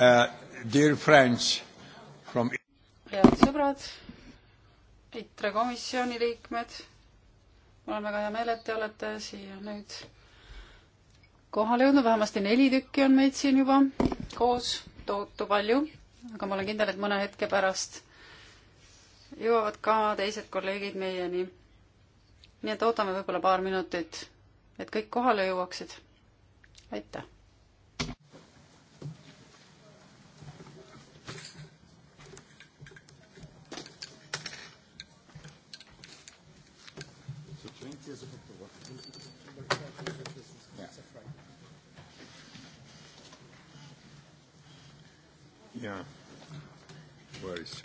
Uh, dear friends from head sõbrad, ITRE komisjoni liikmed, mul on väga hea meel, et te olete siia nüüd kohale jõudnud, vähemasti neli tükki on meid siin juba koos, tohutu palju, aga ma olen kindel, et mõne hetke pärast jõuavad ka teised kolleegid meieni. nii et ootame võib-olla paar minutit, et kõik kohale jõuaksid. aitäh! Yeah. Where is?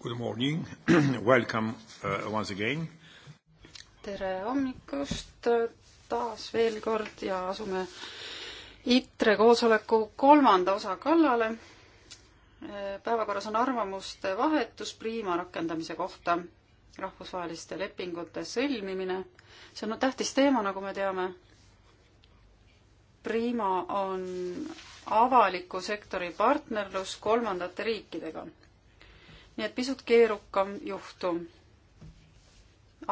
Good morning, welcome uh, once again. tere hommikust uh, taas veel kord ja asume ITRE koosoleku kolmanda osa kallale. Uh, päevakorras on arvamuste vahetus Priima rakendamise kohta, rahvusvaheliste lepingute sõlmimine. see on tähtis teema, nagu me teame. Priima on avaliku sektori partnerlus kolmandate riikidega nii et pisut keerukam juhtum.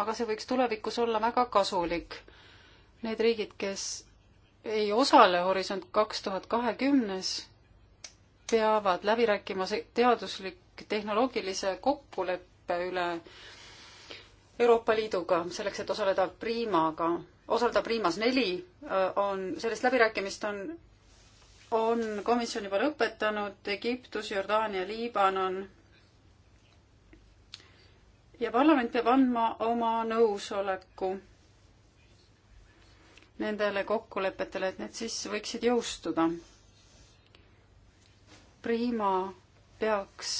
aga see võiks tulevikus olla väga kasulik. Need riigid, kes ei osale Horisont kaks tuhat kahekümnes, peavad läbi rääkima see teaduslik-tehnoloogilise kokkuleppe üle Euroopa Liiduga, selleks et osaleda Priimaga. osaleda Priimas neli äh, on, sellist läbirääkimist on, on komisjon juba lõpetanud, Egiptus, Jordaania, Liibanon ja parlament peab andma oma nõusoleku nendele kokkulepetele, et need siis võiksid jõustuda. Prima peaks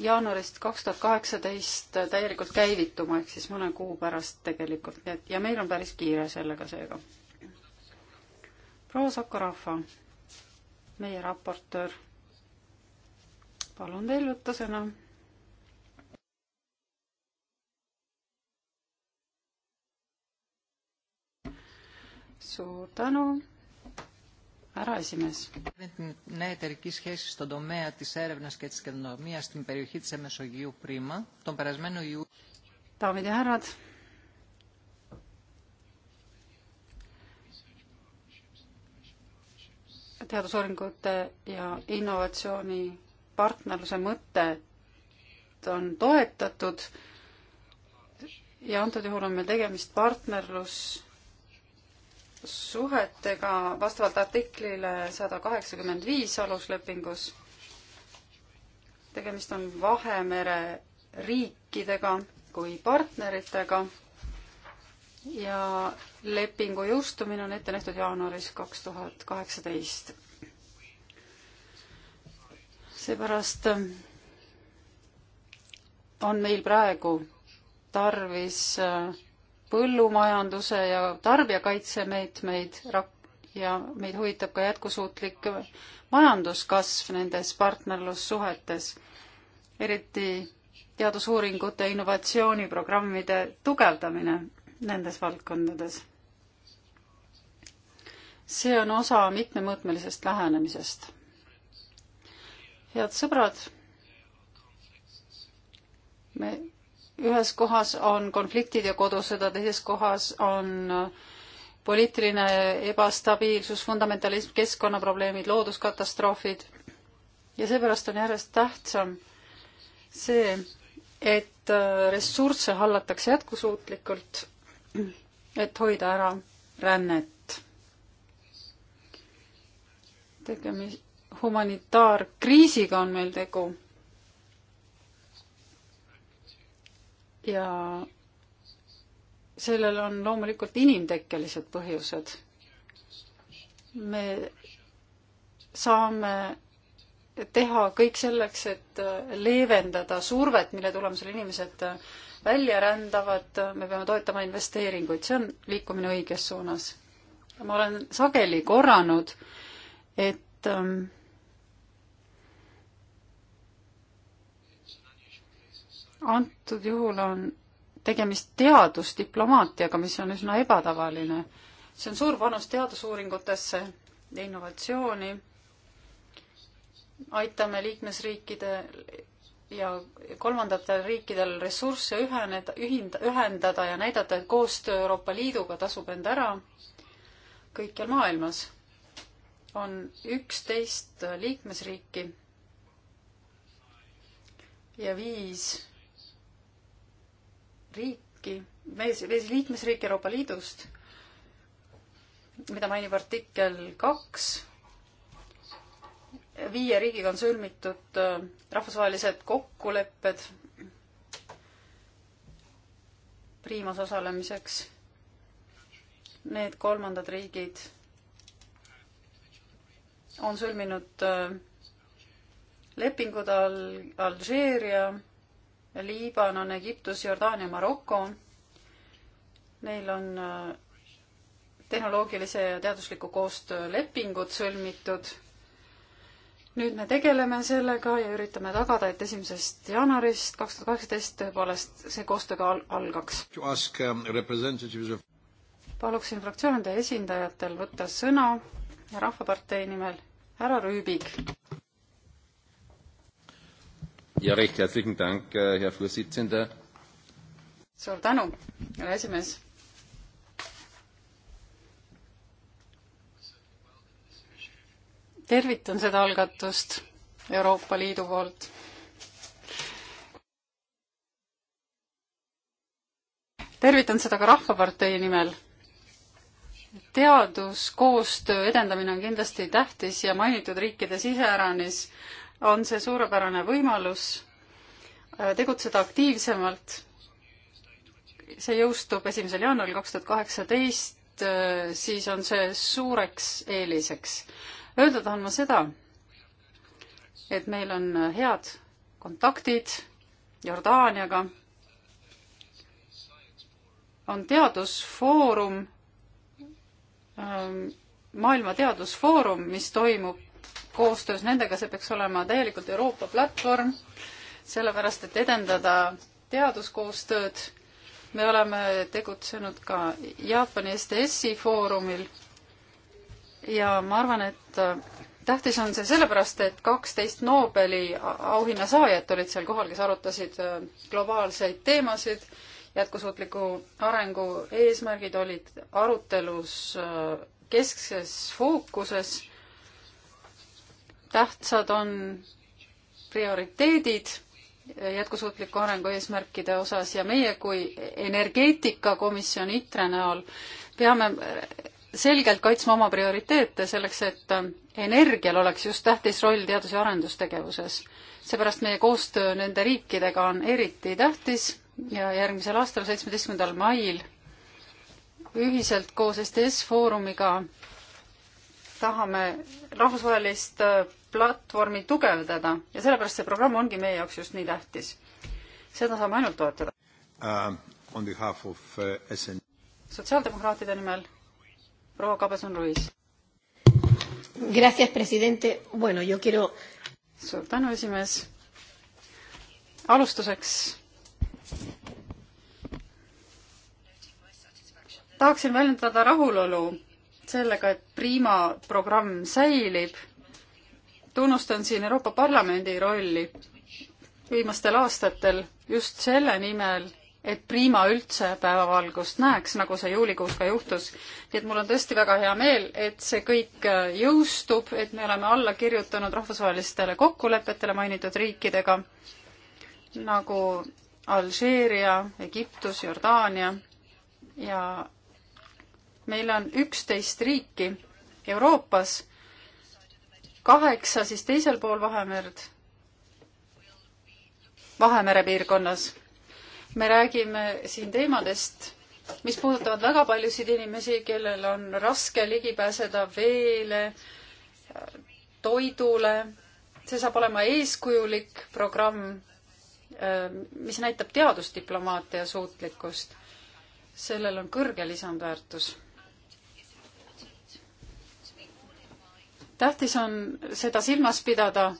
jaanuarist kaks tuhat kaheksateist täielikult käivituma, ehk siis mõne kuu pärast tegelikult, nii et ja meil on päris kiire sellega seega. proua Sakarafa, meie raportöör, palun teil võtta sõna suur tänu, härra esimees. Νέα εταιρική σχέση στον τομέα τη έρευνα και τη καινοτομία στην περιοχή τη Εμεσογείου Πρίμα τον περασμένο Ιούλιο. Daamid ja härrad, teadusuuringute ja innovatsiooni partnerluse mõtted on toetatud ja antud juhul on meil tegemist partnerlus suhetega vastavalt artiklile sada kaheksakümmend viis aluslepingus. tegemist on Vahemere riikidega kui partneritega ja lepingu jõustumine on ette nähtud jaanuaris kaks tuhat kaheksateist. seepärast on meil praegu tarvis äh, põllumajanduse ja tarbijakaitsemeetmeid ja meid huvitab ka jätkusuutlik majanduskasv nendes partnerlussuhetes, eriti teadusuuringute innovatsiooniprogrammide tugevdamine nendes valdkondades. see on osa mitmemõõtmelisest lähenemisest. head sõbrad, me ühes kohas on konfliktid ja kodusõda, teises kohas on äh, poliitiline ebastabiilsus, fundamentalism, keskkonnaprobleemid, looduskatastroofid. ja seepärast on järjest tähtsam see, et äh, ressursse hallatakse jätkusuutlikult, et hoida ära rännet. tegemist humanitaarkriisiga on meil tegu ja sellel on loomulikult inimtekkelised põhjused. me saame teha kõik selleks, et leevendada survet, mille tulemusel inimesed välja rändavad, me peame toetama investeeringuid, see on liikumine õiges suunas. ma olen sageli korranud, et ähm, antud juhul on tegemist teadusdiplomaatiaga, mis on üsna ebatavaline. see on suur panus teadusuuringutesse ja innovatsiooni. aitame liikmesriikide ja kolmandatel riikidel ressursse üheneda, ühind-, ühendada ja näidata, et koostöö Euroopa Liiduga tasub end ära kõikjal maailmas. on üksteist liikmesriiki ja viis riiki, vees, vees liikmesriik Euroopa Liidust, mida mainib artikkel kaks, viie riigiga on sõlmitud äh, rahvusvahelised kokkulepped Priimas osalemiseks. Need kolmandad riigid on sõlminud äh, lepingud Al-, Alžeeria, Liibanon, Egiptus, Jordaania, Maroko. Neil on äh, tehnoloogilise ja teadusliku koostöö lepingud sõlmitud. nüüd me tegeleme sellega ja üritame tagada, et esimesest jaanuarist kaks tuhat kaheksateist tõepoolest see koostöö ka algaks. Um, paluksin fraktsioonide esindajatel võtta sõna ja Rahvapartei nimel härra Rüübik ja recht herzlichen Dank, äh, Herr Vorsitzender. suur tänu, härra esimees. tervitan seda algatust Euroopa Liidu poolt. tervitan seda ka Rahvapartei nimel. teaduskoostöö edendamine on kindlasti tähtis ja mainitud riikide siseäranis on see suurepärane võimalus äh, tegutseda aktiivsemalt. see jõustub esimesel jaanuaril kaks tuhat kaheksateist, äh, siis on see suureks eeliseks. Öelda tahan ma seda, et meil on head kontaktid Jordaaniaga, on teadusfoorum, ähm, maailma teadusfoorum, mis toimub koostöös nendega, see peaks olema täielikult Euroopa platvorm, sellepärast et edendada teaduskoostööd. me oleme tegutsenud ka Jaapani STS-i foorumil ja ma arvan, et äh, tähtis on see sellepärast, et kaksteist Nobeli auhinna saajat olid seal kohal, kes arutasid äh, globaalseid teemasid, jätkusuutliku arengu eesmärgid olid arutelus äh, keskses fookuses tähtsad on prioriteedid jätkusuutliku arengu eesmärkide osas ja meie kui energeetikakomisjon ITRE näol peame selgelt kaitsma oma prioriteete selleks, et energial oleks just tähtis roll teadus- ja arendustegevuses. seepärast meie koostöö nende riikidega on eriti tähtis ja järgmisel aastal, seitsmeteistkümnendal mail ühiselt koos STS Foorumiga tahame rahvusvahelist platvormi tugevdada ja sellepärast see programm ongi meie jaoks just nii tähtis. seda saame ainult toetada uh,. On behalf of uh, SN-. sotsiaaldemokraatide nimel proua Kabason-Ruiz. Gracias, presidente. Bueno, yo quiero. suur tänu, esimees. alustuseks tahaksin väljendada rahulolu sellega, et Prima programm säilib tunnustan siin Euroopa Parlamendi rolli viimastel aastatel just selle nimel, et Prima üldse päevavalgust näeks, nagu see juulikuus ka juhtus. nii et mul on tõesti väga hea meel, et see kõik äh, jõustub, et me oleme alla kirjutanud rahvusvahelistele kokkulepetele mainitud riikidega, nagu Alžeeria, Egiptus, Jordaania ja meil on üksteist riiki Euroopas kaheksa siis teisel pool Vahemerd, Vahemere piirkonnas. me räägime siin teemadest, mis puudutavad väga paljusid inimesi, kellel on raske ligi pääseda veele, toidule. see saab olema eeskujulik programm, eh, mis näitab teadusdiplomaatia suutlikkust. sellel on kõrge lisandväärtus tähtis on seda silmas pidada,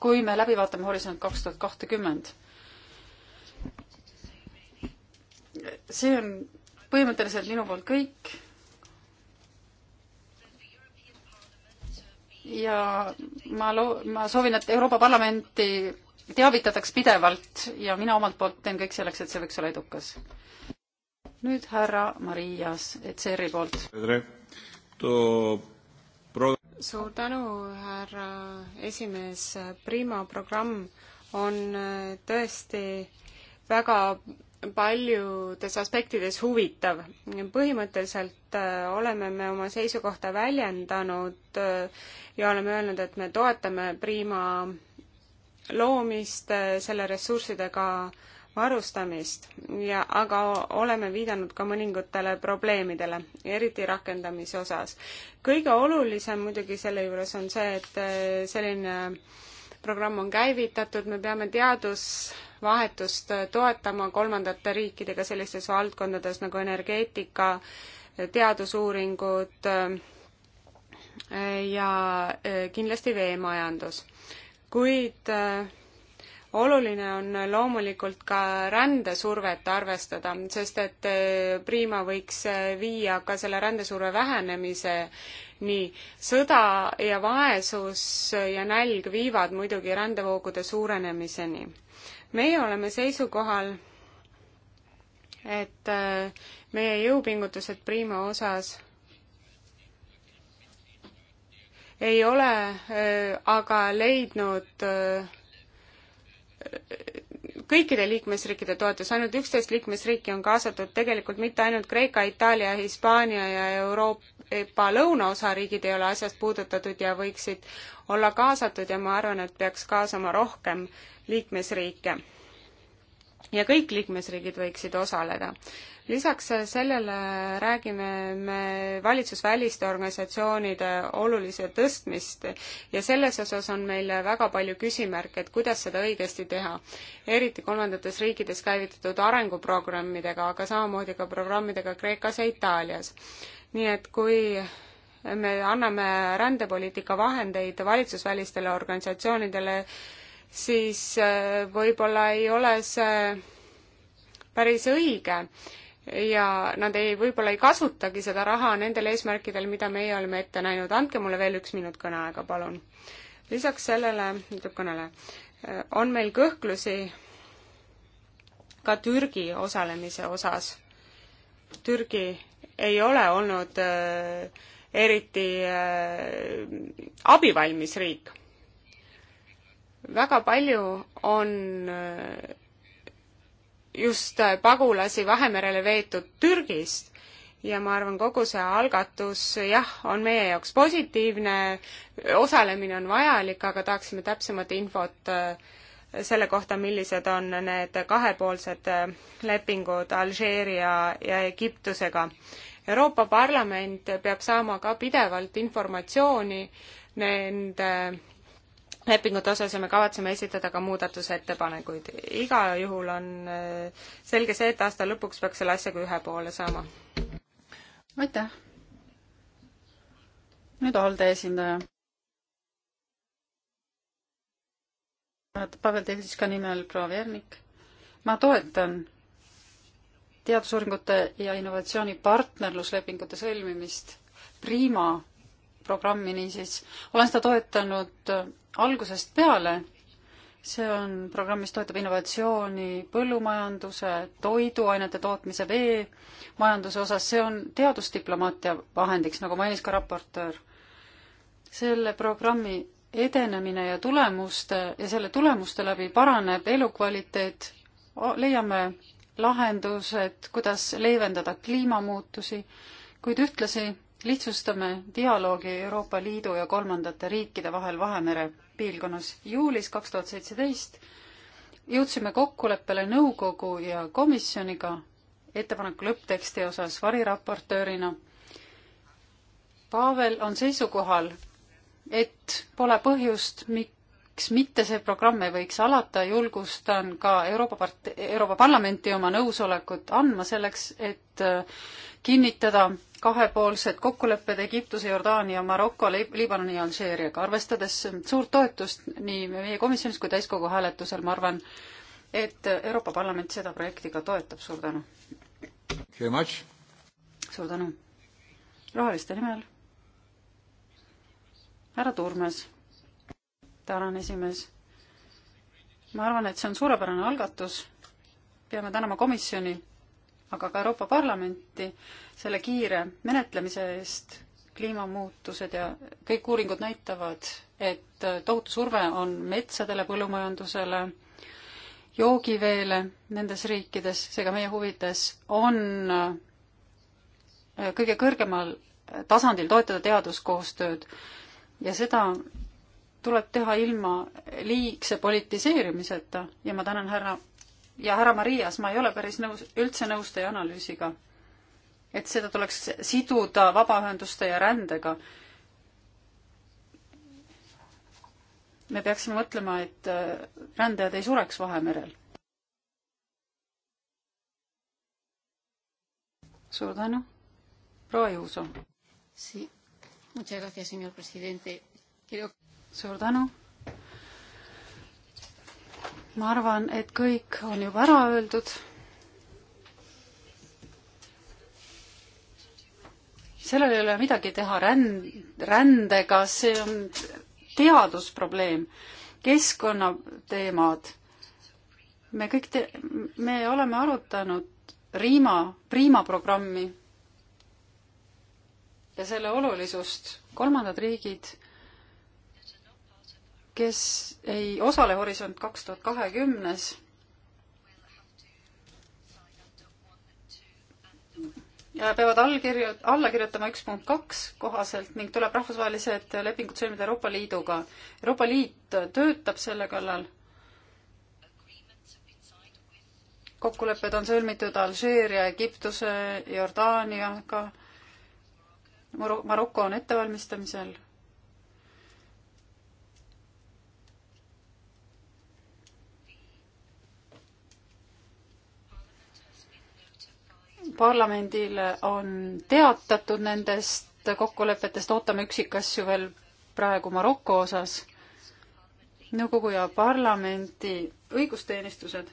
kui me läbi vaatame Horisont kaks tuhat kahtekümmend. see on põhimõtteliselt minu poolt kõik. ja ma loo-, ma soovin, et Euroopa Parlamenti teavitataks pidevalt ja mina omalt poolt teen kõik selleks, et see võiks olla edukas. nüüd härra Marias ECR-i poolt. tere! suur tänu, härra esimees. Prima programm on äh, tõesti väga paljudes aspektides huvitav. põhimõtteliselt äh, oleme me oma seisukohta väljendanud äh, ja oleme öelnud, et me toetame Prima loomist, selle ressurssidega varustamist ja, aga oleme viidanud ka mõningatele probleemidele, eriti rakendamise osas. kõige olulisem muidugi selle juures on see, et äh, selline programm on käivitatud, me peame teadusvahetust äh, toetama kolmandate riikidega sellistes valdkondades nagu energeetika, teadusuuringud äh, ja kindlasti veemajandus. kuid oluline on loomulikult ka rändesurvet arvestada, sest et eh, Prima võiks eh, viia ka selle rändesurve vähenemiseni. sõda ja vaesus ja nälg viivad muidugi rändevoogude suurenemiseni. meie oleme seisukohal, et eh, meie jõupingutused Prima osas ei ole aga leidnud kõikide liikmesriikide toetus, ainult üksteist liikmesriiki on kaasatud, tegelikult mitte ainult Kreeka, Itaalia, Hispaania ja Euroopa lõunaosa riigid ei ole asjast puudutatud ja võiksid olla kaasatud ja ma arvan, et peaks kaasama rohkem liikmesriike ja kõik liikmesriigid võiksid osaleda. lisaks sellele räägime me valitsusväliste organisatsioonide olulise tõstmist ja selles osas on meil väga palju küsimärke, et kuidas seda õigesti teha. eriti kolmandates riikides käivitatud arenguprogrammidega, aga samamoodi ka programmidega Kreekas ja Itaalias. nii et kui me anname rändepoliitika vahendeid valitsusvälistele organisatsioonidele, siis äh, võib-olla ei ole see päris õige ja nad ei, võib-olla ei kasutagi seda raha nendel eesmärkidel, mida meie oleme ette näinud. andke mulle veel üks minut kõneaega, palun. lisaks sellele, ütleb kõneleja, äh, on meil kõhklusi ka Türgi osalemise osas. Türgi ei ole olnud äh, eriti äh, abivalmis riik väga palju on äh, just äh, pagulasi Vahemerele veetud Türgist ja ma arvan, kogu see algatus jah, on meie jaoks positiivne, osalemine on vajalik, aga tahaksime täpsemat infot äh, selle kohta, millised on need kahepoolsed lepingud Alžeeria ja Egiptusega. Euroopa Parlament peab saama ka pidevalt informatsiooni nende lepingute osas ja me kavatseme esitada ka muudatusettepanekuid. igal juhul on äh, selge see, et aasta lõpuks peaks selle asjaga ühe poole saama. aitäh. nüüd ALDE esindaja. Pavel Teltška nimel proua Vernik. ma toetan teadusuuringute ja innovatsiooni partnerluslepingute sõlmimist Prima programmi niisiis, olen seda toetanud algusest peale. see on programm, mis toetab innovatsiooni põllumajanduse, toiduainete tootmise, veemajanduse osas, see on teadusdiplomaatia vahendiks, nagu mainis ka raportöör. selle programmi edenemine ja tulemuste ja selle tulemuste läbi paraneb elukvaliteet, leiame lahendused, kuidas leevendada kliimamuutusi, kuid ühtlasi lihtsustame dialoogi Euroopa Liidu ja kolmandate riikide vahel Vahemere piirkonnas. juulis kaks tuhat seitseteist jõudsime kokkuleppele nõukogu ja komisjoniga ettepaneku lõppteksti osas variraportöörina. Pavel on seisukohal, et pole põhjust, miks mitte see programm ei võiks alata, julgustan ka Euroopa part-, Euroopa Parlamenti oma nõusolekut andma selleks, et äh, kinnitada kahepoolsed kokkulepped Egiptuse, Jordaania, Maroko, Liibanoni ja Alžeeriaga, arvestades suurt toetust nii meie komisjonis kui täiskogu hääletusel, ma arvan, et Euroopa Parlament seda projekti ka toetab, suur tänu. suur tänu. roheliste nimel. härra Turmes. tänan, esimees. ma arvan, et see on suurepärane algatus. peame tänama komisjoni aga ka Euroopa Parlamenti selle kiire menetlemise eest. kliimamuutused ja kõik uuringud näitavad, et tohutu surve on metsadele, põllumajandusele, joogiveele nendes riikides, seega meie huvides on äh, kõige kõrgemal tasandil toetada teaduskoostööd ja seda tuleb teha ilma liigse politiseerimiseta ja ma tänan härra ja härra Marias, ma ei ole päris nõus, üldse nõus teie analüüsiga, et seda tuleks siduda vabaühenduste ja rändega. me peaksime mõtlema, et äh, rändajad ei sureks Vahemerel. suur tänu, proua Juuso. suur tänu ma arvan, et kõik on juba ära öeldud. sellel ei ole midagi teha ränd, rändega, see on teadusprobleem, keskkonnateemad. me kõik te-, me oleme arutanud Riima, Priima programmi ja selle olulisust. kolmandad riigid kes ei osale Horisont kaks tuhat kahekümnes, ja peavad allkirju, alla kirjutama üks punkt kaks kohaselt ning tuleb rahvusvahelised lepingud sõlmida Euroopa Liiduga. Euroopa Liit töötab selle kallal. kokkulepped on sõlmitud Alžeeria, Egiptuse, Jordaaniaga. Maroko on ettevalmistamisel parlamendile on teatatud nendest kokkulepetest, ootame üksikasju veel praegu Maroko osas, nõukogu ja parlamendi õigusteenistused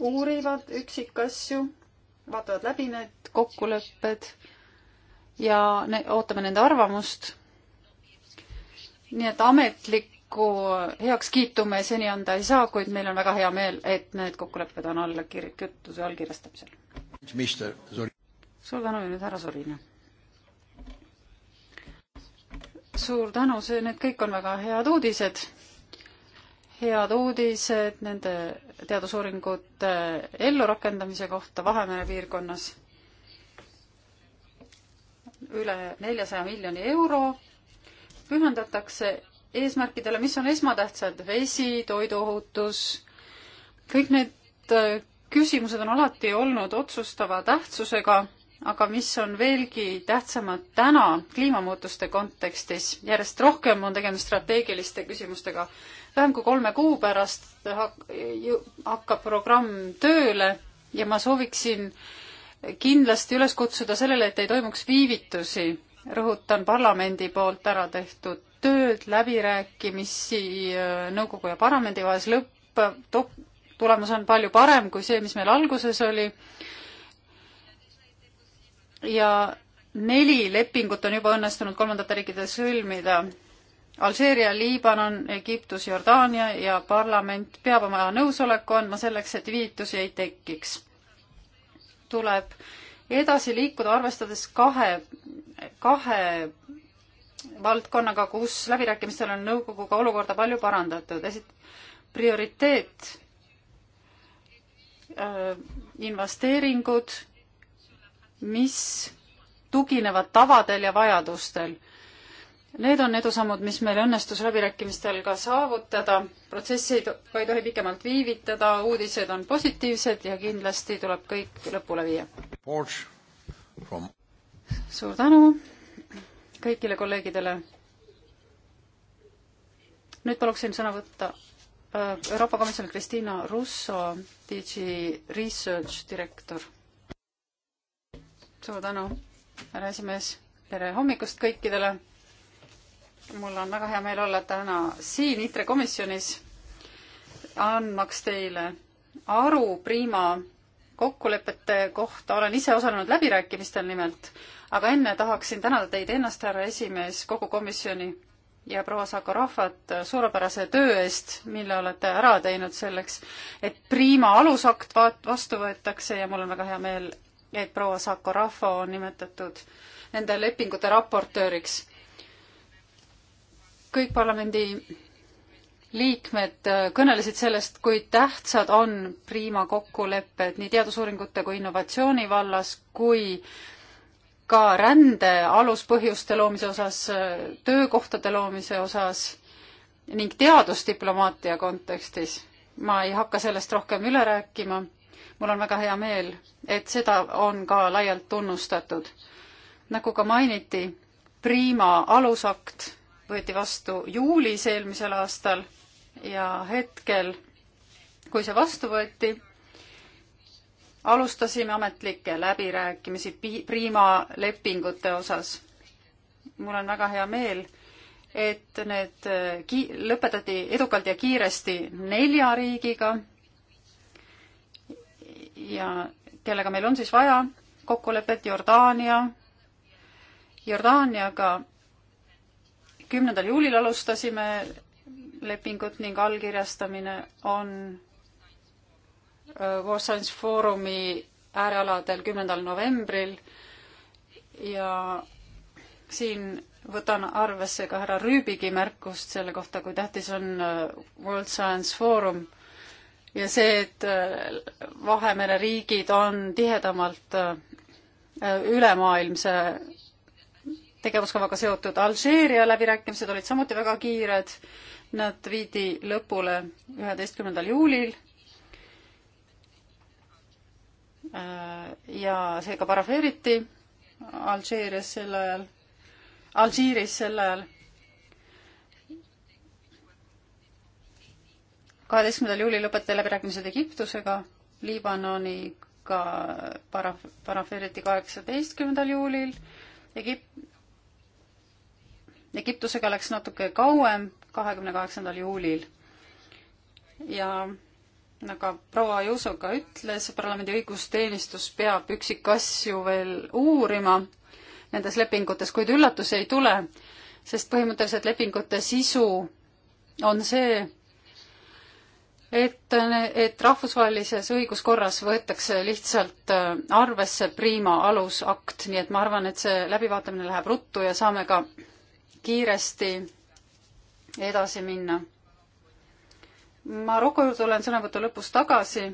uurivad üksikasju, vaatavad läbi need kokkulepped ja ne, ootame nende arvamust. nii et ametlik ettepaneku heakskiitu me seni anda ei saa, kuid meil on väga hea meel, et need kokkulepped on alla kirjutatud allkirjastamisel. suur tänu ja nüüd härra Sorina. suur tänu, see, need kõik on väga head uudised. head uudised nende teadusuuringute ellurakendamise kohta Vahemere piirkonnas. üle neljasaja miljoni euro pühendatakse eesmärkidele, mis on esmatähtsad, vesi, toiduohutus, kõik need äh, küsimused on alati olnud otsustava tähtsusega, aga mis on veelgi tähtsamad täna kliimamuutuste kontekstis, järjest rohkem on tegemist strateegiliste küsimustega. vähem kui kolme kuu pärast hakkab programm tööle ja ma sooviksin kindlasti üles kutsuda sellele, et ei toimuks viivitusi rõhutan parlamendi poolt ära tehtud tööd, läbirääkimisi äh, nõukogu ja parlamendi vahes lõpp, äh, tulemus on palju parem kui see, mis meil alguses oli. ja neli lepingut on juba õnnestunud kolmandate riikide sõlmida. Alžeeria, Liibanon, Egiptus, Jordaania ja parlament peab oma nõusoleku andma selleks, et viivitusi ei tekiks. tuleb edasi liikuda, arvestades kahe, kahe valdkonnaga, kus läbirääkimistel on nõukoguga olukorda palju parandatud. esit-, prioriteet äh, investeeringud, mis tuginevad tavadel ja vajadustel. Need on edusammud, mis meil õnnestus läbirääkimistel ka saavutada. protsessi ei, ei tohi pikemalt viivitada, uudised on positiivsed ja kindlasti tuleb kõik lõpule viia. suur tänu kõigile kolleegidele. nüüd paluksin sõna võtta äh, Euroopa Komisjoni Kristiina Russo, DG Research direktor. suur tänu, härra esimees, tere hommikust kõikidele. mul on väga hea meel olla täna siin ITRE komisjonis, andmaks teile aru Prima kokkulepete kohta, olen ise osalenud läbirääkimistel nimelt, aga enne tahaksin tänada teid ennast, härra esimees, kogu komisjoni ja proua Saako Rahvat suurepärase töö eest, mille olete ära teinud selleks, et Prima alusakt vaat-, vastu võetakse ja mul on väga hea meel, et proua Saako Rahva on nimetatud nende lepingute raportööriks. kõik parlamendi liikmed äh, kõnelesid sellest, kui tähtsad on Prima kokkulepped nii teadusuuringute kui innovatsiooni vallas, kui ka rände aluspõhjuste loomise osas, äh, töökohtade loomise osas ning teadusdiplomaatia kontekstis. ma ei hakka sellest rohkem üle rääkima. mul on väga hea meel, et seda on ka laialt tunnustatud. nagu ka mainiti, Prima alusakt võeti vastu juulis eelmisel aastal ja hetkel, kui see vastu võeti, alustasime ametlikke läbirääkimisi Prima lepingute osas. mul on väga hea meel, et need äh, ki-, lõpetati edukalt ja kiiresti nelja riigiga ja kellega meil on siis vaja kokkulepet Jordaania, Jordaaniaga kümnendal juulil alustasime lepingut ning allkirjastamine on War äh, Science Forumi äärealadel kümnendal novembril ja siin võtan arvesse ka härra Rüübigi märkust selle kohta, kui tähtis on äh, World Science Forum ja see, et äh, Vahemere riigid on tihedamalt ülemaailmse tegevuskavaga seotud. Alžeeria läbirääkimised olid samuti väga kiired Nad viidi lõpule üheteistkümnendal juulil äh, ja seega parafeeriti Alžeerias sel ajal, Alžiiris sel ajal. kaheteistkümnendal juulil lõpetati läbirääkimised Egiptusega, Liibanoniga para-, parafeeriti kaheksateistkümnendal juulil, Egip-, Egiptusega läks natuke kauem, kahekümne kaheksandal juulil. ja nagu proua Juso ka ütles, parlamendi õigusteenistus peab üksikasju veel uurima nendes lepingutes, kuid üllatusi ei tule, sest põhimõtteliselt lepingute sisu on see, et, et rahvusvahelises õiguskorras võetakse lihtsalt äh, arvesse Prima alusakt, nii et ma arvan, et see läbivaatamine läheb ruttu ja saame ka kiiresti edasi minna. Maroko juurde olen sõnavõtu lõpus tagasi,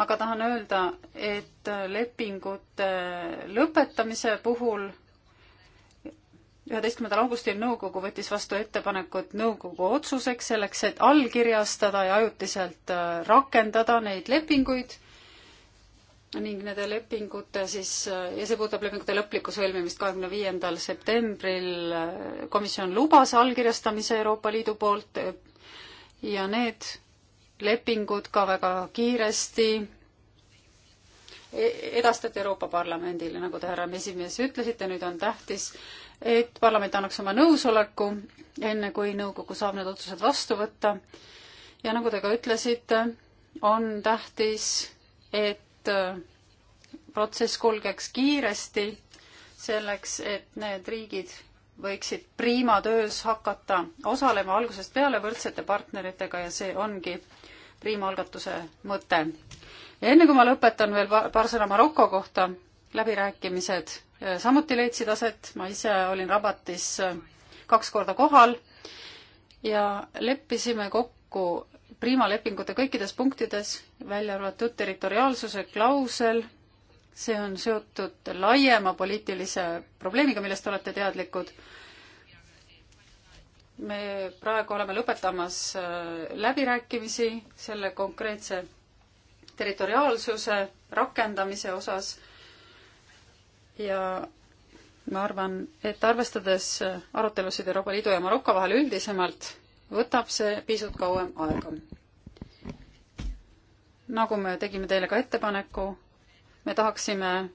aga tahan öelda, et lepingute lõpetamise puhul üheteistkümnendal augustil nõukogu võttis vastu ettepanekud nõukogu otsuseks selleks, et allkirjastada ja ajutiselt rakendada neid lepinguid ning nende lepingute siis, ja see puudutab lepingute lõplikku sõlmimist kahekümne viiendal septembril, komisjon lubas allkirjastamise Euroopa Liidu poolt ja need lepingud ka väga kiiresti e-, edastati Euroopa Parlamendile, nagu te, härra esimees, ütlesite, nüüd on tähtis, et parlament annaks oma nõusoleku, enne kui nõukogu saab need otsused vastu võtta. ja nagu te ka ütlesite, on tähtis, et et äh, protsess kulgeks kiiresti, selleks et need riigid võiksid Prima töös hakata osalema algusest peale võrdsete partneritega ja see ongi Prima algatuse mõte. ja enne kui ma lõpetan veel paar sõna Maroko kohta, läbirääkimised äh, samuti leidsid aset, ma ise olin Rabatis äh, kaks korda kohal ja leppisime kokku Prima lepingute kõikides punktides, välja arvatud territoriaalsuse klausel, see on seotud laiema poliitilise probleemiga, millest olete teadlikud. me praegu oleme lõpetamas äh, läbirääkimisi selle konkreetse territoriaalsuse rakendamise osas ja ma arvan, et arvestades arutelusid Euroopa Liidu ja Maroko vahel üldisemalt, võtab see pisut kauem aega. nagu me tegime teile ka ettepaneku, me tahaksime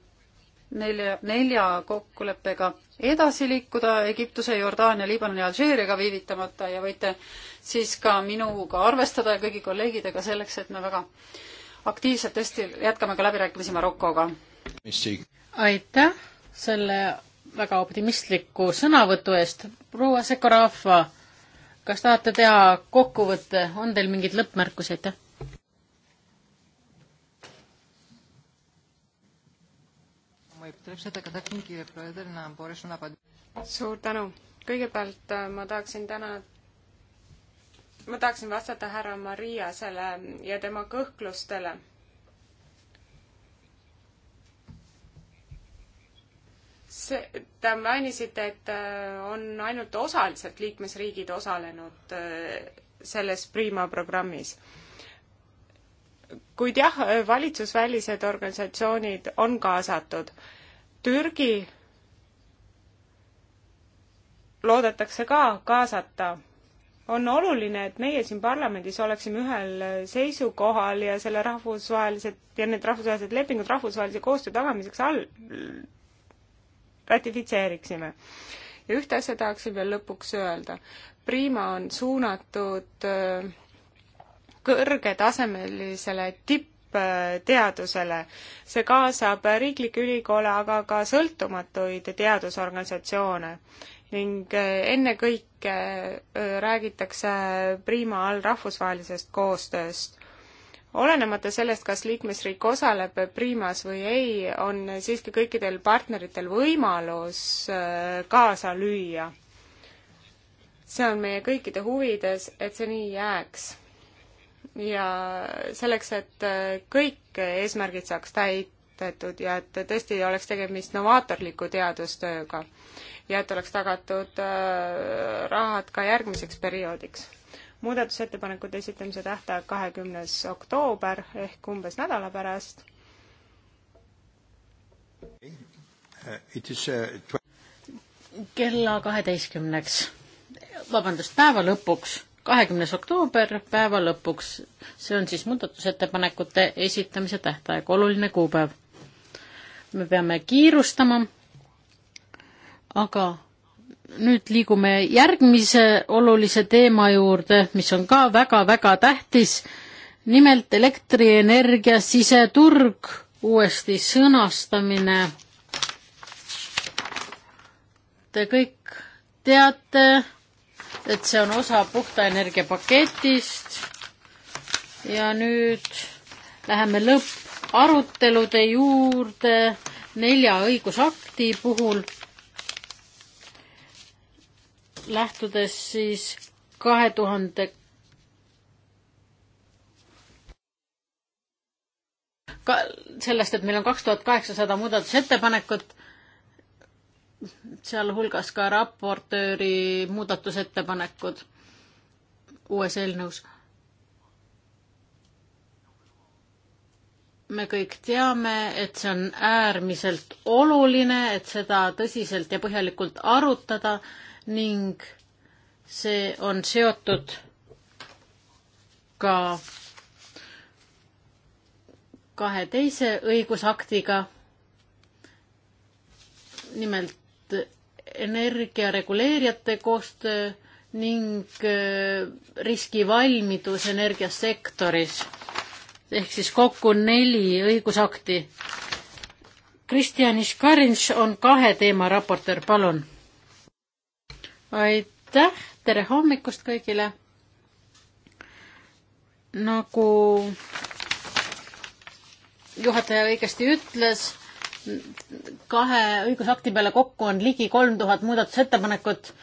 nelja, nelja kokkuleppega edasi liikuda Egiptuse, Jordaania, Liibanoni, Alžeeriaga viivitamata ja võite siis ka minuga arvestada ja kõigi kolleegidega selleks, et me väga aktiivselt tõesti jätkame ka läbirääkimisi Marokoga. aitäh selle väga optimistliku sõnavõtu eest, proua Sekorafa kas tahate teha kokkuvõtte, on teil mingeid lõppmärkusi, aitäh? suur tänu. kõigepealt äh, ma tahaksin täna, ma tahaksin vastata härra Mariasele ja tema kõhklustele see, te mainisite, et äh, on ainult osaliselt liikmesriigid osalenud äh, selles Prima programmis. kuid jah, valitsusvälised organisatsioonid on kaasatud. Türgi loodetakse ka kaasata. on oluline, et meie siin parlamendis oleksime ühel seisukohal ja selle rahvusvahelised ja need rahvusvahelised lepingud rahvusvahelise koostöö tagamiseks all ratifitseeriksime. ja ühte asja tahaksin veel lõpuks öelda. Prima on suunatud äh, kõrgetasemelisele tippteadusele. see kaasab riiklikke ülikoole, aga ka sõltumatuid teadusorganisatsioone ning äh, ennekõike äh, räägitakse Prima all rahvusvahelisest koostööst olenemata sellest, kas liikmesriik osaleb Primas või ei, on siiski kõikidel partneritel võimalus äh, kaasa lüüa. see on meie kõikide huvides, et see nii jääks. ja selleks, et äh, kõik eesmärgid saaks täidetud ja et tõesti oleks tegemist novaatorliku teadustööga ja et oleks tagatud äh, rahad ka järgmiseks perioodiks muudatusettepanekute esitamise tähtaeg kahekümnes oktoober ehk umbes nädala pärast. Eh, eh, kella kaheteistkümneks, vabandust, päeva lõpuks, kahekümnes oktoober päeva lõpuks, see on siis muudatusettepanekute esitamise tähtaeg, oluline kuupäev. me peame kiirustama, aga nüüd liigume järgmise olulise teema juurde, mis on ka väga-väga tähtis. nimelt elektrienergia siseturg, uuesti sõnastamine. Te kõik teate, et see on osa puhta energia paketist. ja nüüd läheme lõpparutelude juurde nelja õigusakti puhul lähtudes siis kahe tuhande ka sellest, et meil on kaks tuhat kaheksasada muudatusettepanekut, sealhulgas ka raportööri muudatusettepanekud uues eelnõus. me kõik teame, et see on äärmiselt oluline, et seda tõsiselt ja põhjalikult arutada ning see on seotud ka kahe teise õigusaktiga, nimelt energiareguleerijate koostöö ning äh, riskivalmidus energiasektoris ehk siis kokku neli õigusakti. Kristjan Iškarins on kahe teema raportöör, palun aitäh, tere hommikust kõigile. nagu juhataja õigesti ütles, kahe õigusakti peale kokku on ligi kolm tuhat muudatusettepanekut.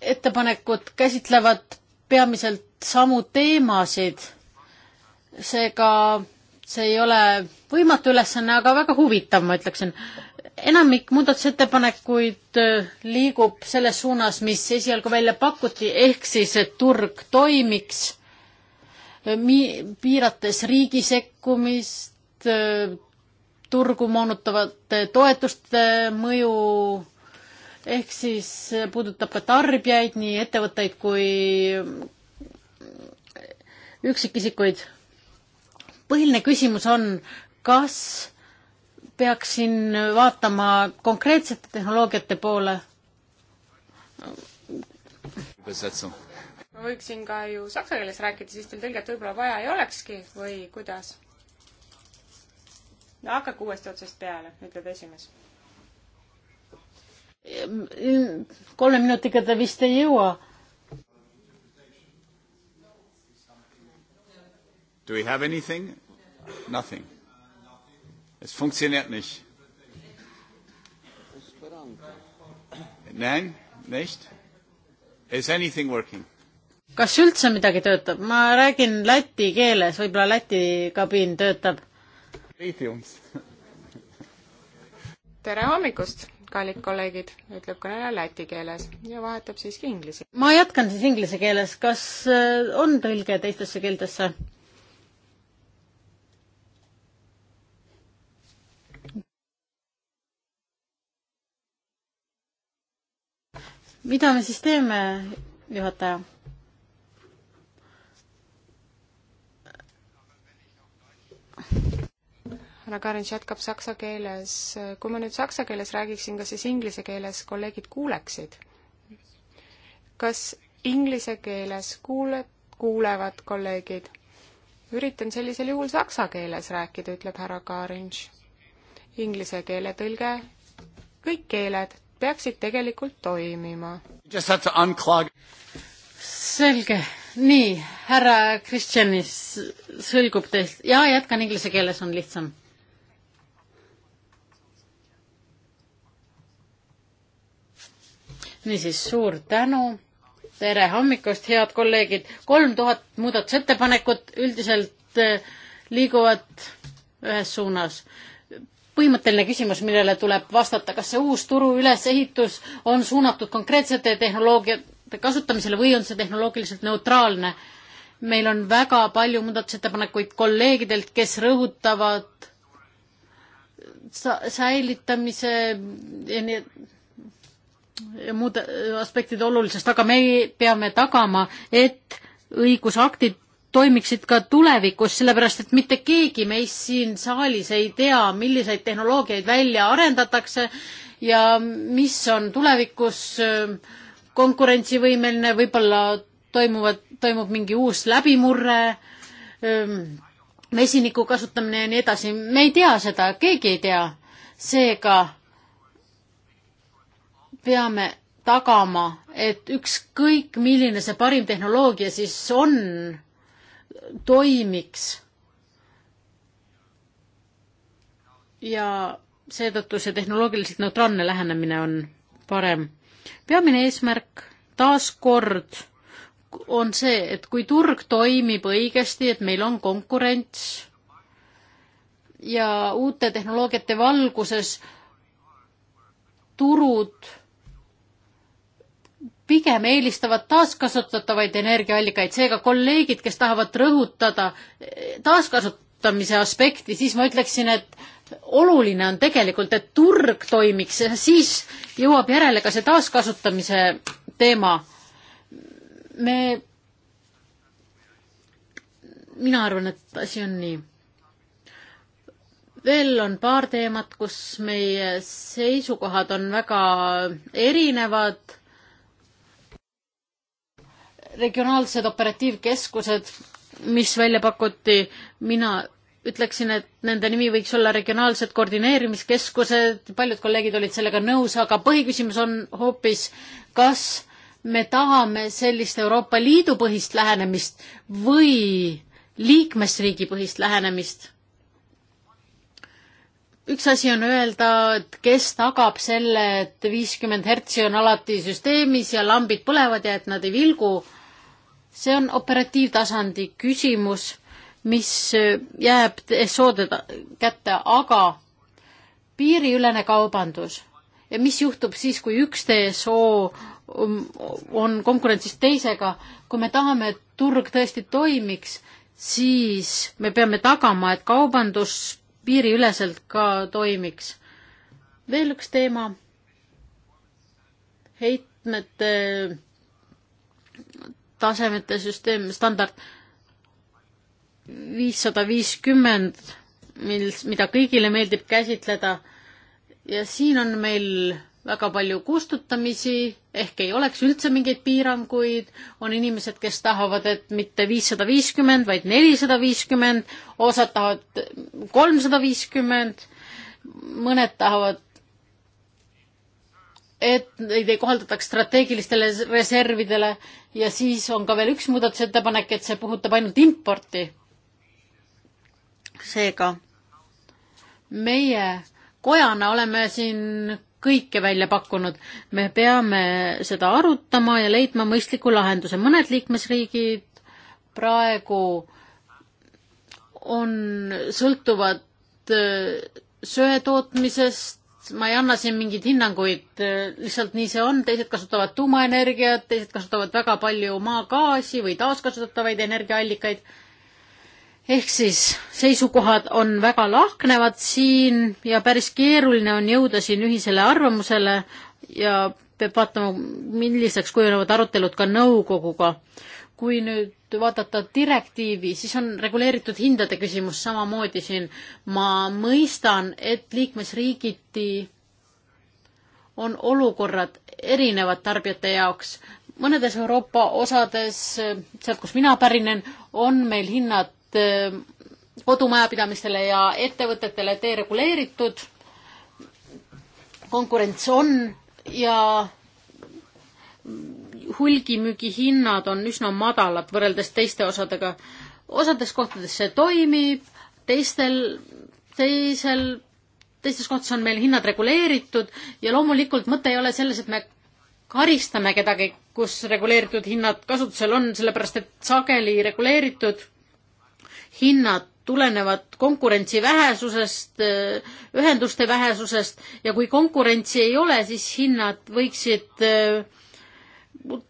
ettepanekud käsitlevad peamiselt samu teemasid. seega see ei ole võimatu ülesanne, aga väga huvitav, ma ütleksin enamik muudatusettepanekuid äh, liigub selles suunas, mis esialgu välja pakuti, ehk siis, et turg toimiks, äh, piirates riigi sekkumist, äh, turgu moonutavate toetuste mõju, ehk siis puudutab ka tarbijaid, nii ettevõtteid kui üksikisikuid. põhiline küsimus on, kas peaksin vaatama konkreetsete tehnoloogiate poole. ma võiksin ka ju saksa keeles rääkida, siis teil tõlget võib-olla vaja ei olekski või kuidas? no hakake uuesti otsast peale, ütleb esimees. kolme minutiga ta vist ei jõua. Do we have anything? Nothing Es funktioniert nicht. Nein, nicht? Is anything working? kas üldse midagi töötab? ma räägin läti keeles, võib-olla Läti kabiin töötab. tere hommikust, kallid kolleegid, ütleb kõneleja läti keeles ja vahetab siiski inglise. ma jätkan siis inglise keeles, kas äh, on tõlge teistesse keeltesse? mida me siis teeme, juhataja? härra Karins jätkab saksa keeles. kui ma nüüd saksa keeles räägiksin, kas siis inglise keeles kolleegid kuuleksid? kas inglise keeles kuule, kuulevad kolleegid? üritan sellisel juhul saksa keeles rääkida, ütleb härra Karins. Inglise keele tõlge, kõik keeled peaksid tegelikult toimima. selge, nii, härra Kristjanis sõlgub teist ja jätkan inglise keeles, on lihtsam. niisiis, suur tänu, tere hommikust, head kolleegid, kolm tuhat muudatusettepanekut üldiselt eh, liiguvad ühes suunas põhimõtteline küsimus, millele tuleb vastata, kas see uus turu ülesehitus on suunatud konkreetsete tehnoloogiate kasutamisele või on see tehnoloogiliselt neutraalne? meil on väga palju muudatusettepanekuid kolleegidelt, kes rõhutavad säilitamise ja nii ja muude aspektide olulisust, aga me peame tagama, et õigusaktid toimiksid ka tulevikus, sellepärast et mitte keegi meist siin saalis ei tea, milliseid tehnoloogiaid välja arendatakse ja mis on tulevikus äh, konkurentsivõimeline, võib-olla toimuvad, toimub mingi uus läbimurre, mesiniku ähm, kasutamine ja nii edasi, me ei tea seda, keegi ei tea. seega peame tagama, et ükskõik, milline see parim tehnoloogia siis on, toimiks. ja seetõttu see tehnoloogiliselt neutraalne lähenemine on parem. peamine eesmärk taaskord on see, et kui turg toimib õigesti, et meil on konkurents ja uute tehnoloogiate valguses turud pigem eelistavad taaskasutatavaid energiaallikaid, seega kolleegid, kes tahavad rõhutada eh, taaskasutamise aspekti, siis ma ütleksin, et oluline on tegelikult, et turg toimiks ja siis jõuab järele ka see taaskasutamise teema. me, mina arvan, et asi on nii veel on paar teemat, kus meie seisukohad on väga erinevad regionaalsed operatiivkeskused, mis välja pakuti, mina ütleksin, et nende nimi võiks olla regionaalsed koordineerimiskeskused, paljud kolleegid olid sellega nõus, aga põhiküsimus on hoopis, kas me tahame sellist Euroopa Liidu põhist lähenemist või liikmesriigi põhist lähenemist? üks asi on öelda, et kes tagab selle, et viiskümmend hertsi on alati süsteemis ja lambid põlevad ja et nad ei vilgu see on operatiivtasandi küsimus, mis äh, jääb soode kätte, aga piiriülene kaubandus ja mis juhtub siis, kui üks TSO um, on konkurentsis teisega, kui me tahame, et turg tõesti toimiks, siis me peame tagama, et kaubandus piiriüleselt ka toimiks. veel üks teema, heitmete tasemete süsteem, standard viissada viiskümmend, mil, mida kõigile meeldib käsitleda. ja siin on meil väga palju kustutamisi, ehk ei oleks üldse mingeid piiranguid, on inimesed, kes tahavad, et mitte viissada viiskümmend, vaid nelisada viiskümmend, osad tahavad kolmsada viiskümmend, mõned tahavad et neid ei kohaldataks strateegilistele reservidele ja siis on ka veel üks muudatusettepanek, et see puudutab ainult importi. seega meie kojana oleme siin kõike välja pakkunud. me peame seda arutama ja leidma mõistliku lahenduse. mõned liikmesriigid praegu on, sõltuvad äh, söetootmisest, ma ei anna siin mingeid hinnanguid, lihtsalt nii see on, teised kasutavad tuumaenergiat, teised kasutavad väga palju maagaasi või taaskasutatavaid energiaallikaid. ehk siis seisukohad on väga lahknevad siin ja päris keeruline on jõuda siin ühisele arvamusele ja peab vaatama, milliseks kujunevad arutelud ka nõukoguga kui nüüd vaadata direktiivi, siis on reguleeritud hindade küsimus samamoodi siin. ma mõistan, et liikmesriigiti on olukorrad erinevad tarbijate jaoks. mõnedes Euroopa osades, sealt, kus mina pärinen, on meil hinnad eh, kodumajapidamistele ja ettevõtetele dereguleeritud. konkurents on ja hulgimüügi hinnad on üsna madalad võrreldes teiste osadega. osades kohtades see toimib, teistel, teisel, teistes kohtades on meil hinnad reguleeritud ja loomulikult mõte ei ole selles, et me karistame kedagi, kus reguleeritud hinnad kasutusel on, sellepärast et sageli reguleeritud hinnad tulenevad konkurentsi vähesusest, ühenduste vähesusest ja kui konkurentsi ei ole, siis hinnad võiksid äh,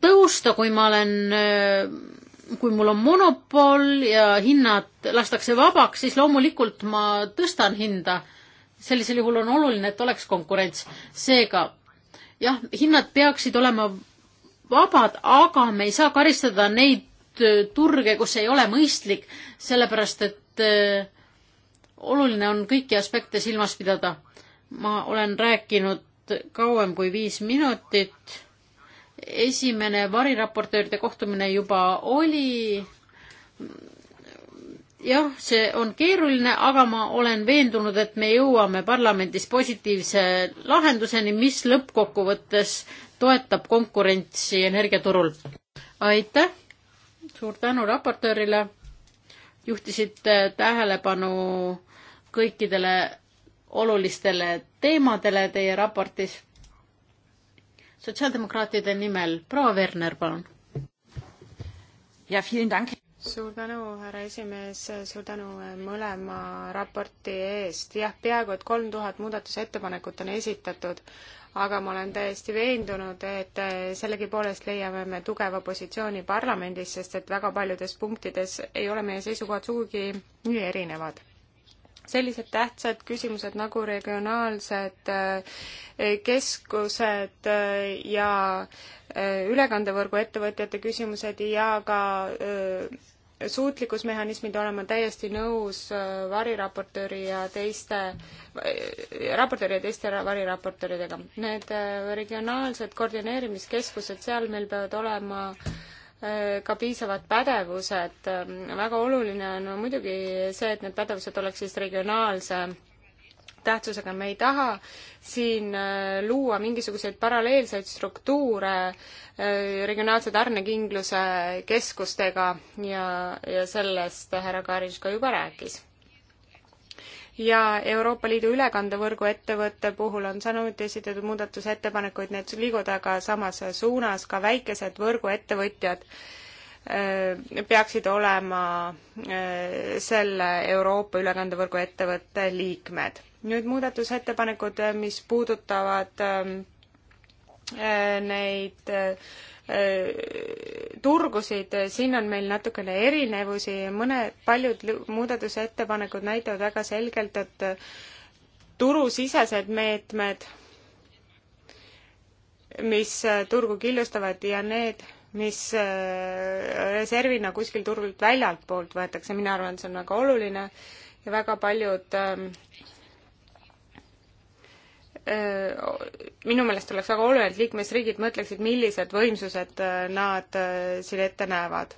tõusta, kui ma olen, kui mul on monopol ja hinnad lastakse vabaks, siis loomulikult ma tõstan hinda. sellisel juhul on oluline, et oleks konkurents. seega jah, hinnad peaksid olema vabad, aga me ei saa karistada neid äh, turge, kus ei ole mõistlik, sellepärast et äh, oluline on kõiki aspekte silmas pidada. ma olen rääkinud kauem kui viis minutit esimene variraportööride kohtumine juba oli. jah, see on keeruline, aga ma olen veendunud, et me jõuame parlamendis positiivse lahenduseni, mis lõppkokkuvõttes toetab konkurentsi energiaturul. aitäh, suur tänu raportöörile, juhtisite tähelepanu kõikidele olulistele teemadele teie raportis sotsiaaldemokraatide nimel proua Werner, palun. suur tänu, härra esimees, suur tänu eh, mõlema raporti eest. jah, peaaegu et kolm tuhat muudatusettepanekut on esitatud, aga ma olen täiesti veendunud, et eh, sellegipoolest leiame me tugeva positsiooni parlamendis, sest et väga paljudes punktides ei ole meie seisukohad sugugi nii erinevad sellised tähtsad küsimused nagu regionaalsed eh, keskused eh, ja eh, ülekandevõrgu ettevõtjate küsimused ja ka suutlikkusmehhanismid, olema täiesti nõus variraportööri ja teiste, raportööri ja teiste variraportööridega. Need regionaalsed koordineerimiskeskused, seal meil peavad olema äh, Äh, ka piisavad pädevused. väga oluline on no, muidugi see, et need pädevused oleks siis regionaalse tähtsusega, me ei taha siin äh, luua mingisuguseid paralleelseid struktuure äh, regionaalse tarnekindluse keskustega ja, ja sellest härra Karinš ka juba rääkis ja Euroopa Liidu ülekandevõrgu ettevõtte puhul on samuti esitatud muudatusettepanekuid, need liiguvad aga samas suunas, ka väikesed võrguettevõtjad äh, peaksid olema äh, selle Euroopa ülekandevõrgu ettevõtte liikmed. nüüd muudatusettepanekud, mis puudutavad ähm, äh, neid Äh, turgusid, siin on meil natukene erinevusi, mõne, paljud muudatusettepanekud näitavad väga selgelt, et äh, turusisesed meetmed, mis äh, turgu killustavad ja need, mis reservina kuskil turult väljalt poolt võetakse, mina arvan, et see on väga oluline ja väga paljud äh, minu meelest oleks väga oluline, et liikmesriigid mõtleksid, millised võimsused nad siin ette näevad.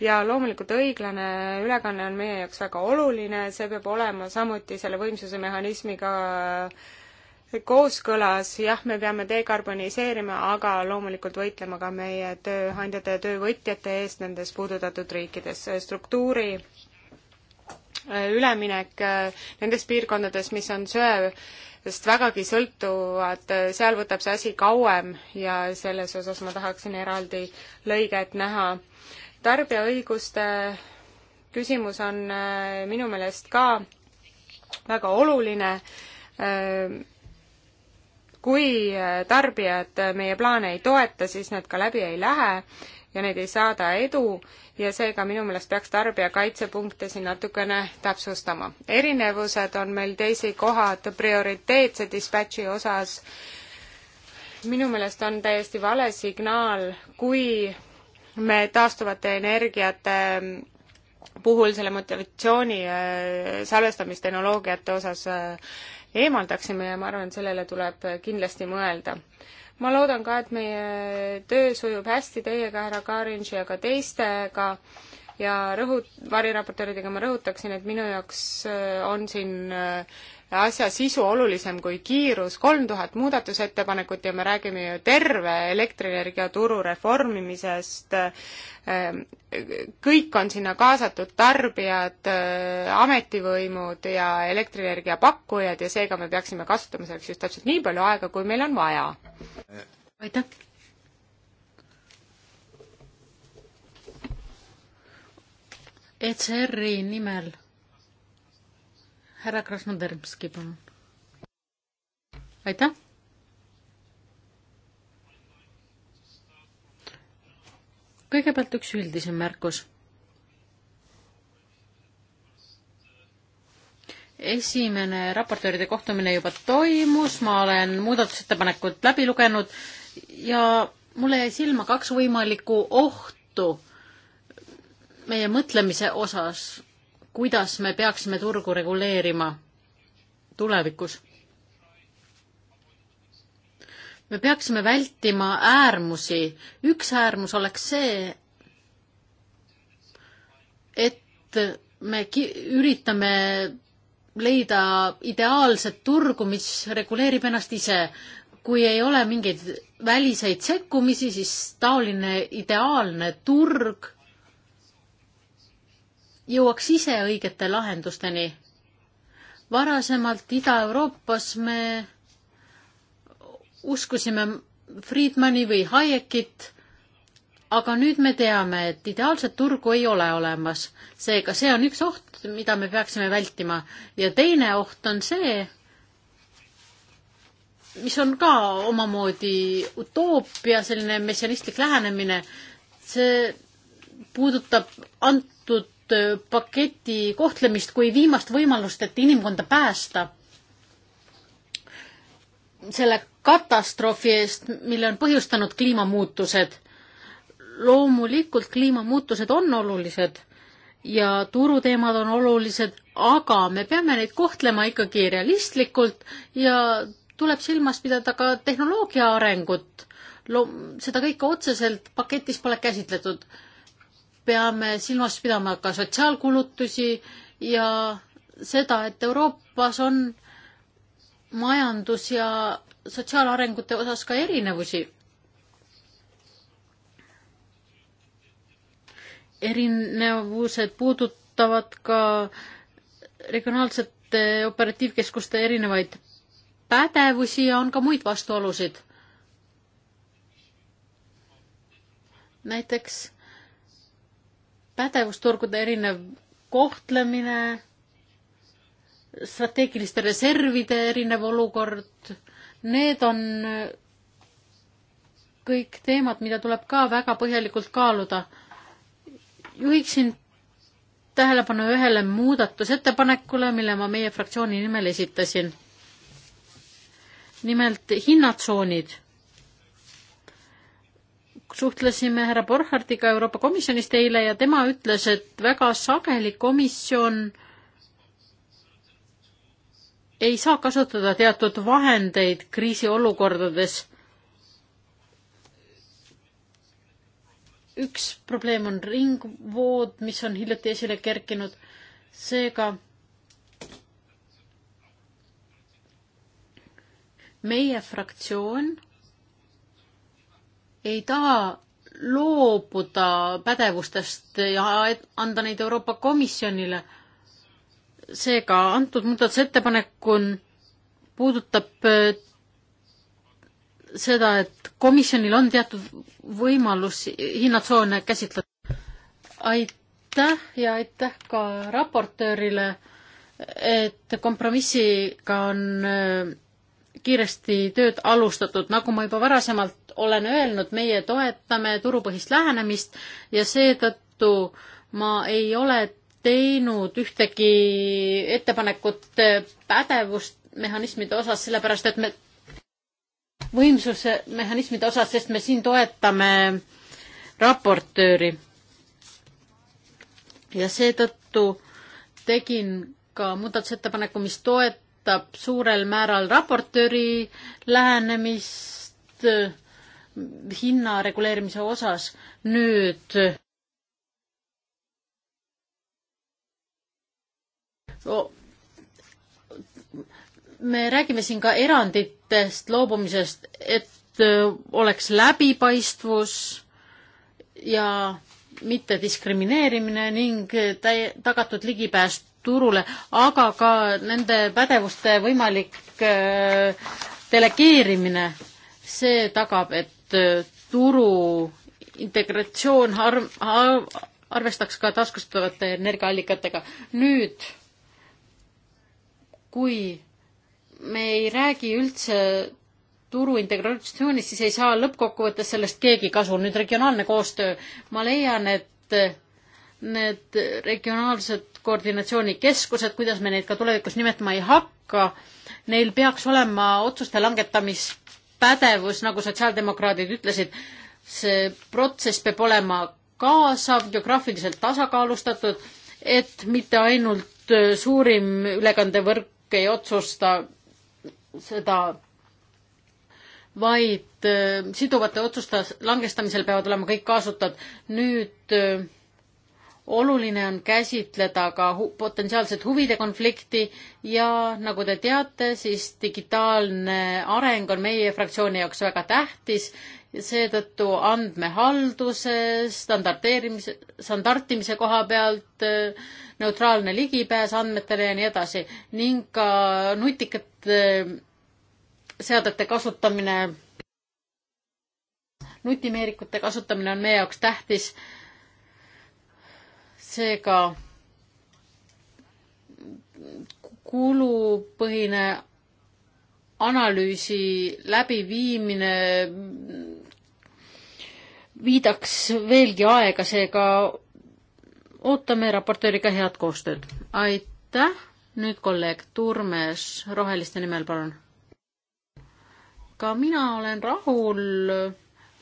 ja loomulikult õiglane ülekanne on meie jaoks väga oluline, see peab olema samuti selle võimsuse mehhanismiga kooskõlas, jah, me peame dekarboniseerima, aga loomulikult võitlema ka meie tööandjate ja töövõtjate eest nendes puudutatud riikides. struktuuri üleminek nendes piirkondades, mis on söe sest vägagi sõltuvad, seal võtab see asi kauem ja selles osas ma tahaksin eraldi lõiget näha. tarbijaõiguste küsimus on äh, minu meelest ka väga oluline. Äh, kui äh, tarbijad meie plaane ei toeta, siis nad ka läbi ei lähe ja need ei saada edu ja seega minu meelest peaks tarbijakaitsepunkte siin natukene täpsustama. erinevused on meil teisikohad prioriteetse dispatši osas. minu meelest on täiesti vale signaal, kui me taastuvate energiate puhul selle motivatsiooni äh, salvestamistehnoloogiate osas äh, eemaldaksime ja ma arvan, et sellele tuleb kindlasti mõelda ma loodan ka, et meie töö sujub hästi teiega, härra Karinš, ja ka teistega ja rõhu-, variraportööridega ma rõhutaksin, et minu jaoks äh, on siin äh, asja sisu olulisem kui kiirus, kolm tuhat muudatusettepanekut ja me räägime ju terve elektrienergia turu reformimisest, ähm, kõik on sinna kaasatud, tarbijad, äh, ametivõimud ja elektrienergia pakkujad ja seega me peaksime kasutama selleks just täpselt nii palju aega, kui meil on vaja. aitäh! ECR-i nimel härra Krasnodermski, palun. aitäh. kõigepealt üks üldisem märkus. esimene raportööride kohtumine juba toimus, ma olen muudatusettepanekud läbi lugenud ja mulle jäi silma kaks võimalikku ohtu meie mõtlemise osas, kuidas me peaksime turgu reguleerima tulevikus. me peaksime vältima äärmusi. üks äärmus oleks see, et me üritame leida ideaalset turgu, mis reguleerib ennast ise. kui ei ole mingeid väliseid sekkumisi, siis taoline ideaalne turg jõuaks ise õigete lahendusteni. varasemalt Ida-Euroopas me uskusime Friedmani või Hayekit, aga nüüd me teame, et ideaalset turgu ei ole olemas. seega see on üks oht, mida me peaksime vältima ja teine oht on see, mis on ka omamoodi utoopia, selline messianistlik lähenemine, see puudutab antud Äh, paketi kohtlemist kui viimast võimalust, et inimkonda päästa selle katastroofi eest, mille on põhjustanud kliimamuutused. loomulikult kliimamuutused on olulised ja turuteemad on olulised, aga me peame neid kohtlema ikkagi realistlikult ja tuleb silmas pidada ka tehnoloogia arengut. Lo-, seda kõike otseselt paketis pole käsitletud peame silmas pidama ka sotsiaalkulutusi ja seda, et Euroopas on majandus ja sotsiaalarengute osas ka erinevusi. erinevused puudutavad ka regionaalsete operatiivkeskuste erinevaid pädevusi ja on ka muid vastuolusid. näiteks pädevusturgude erinev kohtlemine, strateegiliste reservide erinev olukord, need on kõik teemad, mida tuleb ka väga põhjalikult kaaluda. juhiksin tähelepanu ühele muudatusettepanekule, mille ma meie fraktsiooni nimel esitasin. nimelt hinnatsoonid suhtlesime härra Borchardiga Euroopa Komisjonist eile ja tema ütles, et väga sageli komisjon ei saa kasutada teatud vahendeid kriisiolukordades. üks probleem on ringvood, mis on hiljuti esile kerkinud, seega meie fraktsioon ei taha loobuda pädevustest ja anda neid Euroopa Komisjonile. seega antud muudatusettepanek on, puudutab äh, seda, et komisjonil on teatud võimalus hinnatsoone käsitleda. aitäh ja aitäh ka raportöörile, et kompromissiga on äh, kiiresti tööd alustatud, nagu ma juba varasemalt olen öelnud, meie toetame turupõhist lähenemist ja seetõttu ma ei ole teinud ühtegi ettepanekut pädevust mehhanismide osas, sellepärast et me võimsuse mehhanismide osas, sest me siin toetame raportööri. ja seetõttu tegin ka muudatusettepaneku, mis toetab suurel määral raportööri lähenemist hinna reguleerimise osas. nüüd oh, me räägime siin ka eranditest loobumisest, et oleks läbipaistvus ja mitte diskrimineerimine ning täi-, tagatud ligipääs turule, aga ka nende pädevuste võimalik delegeerimine, see tagab, et Äh, turu integratsioon arv, arv, arvestaks ka taskustatavate energiaallikatega. nüüd, kui me ei räägi üldse turu integratsioonist, siis ei saa lõppkokkuvõttes sellest keegi kasu. nüüd regionaalne koostöö, ma leian, et need regionaalsed koordinatsioonikeskused, kuidas me neid ka tulevikus nimetama ei hakka, neil peaks olema otsuste langetamist pädevus, nagu sotsiaaldemokraadid ütlesid, see protsess peab olema kaasav, geograafiliselt tasakaalustatud, et mitte ainult äh, suurim ülekandevõrk ei otsusta seda, vaid äh, siduvate otsuste langestamisel peavad olema kõik kaasatud. nüüd äh, oluline on käsitleda ka hu potentsiaalset huvide konflikti ja nagu te teate, siis digitaalne areng on meie fraktsiooni jaoks väga tähtis. seetõttu andmehalduse standardeerimise, standardimise koha pealt neutraalne ligipääs andmetele ja nii edasi ning ka nutikate seadete kasutamine, nutimeerikute kasutamine on meie jaoks tähtis seega kulupõhine analüüsi läbiviimine viidaks veelgi aega, seega ootame raportööriga head koostööd. aitäh, nüüd kolleeg Turmes Roheliste nimel, palun. ka mina olen rahul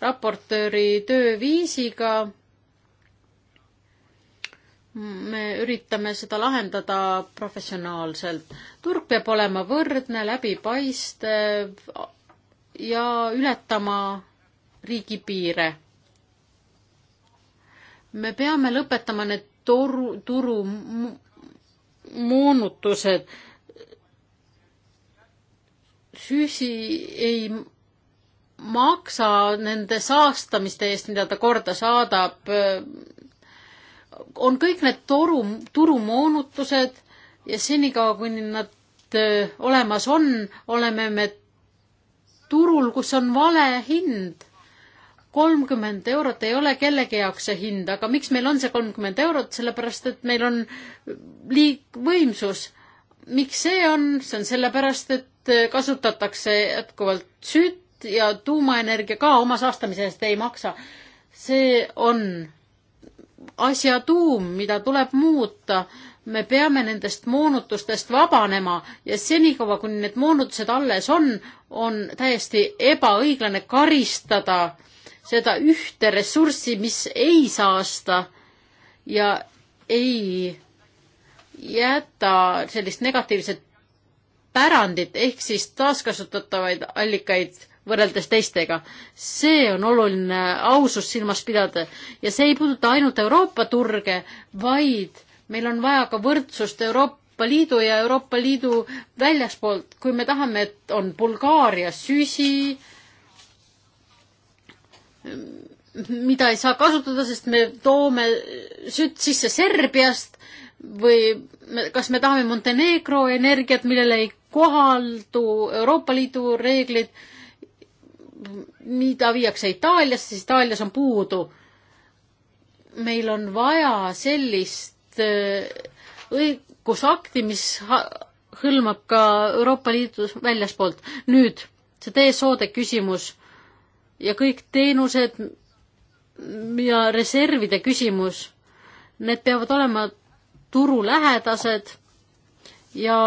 raportööri tööviisiga me üritame seda lahendada professionaalselt. turg peab olema võrdne, läbipaistev ja ületama riigipiire. me peame lõpetama need toru, turu moonutused. süsi ei maksa nende saastamiste eest, mida ta korda saadab on kõik need toru, turumoonutused ja senikaua, kuni nad äh, olemas on, oleme me turul, kus on vale hind. kolmkümmend eurot ei ole kellegi jaoks see hind, aga miks meil on see kolmkümmend eurot, sellepärast et meil on liik-, võimsus. miks see on, see on sellepärast, et äh, kasutatakse jätkuvalt sütt ja tuumaenergia ka oma saastamise eest ei maksa. see on asja tuum, mida tuleb muuta. me peame nendest moonutustest vabanema ja senikaua, kuni need moonutused alles on, on täiesti ebaõiglane karistada seda ühte ressurssi, mis ei saasta ja ei jäta sellist negatiivset pärandit ehk siis taaskasutatavaid allikaid võrreldes teistega. see on oluline ausust silmas pidada ja see ei puuduta ainult Euroopa turge, vaid meil on vaja ka võrdsust Euroopa Liidu ja Euroopa Liidu väljaspoolt, kui me tahame, et on Bulgaaria süsi, mida ei saa kasutada, sest me toome sütt sisse Serbiast või kas me tahame Montenegro energiat, millele ei kohaldu Euroopa Liidu reeglid mida viiakse Itaaliasse, siis Itaalias on puudu. meil on vaja sellist äh, õigusakti, mis hõlmab ka Euroopa Liidus väljaspoolt. nüüd see DSO-de küsimus ja kõik teenused ja reservide küsimus, need peavad olema turulähedased ja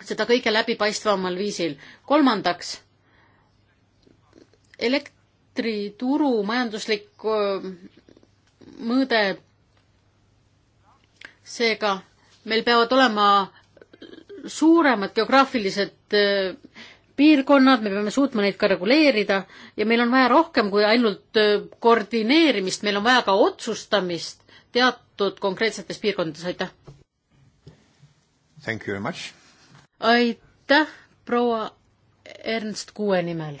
seda kõige läbipaistvamal viisil. kolmandaks elektrituru majanduslik mõõde, seega meil peavad olema suuremad geograafilised piirkonnad, me peame suutma neid ka reguleerida ja meil on vaja rohkem kui ainult koordineerimist, meil on vaja ka otsustamist teatud konkreetsetes piirkondades, aitäh! aitäh, proua Ernst Kuue nimel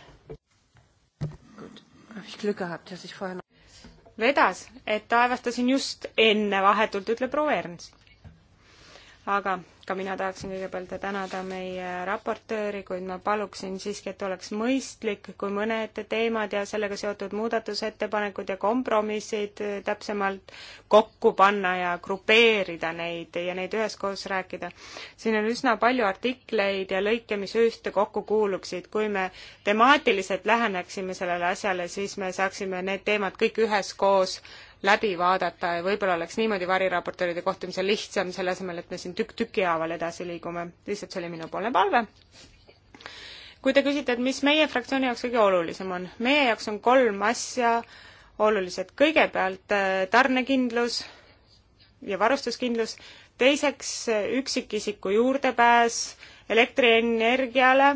vedas, et aevastasin just enne vahetult, ütleb proua Ernst. aga ka mina tahaksin kõigepealt tänada meie raportööri, kuid ma paluksin siiski, et oleks mõistlik, kui mõned teemad ja sellega seotud muudatusettepanekud ja kompromissid täpsemalt kokku panna ja grupeerida neid ja neid üheskoos rääkida. siin on üsna palju artikleid ja lõike, mis ühte kokku kuuluksid. kui me temaatiliselt läheneksime sellele asjale, siis me saaksime need teemad kõik üheskoos läbi vaadata ja võib-olla oleks niimoodi variraportööride kohtumisel lihtsam, selle asemel, et me siin tükk tüki haaval edasi liigume. lihtsalt see oli minupoolne palve. kui te küsite, et mis meie fraktsiooni jaoks kõige olulisem on, meie jaoks on kolm asja olulised. kõigepealt äh, tarnekindlus ja varustuskindlus, teiseks üksikisiku juurdepääs elektrienergiale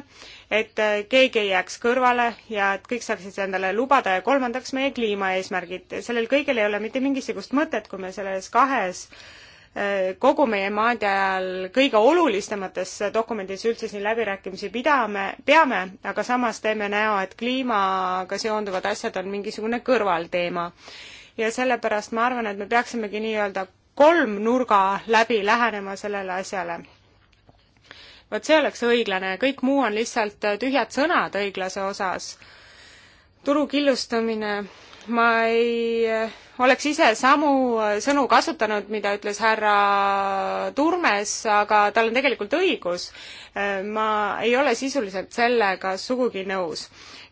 et äh, keegi ei jääks kõrvale ja et kõik saaksid seda endale lubada ja kolmandaks meie kliimaeesmärgid. sellel kõigel ei ole mitte mingisugust mõtet, kui me selles kahes äh, kogu meie maade ajal kõige olulisemates dokumendis üldse siin läbirääkimisi pidame, peame, aga samas teeme näo, et kliimaga seonduvad asjad on mingisugune kõrvalteema. ja sellepärast ma arvan, et me peaksimegi nii-öelda kolmnurga läbi lähenema sellele asjale vot see oleks õiglane, kõik muu on lihtsalt äh, tühjad sõnad õiglase osas. turu killustamine, ma ei äh, oleks ise samu äh, sõnu kasutanud, mida ütles härra Turmes, aga tal on tegelikult õigus. ma ei ole sisuliselt sellega sugugi nõus.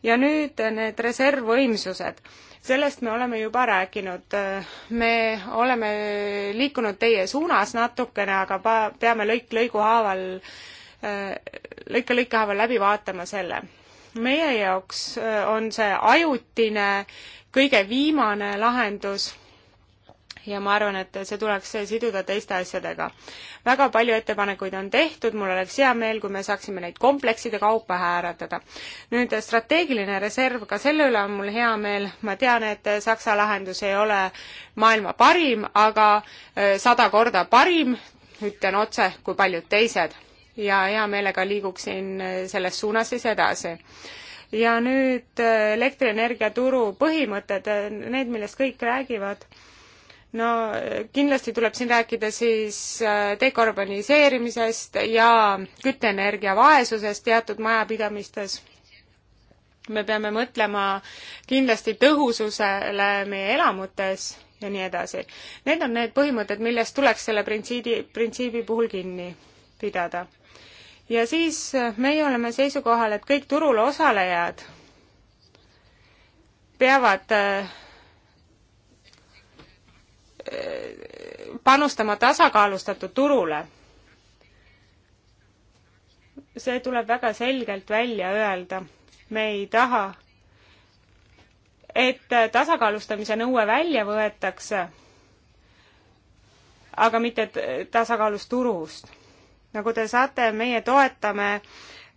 ja nüüd need reservvõimsused sellest me oleme juba rääkinud. me oleme liikunud teie suunas natukene, aga peame lõik lõigu haaval Äh, lõike lõikehaaval läbi vaatama selle. meie jaoks äh, on see ajutine, kõige viimane lahendus ja ma arvan, et see tuleks siduda teiste asjadega. väga palju ettepanekuid on tehtud, mul oleks hea meel, kui me saaksime neid komplekside kaupa hääletada. nüüd strateegiline reserv, ka selle üle on mul hea meel, ma tean, et Saksa lahendus ei ole maailma parim, aga äh, sada korda parim, ütlen otse, kui paljud teised ja hea meelega liiguksin selles suunas siis edasi. ja nüüd äh, elektrienergia turu põhimõtted, äh, need, millest kõik räägivad, no äh, kindlasti tuleb siin rääkida siis dekarboniseerimisest ja kütteenergia vaesusest teatud majapidamistes me peame mõtlema kindlasti tõhususele meie elamutes ja nii edasi. Need on need põhimõtted, millest tuleks selle printsiidi, printsiibi puhul kinni pidada ja siis äh, meie oleme seisukohal, et kõik turul osalejad peavad äh, äh, panustama tasakaalustatud turule. see tuleb väga selgelt välja öelda. me ei taha, et tasakaalustamise nõue välja võetakse, aga mitte tasakaalus turust nagu te saate, meie toetame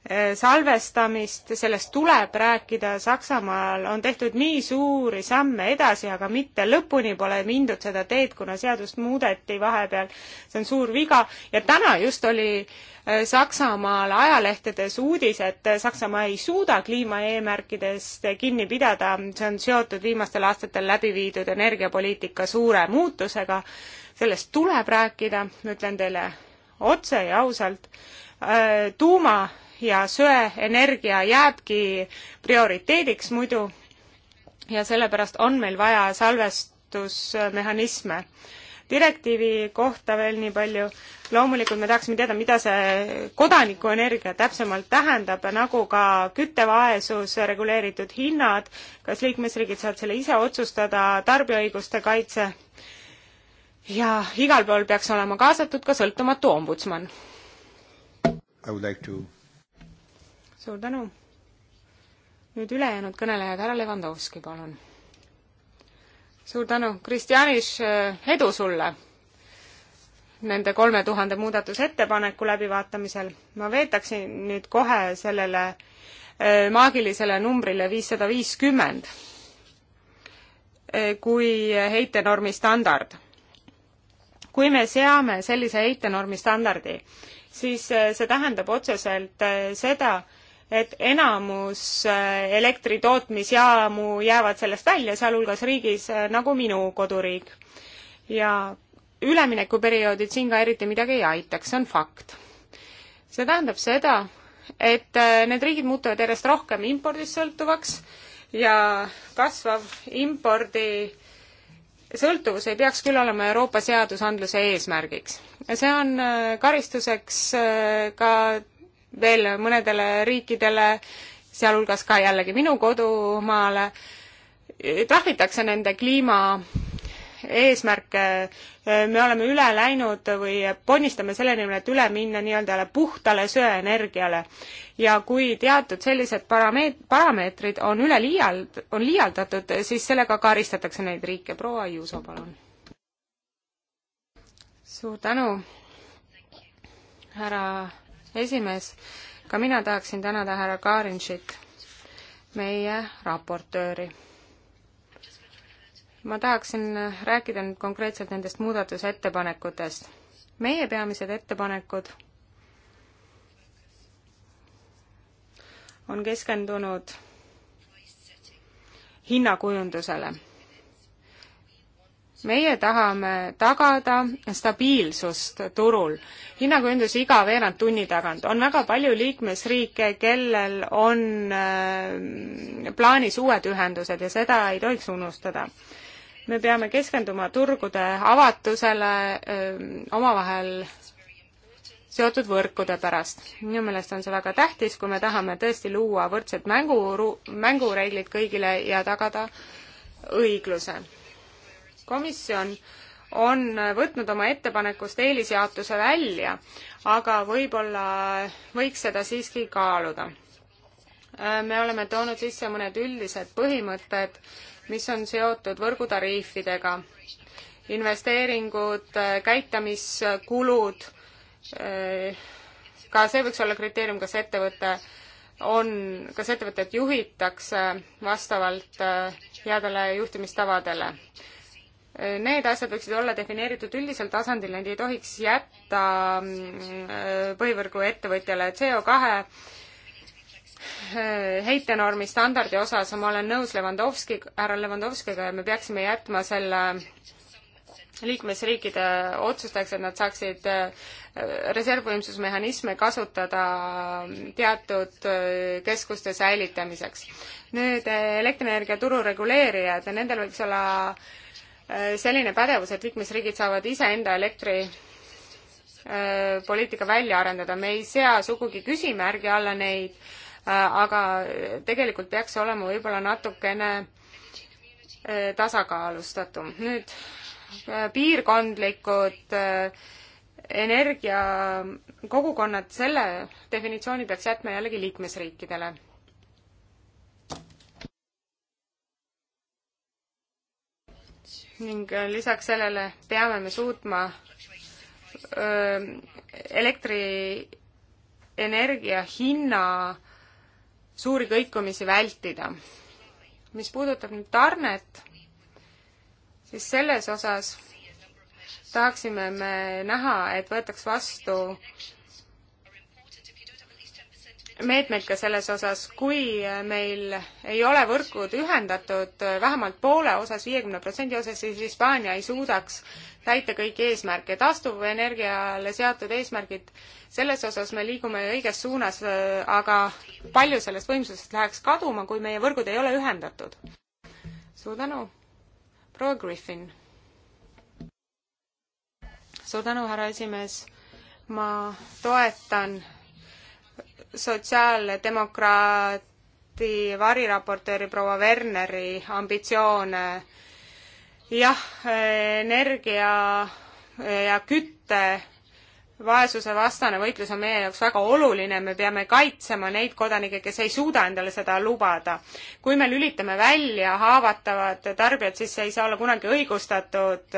eh, salvestamist, sellest tuleb rääkida, Saksamaal on tehtud nii suuri samme edasi, aga mitte lõpuni pole mindud seda teed, kuna seadust muudeti vahepeal, see on suur viga ja täna just oli eh, Saksamaal ajalehtedes uudis, et Saksamaa ei suuda kliimaeesmärkidest kinni pidada, see on seotud viimastel aastatel läbi viidud energiapoliitika suure muutusega, sellest tuleb rääkida, ma ütlen teile otse ja ausalt, äh, tuuma ja söeenergia jääbki prioriteediks muidu ja sellepärast on meil vaja salvestusmehhanisme. direktiivi kohta veel nii palju, loomulikult me tahaksime teada, mida see kodanikuenergia täpsemalt tähendab, nagu ka küttevaesus, reguleeritud hinnad, kas liikmesriigid saavad selle ise otsustada, tarbijaõiguste kaitse ja igal pool peaks olema kaasatud ka sõltumatu ombudsman. Like to... suur tänu. nüüd ülejäänud kõnelejad, härra Levandovski, palun. suur tänu, Kristjanis, eh, edu sulle nende kolme tuhande muudatusettepaneku läbivaatamisel. ma veetaksin nüüd kohe sellele eh, maagilisele numbrile viissada viiskümmend eh, kui heitenormi standard kui me seame sellise heitenormi standardi, siis äh, see tähendab otseselt äh, seda, et enamus äh, elektritootmisjaamu jäävad sellest välja, sealhulgas riigis nagu minu koduriik. ja üleminekuperioodid siin ka eriti midagi ei aitaks, see on fakt. see tähendab seda, et need riigid muutuvad järjest rohkem impordist sõltuvaks ja kasvav impordi äh, sõltuvus ei peaks küll olema Euroopa seadusandluse eesmärgiks. see on äh, karistuseks äh, ka veel mõnedele riikidele, sealhulgas ka jällegi minu kodumaale, äh, trahvitakse nende kliima eesmärke, me oleme üle läinud või ponnistame selle nimel, et üle minna nii-öelda puhtale söeenergiale. ja kui teatud sellised parameet-, parameetrid on üle liiald-, on liialdatud, siis sellega karistatakse neid riike. proua Juuso, palun. suur tänu, härra esimees. ka mina tahaksin tänada härra Karinšit, meie raportööri ma tahaksin rääkida nüüd konkreetselt nendest muudatusettepanekutest. meie peamised ettepanekud on keskendunud hinnakujundusele. meie tahame tagada stabiilsust turul. hinnakujundus iga veerand tunni tagant. on väga palju liikmesriike, kellel on äh, plaanis uued ühendused ja seda ei tohiks unustada me peame keskenduma turgude avatusele ähm, omavahel seotud võrkude pärast. minu meelest on see väga tähtis, kui me tahame tõesti luua võrdsed mängu, mängureeglid kõigile ja tagada õigluse. komisjon on võtnud oma ettepanekust eelisjaotuse välja, aga võib-olla võiks seda siiski kaaluda. Äh, me oleme toonud sisse mõned üldised põhimõtted, mis on seotud võrgutariifidega, investeeringud, äh, käitamiskulud, äh, ka see võiks olla kriteerium, kas ettevõte on, kas ettevõtet juhitakse vastavalt äh, headele juhtimistavadele. Need asjad võiksid olla defineeritud üldisel tasandil, neid ei tohiks jätta mm, põhivõrgu ettevõtjale CO kahe Äh, heitenormi standardi osas ma olen nõus Levandovski, härra Levandovskiga ja me peaksime jätma selle liikmesriikide otsustajaks, et nad saaksid äh, reservvõimsusmehhanisme kasutada teatud äh, keskuste säilitamiseks. nüüd elektrienergia turu reguleerijad, nendel võiks olla selline pädevus, et liikmesriigid saavad iseenda elektri poliitika välja arendada, me ei sea sugugi küsimärgi alla neid äh, Äh, aga tegelikult peaks see olema võib-olla natukene äh, tasakaalustatum. nüüd äh, piirkondlikud energiakogukonnad, selle definitsiooni peaks jätma jällegi liikmesriikidele ning lisaks sellele peame me suutma elektrienergia hinna suuri kõikumisi vältida. mis puudutab nüüd tarnet, siis selles osas tahaksime me näha, et võetaks vastu meetmeid ka selles osas, kui meil ei ole võrgud ühendatud vähemalt poole osas, viiekümne protsendi osas, siis Hispaania ei suudaks täita kõiki eesmärke. taastuvenergiale seatud eesmärgid, selles osas me liigume õiges suunas, aga palju sellest võimsusest läheks kaduma, kui meie võrgud ei ole ühendatud? suur tänu, proua Griffin. suur tänu, härra esimees. ma toetan sotsiaaldemokraati variraportööri proua Werneri ambitsioone äh, jah, energia ja kütte vaesuse vastane võitlus on meie jaoks väga oluline, me peame kaitsema neid kodanikke, kes ei suuda endale seda lubada. kui me lülitame välja haavatavad tarbijad, siis see ei saa olla kunagi õigustatud.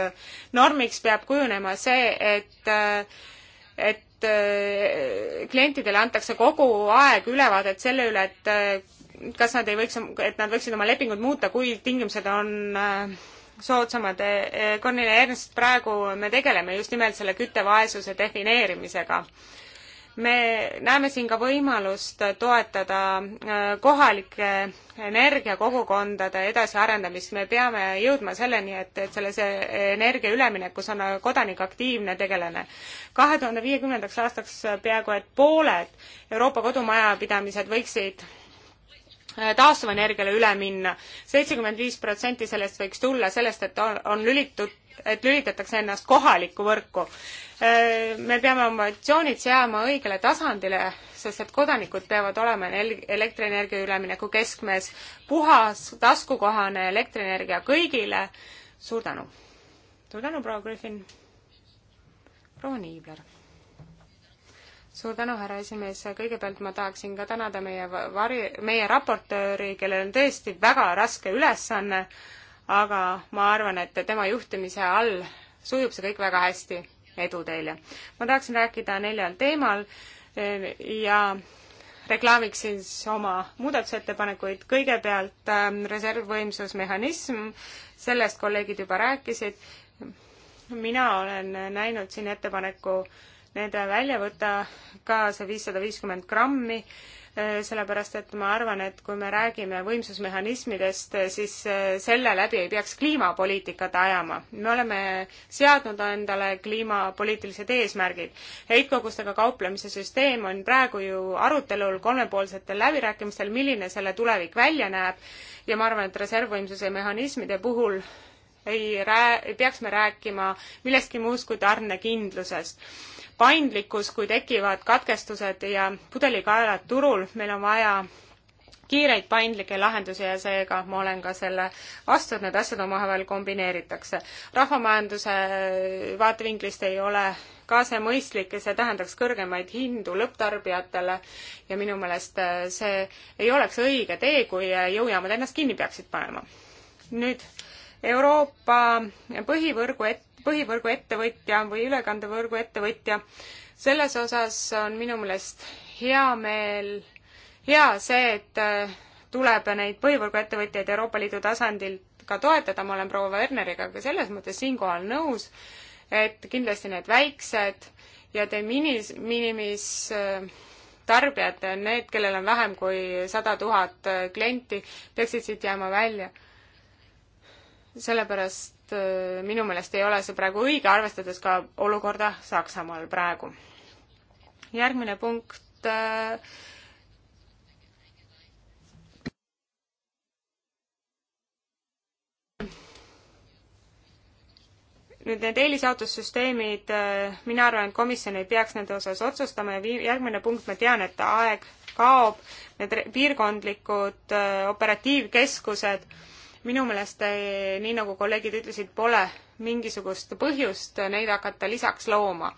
normiks peab kujunema see, et, et äh, klientidele antakse kogu aeg ülevaadet selle üle, et äh, kas nad ei võiks, et nad võiksid oma lepingut muuta, kui tingimused on äh, soodsamad. Cornelia e, e, Ernst, praegu me tegeleme just nimelt selle küttevaesuse defineerimisega. me näeme siin ka võimalust toetada e, kohalike energiakogukondade edasiarendamist. me peame jõudma selleni, et, et selles energia üleminekus on kodanik aktiivne tegelane. kahe tuhande viiekümnendaks aastaks peaaegu et pooled Euroopa kodumajapidamised võiksid Äh, taastuvenergiale üle minna. seitsekümmend viis protsenti sellest võiks tulla sellest, et on lülitud, et lülitatakse ennast kohalikku võrku. Äh, me peame oma emotsioonid seama õigele tasandile, sest et kodanikud peavad olema elektrienergia ülemineku keskmes. puhas, taskukohane elektrienergia kõigile. suur tänu. suur tänu, proua Griffin. proua Niibler suur tänu, härra esimees, kõigepealt ma tahaksin ka tänada meie vari-, meie raportööri, kellel on tõesti väga raske ülesanne, aga ma arvan, et tema juhtimise all sujub see kõik väga hästi. edu teile! ma tahaksin rääkida neljal teemal eh, ja reklaamiks siis oma muudatusettepanekuid. kõigepealt ähm, reservvõimsusmehhanism, sellest kolleegid juba rääkisid. mina olen näinud siin ettepaneku äh, nende välja võtta ka see viissada viiskümmend grammi, äh, sellepärast et ma arvan, et kui me räägime võimsusmehhanismidest, äh, siis äh, selle läbi ei peaks kliimapoliitikat ajama. me oleme seadnud endale kliimapoliitilised eesmärgid. heitkogustega kauplemise süsteem on praegu ju arutelul kolmepoolsetel läbirääkimistel, milline selle tulevik välja näeb ja ma arvan, et reservvõimsuse mehhanismide puhul ei rää-, ei peaks me rääkima millestki muust kui tarnekindlusest paindlikkus, kui tekivad katkestused ja pudelikaelad turul, meil on vaja kiireid paindlikke lahendusi ja seega ma olen ka selle vastu, et need asjad omavahel kombineeritakse. rahvamajanduse vaatevinklist ei ole ka see mõistlik ja see tähendaks kõrgemaid hindu lõpptarbijatele ja minu meelest äh, see ei oleks õige tee, kui äh, jõujaamad ennast kinni peaksid panema. nüüd Euroopa põhivõrgu et-, põhivõrgu ettevõtja või ülekandevõrgu ettevõtja. selles osas on minu meelest hea meel, hea see, et äh, tuleb neid põhivõrguettevõtjaid Euroopa Liidu tasandil ka toetada, ma olen proua Werneriga ka selles mõttes siinkohal nõus, et kindlasti need väiksed ja de minis, minimis äh, tarbijad, need, kellel on vähem kui sada tuhat äh, klienti, peaksid siit jääma välja sellepärast äh, minu meelest ei ole see praegu õige, arvestades ka olukorda Saksamaal praegu. järgmine punkt. Äh, nüüd need eelisjaotussüsteemid, äh, mina arvan, et komisjon ei peaks nende osas otsustama ja vii-, järgmine punkt, ma tean, et aeg kaob, need piirkondlikud operatiivkeskused äh, minu meelest, eh, nii nagu kolleegid ütlesid, pole mingisugust põhjust neid hakata lisaks looma.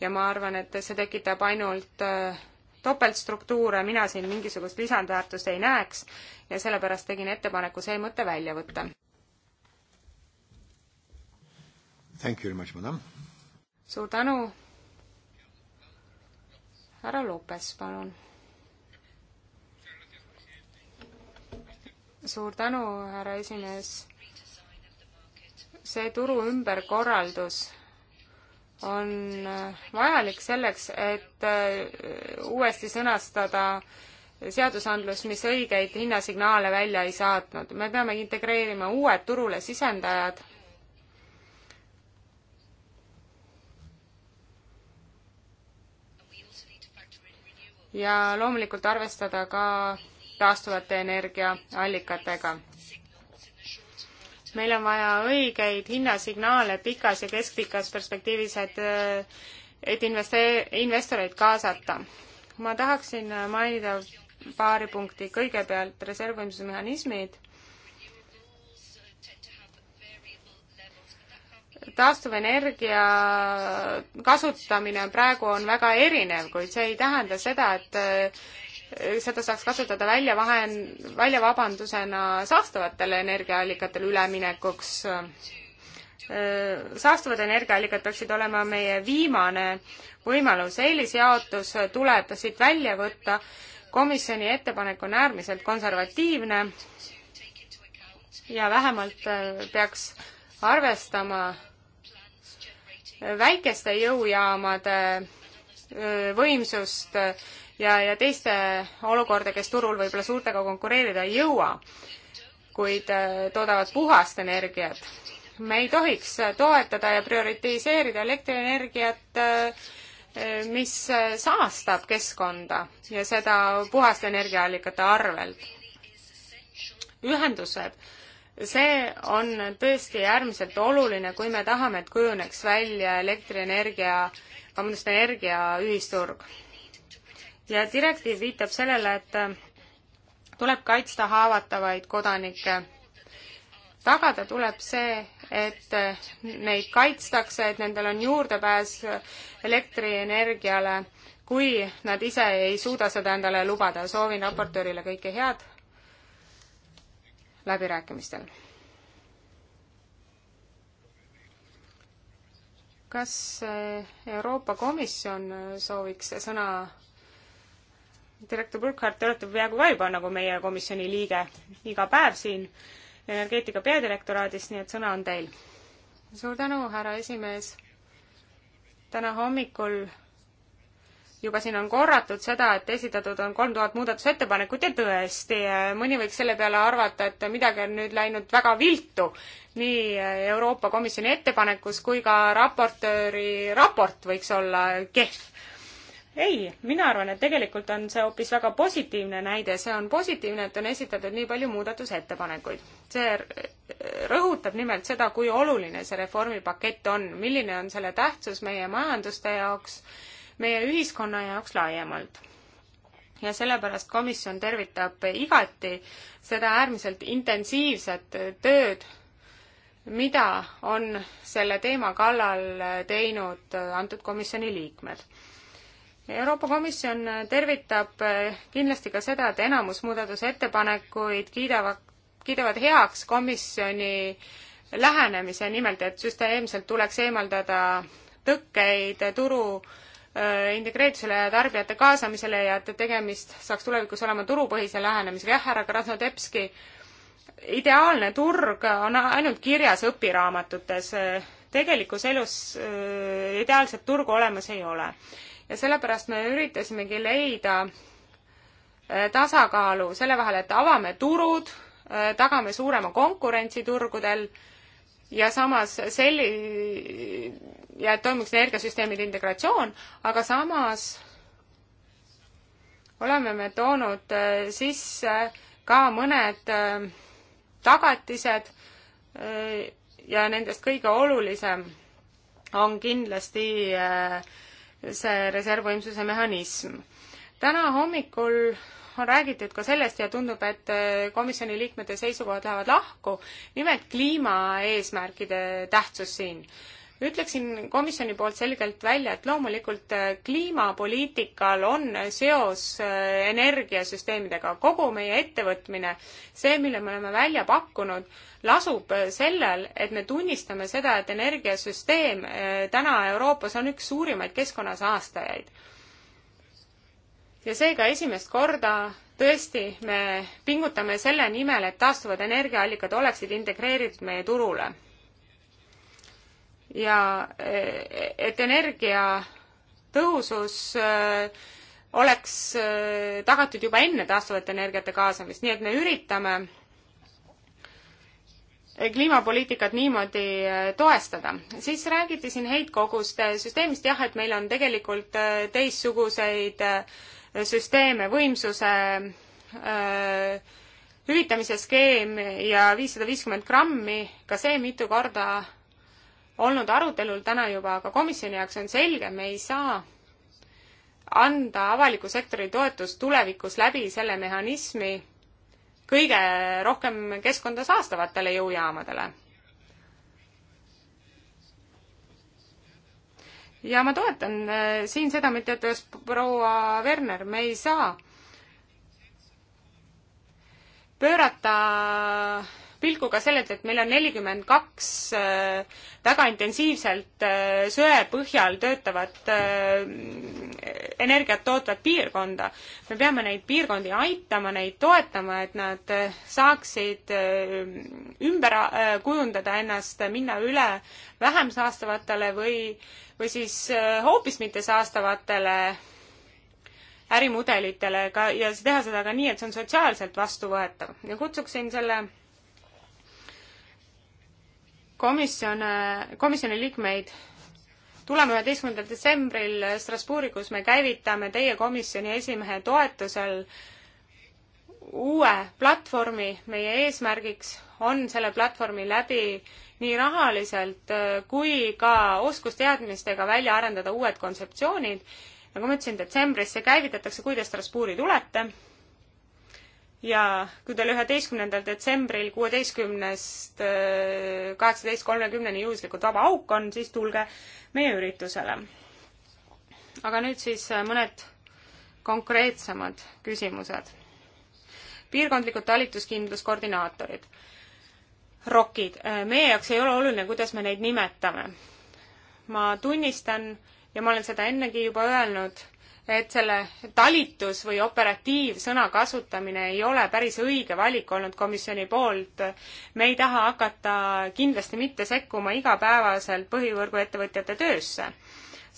ja ma arvan, et see tekitab ainult eh, topeltstruktuure, mina siin mingisugust lisandväärtust ei näeks ja sellepärast tegin ettepaneku see mõte välja võtta. suur tänu. härra Lopes, palun suur tänu, härra esimees. see turu ümberkorraldus on äh, vajalik selleks, et äh, uuesti sõnastada seadusandlus, mis õigeid hinnasignaale välja ei saatnud. me peame integreerima uued turule sisendajad. ja loomulikult arvestada ka taastuvate energiaallikatega. meil on vaja õigeid hinnasignaale pikas ja keskpikas perspektiivis, et, et investe-, investoreid kaasata. ma tahaksin mainida paari punkti, kõigepealt reservumismehhanismid taastuvenergia kasutamine praegu on väga erinev, kuid see ei tähenda seda, et seda saaks kasutada välja vahen-, välja vabandusena saastavatele energiaallikatele üleminekuks. Äh, saastuvad energiaallikad peaksid olema meie viimane võimalus, eelisjaotus tuleb siit välja võtta, komisjoni ettepanek on äärmiselt konservatiivne ja vähemalt äh, peaks arvestama äh, väikeste jõujaamade võimsust ja, ja teiste olukorda, kes turul võib-olla suurtega konkureerida ei jõua, kuid äh, toodavad puhast energiat. me ei tohiks äh, toetada ja prioritiseerida elektrienergiat, äh, mis saastab keskkonda ja seda puhaste energiaallikate arvelt. ühendused see on tõesti äärmiselt oluline, kui me tahame, et kujuneks välja elektrienergia, vabandust, energiaühisturg ja direktiiv viitab sellele, et äh, tuleb kaitsta haavatavaid kodanikke. tagada tuleb see, et äh, neid kaitstakse, et nendel on juurdepääs äh, elektrienergiale, kui nad ise ei suuda seda endale lubada. soovin raportöörile kõike head läbirääkimistel. kas Euroopa Komisjon sooviks sõna direktor Burkhardt, te olete peaaegu ka juba nagu meie komisjoni liige iga päev siin energeetika peadirektoraadis, nii et sõna on teil. suur tänu, härra esimees. täna hommikul juba siin on korratud seda, et esitatud on kolm tuhat muudatusettepanekut ja tõesti, mõni võiks selle peale arvata, et midagi on nüüd läinud väga viltu nii Euroopa Komisjoni ettepanekus kui ka raportööri raport võiks olla kehv ei, mina arvan, et tegelikult on see hoopis väga positiivne näide, see on positiivne, et on esitatud nii palju muudatusettepanekuid. see rõhutab nimelt seda, kui oluline see reformipakett on, milline on selle tähtsus meie majanduste jaoks, meie ühiskonna jaoks laiemalt. ja sellepärast komisjon tervitab igati seda äärmiselt intensiivset tööd, mida on selle teema kallal teinud antud komisjoni liikmed Euroopa Komisjon tervitab eh, kindlasti ka seda, et enamus muudatusettepanekuid kiidavad, kiidavad heaks komisjoni lähenemise, nimelt et süsteemselt tuleks eemaldada tõkkeid turu eh, integreeritusele ja tarbijate kaasamisele ja et tegemist saaks tulevikus olema turupõhise lähenemisega. jah, härra Krasnodebski, ideaalne turg on ainult kirjas õpiraamatutes. tegelikus elus eh, ideaalset turgu olemas ei ole ja sellepärast me üritasimegi leida äh, tasakaalu selle vahel, et avame turud, äh, tagame suurema konkurentsi turgudel ja samas selli- ja et toimuks energiasüsteemide integratsioon, aga samas oleme me toonud äh, sisse ka mõned tagatised ja nendest kõige olulisem on kindlasti äh, see reservvõimsuse mehhanism. täna hommikul on räägitud ka sellest ja tundub, et äh, komisjoni liikmete seisukohad lähevad lahku, nimelt kliimaeesmärkide tähtsus siin ütleksin komisjoni poolt selgelt välja, et loomulikult äh, kliimapoliitikal on äh, seos äh, energiasüsteemidega. kogu meie ettevõtmine, see, mille me oleme välja pakkunud, lasub sellel, et me tunnistame seda, et energiasüsteem täna Euroopas on üks suurimaid keskkonnasaastajaid. ja seega esimest korda tõesti, me pingutame selle nimel, et taastuvad energiaallikad oleksid integreeritud meie turule ja et energia tõhusus äh, oleks äh, tagatud juba enne taastuvate energiate kaasamist, nii et me üritame äh, kliimapoliitikat niimoodi toestada. siis räägiti siin heitkoguste süsteemist, jah, et meil on tegelikult teistsuguseid süsteeme, võimsuse öö, hüvitamise skeem ja viissada viiskümmend grammi, ka see mitu korda olnud arutelul täna juba, aga komisjoni jaoks on selge, me ei saa anda avaliku sektori toetust tulevikus läbi selle mehhanismi kõige rohkem keskkonda saastavatele jõujaamadele. ja ma toetan äh, siin seda, mida ütles proua Werner, me ei saa pöörata pilgu ka sellelt, et meil on nelikümmend kaks äh, väga intensiivselt äh, söe põhjal töötavat, äh, energiat tootvat piirkonda. me peame neid piirkondi aitama, neid toetama, et nad saaksid ümber kujundada ennast, minna üle vähem saastavatele või, või siis hoopis mitte saastavatele ärimudelitele ka ja teha seda ka nii, et see on sotsiaalselt vastuvõetav ja kutsuksin selle komisjone, komisjoni liikmeid tulema üheteistkümnendal detsembril Strasbourgi, kus me käivitame teie komisjoni esimehe toetusel uue platvormi, meie eesmärgiks on selle platvormi läbi nii rahaliselt äh, kui ka oskusteadmistega välja arendada uued kontseptsioonid. nagu ma ütlesin, detsembris see käivitatakse, kui te Strasbourgi tulete ja kui teil üheteistkümnendal detsembril kuueteistkümnest äh, kaheksateist kolmekümneni juhuslikult vaba auk on, siis tulge meie üritusele. aga nüüd siis äh, mõned konkreetsemad küsimused. piirkondlikud talituskindluskoordinaatorid, ROK-id, äh, meie jaoks ei ole oluline, kuidas me neid nimetame. ma tunnistan ja ma olen seda ennegi juba öelnud et selle talitus või operatiivsõna kasutamine ei ole päris õige valik olnud komisjoni poolt. me ei taha hakata kindlasti mitte sekkuma igapäevaselt põhivõrguettevõtjate töösse.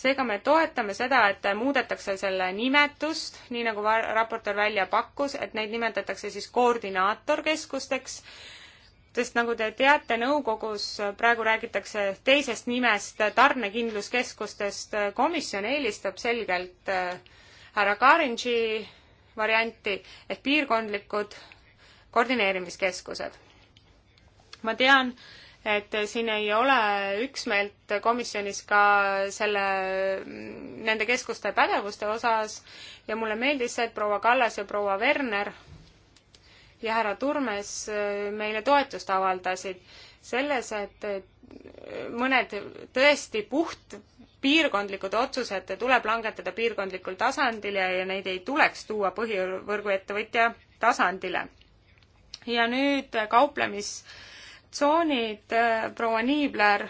seega me toetame seda, et muudetakse selle nimetust, nii nagu raportöör välja pakkus, et neid nimetatakse siis koordinaatorkeskusteks sest nagu te teate, nõukogus praegu räägitakse teisest nimest tarnekindluskeskustest, komisjon eelistab selgelt äh, härra Karinži varianti ehk piirkondlikud koordineerimiskeskused. ma tean, et siin ei ole üksmeelt komisjonis ka selle, nende keskuste pädevuste osas ja mulle meeldis see, et proua Kallas ja proua Werner ja härra Turmes äh, meile toetust avaldasid selles, et mõned tõesti puht piirkondlikud otsused tuleb langetada piirkondlikul tasandil ja, ja neid ei tuleks tuua põhivõrguettevõtja tasandile. ja nüüd kauplemistsoonid, proua Niibler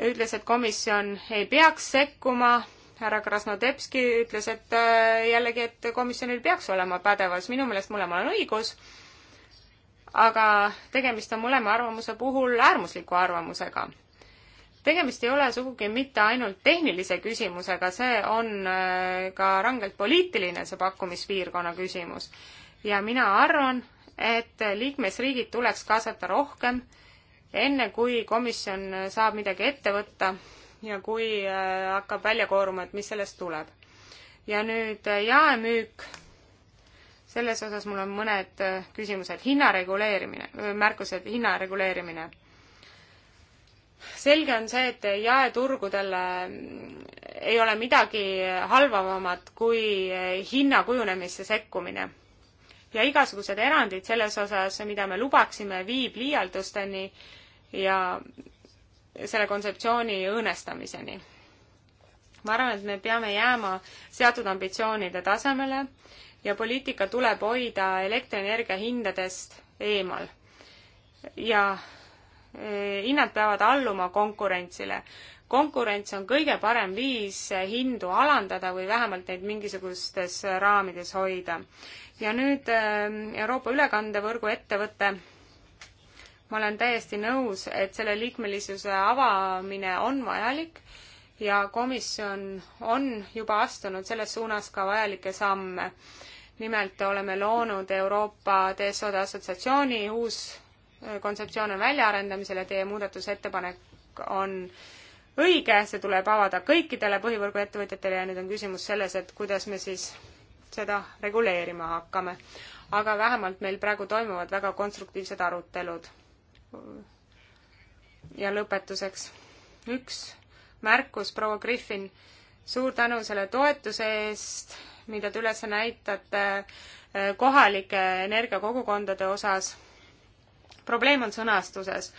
ütles, et komisjon ei peaks sekkuma härra Krasnodebski ütles, et äh, jällegi, et komisjonil peaks olema pädevus, minu meelest mõlemal on õigus, aga tegemist on mõlema arvamuse puhul äärmusliku arvamusega. tegemist ei ole sugugi mitte ainult tehnilise küsimusega, see on äh, ka rangelt poliitiline, see pakkumispiirkonna küsimus. ja mina arvan, et liikmesriigid tuleks kaasata rohkem, enne kui komisjon saab midagi ette võtta ja kui äh, hakkab välja kooruma, et mis sellest tuleb. ja nüüd äh, jaemüük, selles osas mul on mõned äh, küsimused. hinna reguleerimine, märkused, hinna reguleerimine. selge on see, et jaeturgudele ei ole midagi halvavamat kui hinna kujunemisse sekkumine ja igasugused erandid selles osas, mida me lubaksime, viib liialdusteni ja selle kontseptsiooni õõnestamiseni. ma arvan, et me peame jääma seatud ambitsioonide tasemele ja poliitika tuleb hoida elektrienergia hindadest eemal. ja eh, hinnad peavad alluma konkurentsile. konkurents on kõige parem viis hindu alandada või vähemalt neid mingisugustes raamides hoida. ja nüüd eh, Euroopa ülekandevõrgu ettevõte ma olen täiesti nõus, et selle liikmelisuse avamine on vajalik ja komisjon on juba astunud selles suunas ka vajalikke samme. nimelt oleme loonud Euroopa TSO-de assotsiatsiooni, uus äh, kontseptsioon on väljaarendamisel ja teie muudatusettepanek on õige, see tuleb avada kõikidele põhivõrguettevõtjatele ja nüüd on küsimus selles, et kuidas me siis seda reguleerima hakkame. aga vähemalt meil praegu toimuvad väga konstruktiivsed arutelud ja lõpetuseks üks märkus, proua Griffin, suur tänu selle toetuse eest, mida te üles näitate eh, kohalike energiakogukondade osas. probleem on sõnastuses.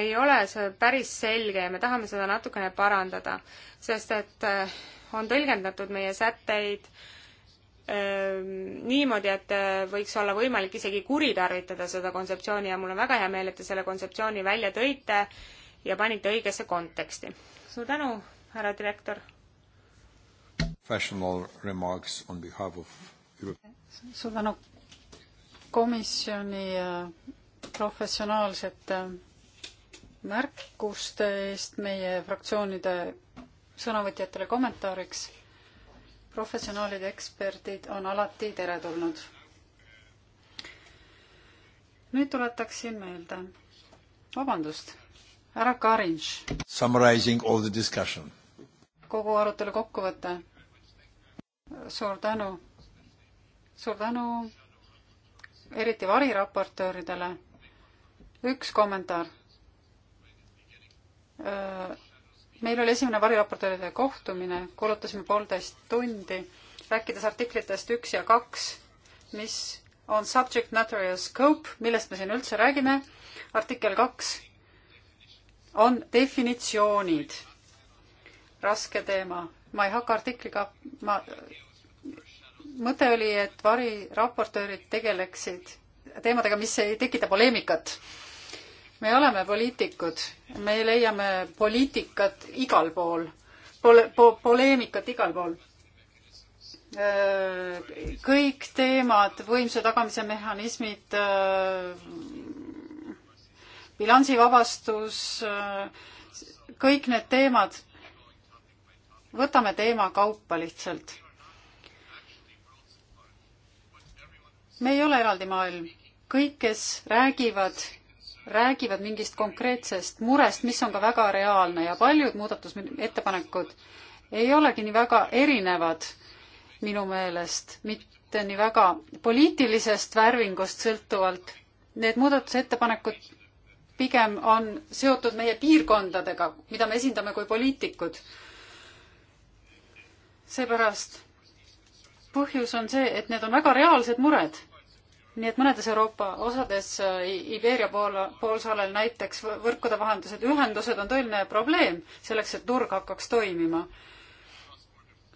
ei ole see päris selge ja me tahame seda natukene parandada, sest et eh, on tõlgendatud meie sätteid äh, Ehm, niimoodi, et eh, võiks olla võimalik isegi kuritarvitada seda kontseptsiooni ja mul on väga hea meel, et te selle kontseptsiooni välja tõite ja panite õigesse konteksti. suur tänu, härra direktor. suur tänu komisjoni eh, professionaalsete eh, märkuste eest meie fraktsioonide sõnavõtjatele kommentaariks professionaalid, eksperdid on alati teretulnud. nüüd tuletaksin meelde, vabandust, härra Karinš. Summarising all the discussion. kogu arutelu kokkuvõte. suur tänu, suur tänu eriti variraportööridele. üks kommentaar äh, meil oli esimene variraportööride kohtumine, kulutasime poolteist tundi, rääkides artiklitest üks ja kaks, mis on subject matter ja scope, millest me siin üldse räägime. artikkel kaks on definitsioonid. raske teema, ma ei hakka artikliga, ma, mõte oli, et variraportöörid tegeleksid teemadega, mis ei tekita poleemikat me oleme poliitikud, me leiame poliitikat igal pool, pole-, po-, poleemikat igal pool. Äh, kõik teemad, võimsuse tagamise mehhanismid, äh, bilansivabastus, äh, kõik need teemad, võtame teema kaupa lihtsalt. me ei ole eraldi maailm, kõik, kes räägivad räägivad mingist konkreetsest murest, mis on ka väga reaalne ja paljud muudatusettepanekud ei olegi nii väga erinevad minu meelest, mitte nii väga poliitilisest värvingust sõltuvalt. Need muudatusettepanekud pigem on seotud meie piirkondadega, mida me esindame kui poliitikud. seepärast põhjus on see, et need on väga reaalsed mured nii et mõnedes Euroopa osades äh, Iberia pool, poolsaarel näiteks võrkude vahendused, ühendused on tõeline probleem selleks, et turg hakkaks toimima.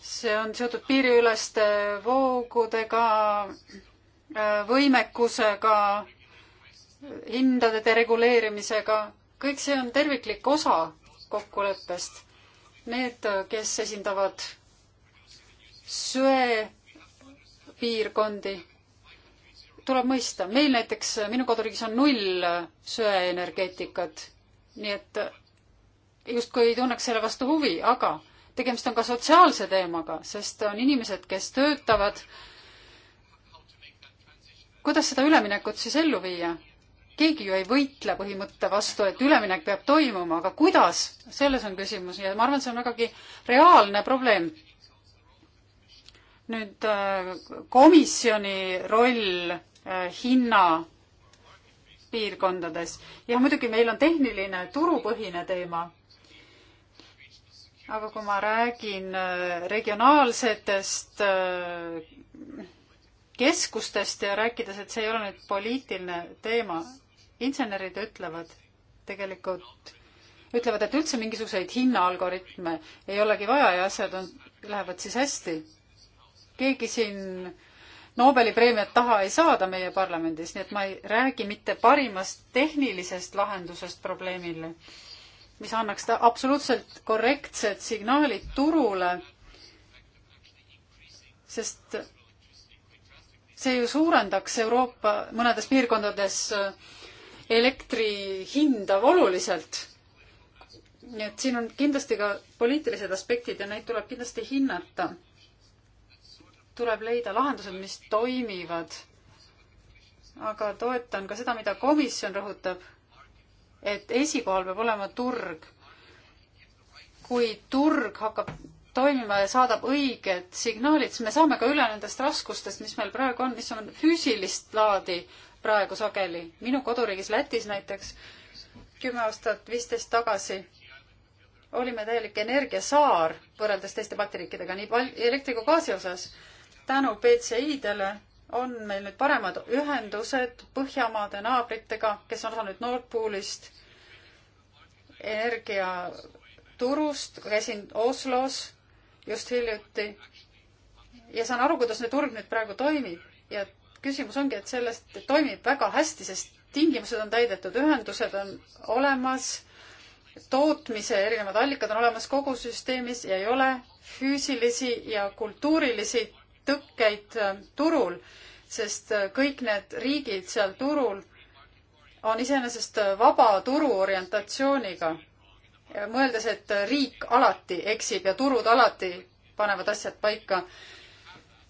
see on seotud piiriüleste voogudega, äh, võimekusega, hindade dereguleerimisega, kõik see on terviklik osa kokkuleppest. Need, äh, kes esindavad söe piirkondi tuleb mõista. meil näiteks, äh, minu koduriigis on null äh, söeenergeetikat, nii et äh, justkui ei tunneks selle vastu huvi, aga tegemist on ka sotsiaalse teemaga, sest on inimesed, kes töötavad. kuidas seda üleminekut siis ellu viia? keegi ju ei võitle põhimõtte vastu, et üleminek peab toimuma, aga kuidas, selles on küsimus ja ma arvan, see on vägagi reaalne probleem. nüüd komisjoni roll Äh, hinna piirkondades. jah, muidugi meil on tehniline turupõhine teema. aga kui ma räägin äh, regionaalsetest äh, keskustest ja rääkides, et see ei ole nüüd poliitiline teema, insenerid ütlevad tegelikult, ütlevad, et üldse mingisuguseid hinnaalgoritme ei olegi vaja ja asjad on, lähevad siis hästi. keegi siin Nobeli preemiat taha ei saada meie parlamendis, nii et ma ei räägi mitte parimast tehnilisest lahendusest probleemile, mis annaks absoluutselt korrektsed signaalid turule, sest see ju suurendaks Euroopa mõnedes piirkondades äh, elektri hinda oluliselt nii et siin on kindlasti ka poliitilised aspektid ja neid tuleb kindlasti hinnata tuleb leida lahendused, mis toimivad. aga toetan ka seda, mida komisjon rõhutab, et esikohal peab olema turg. kui turg hakkab toimima ja saadab õiged signaalid, siis me saame ka üle nendest raskustest, mis meil praegu on, mis on füüsilist laadi praegu sageli. minu koduriigis Lätis näiteks kümme aastat, viisteist tagasi olime täielik energiasaar võrreldes teiste Balti riikidega, nii pal-, elektri kui gaasi osas tänu BCI-dele on meil nüüd paremad ühendused Põhjamaade naabritega, kes on osa nüüd Nord Poolist, energiaturust, käisin Oslos just hiljuti ja saan aru, kuidas see turg nüüd praegu toimib ja küsimus ongi, et sellest toimib väga hästi, sest tingimused on täidetud, ühendused on olemas, tootmise erinevad allikad on olemas kogu süsteemis ja ei ole füüsilisi ja kultuurilisi tõkkeid äh, turul, sest äh, kõik need riigid seal turul on iseenesest äh, vaba turu orientatsiooniga. mõeldes, et riik alati eksib ja turud alati panevad asjad paika.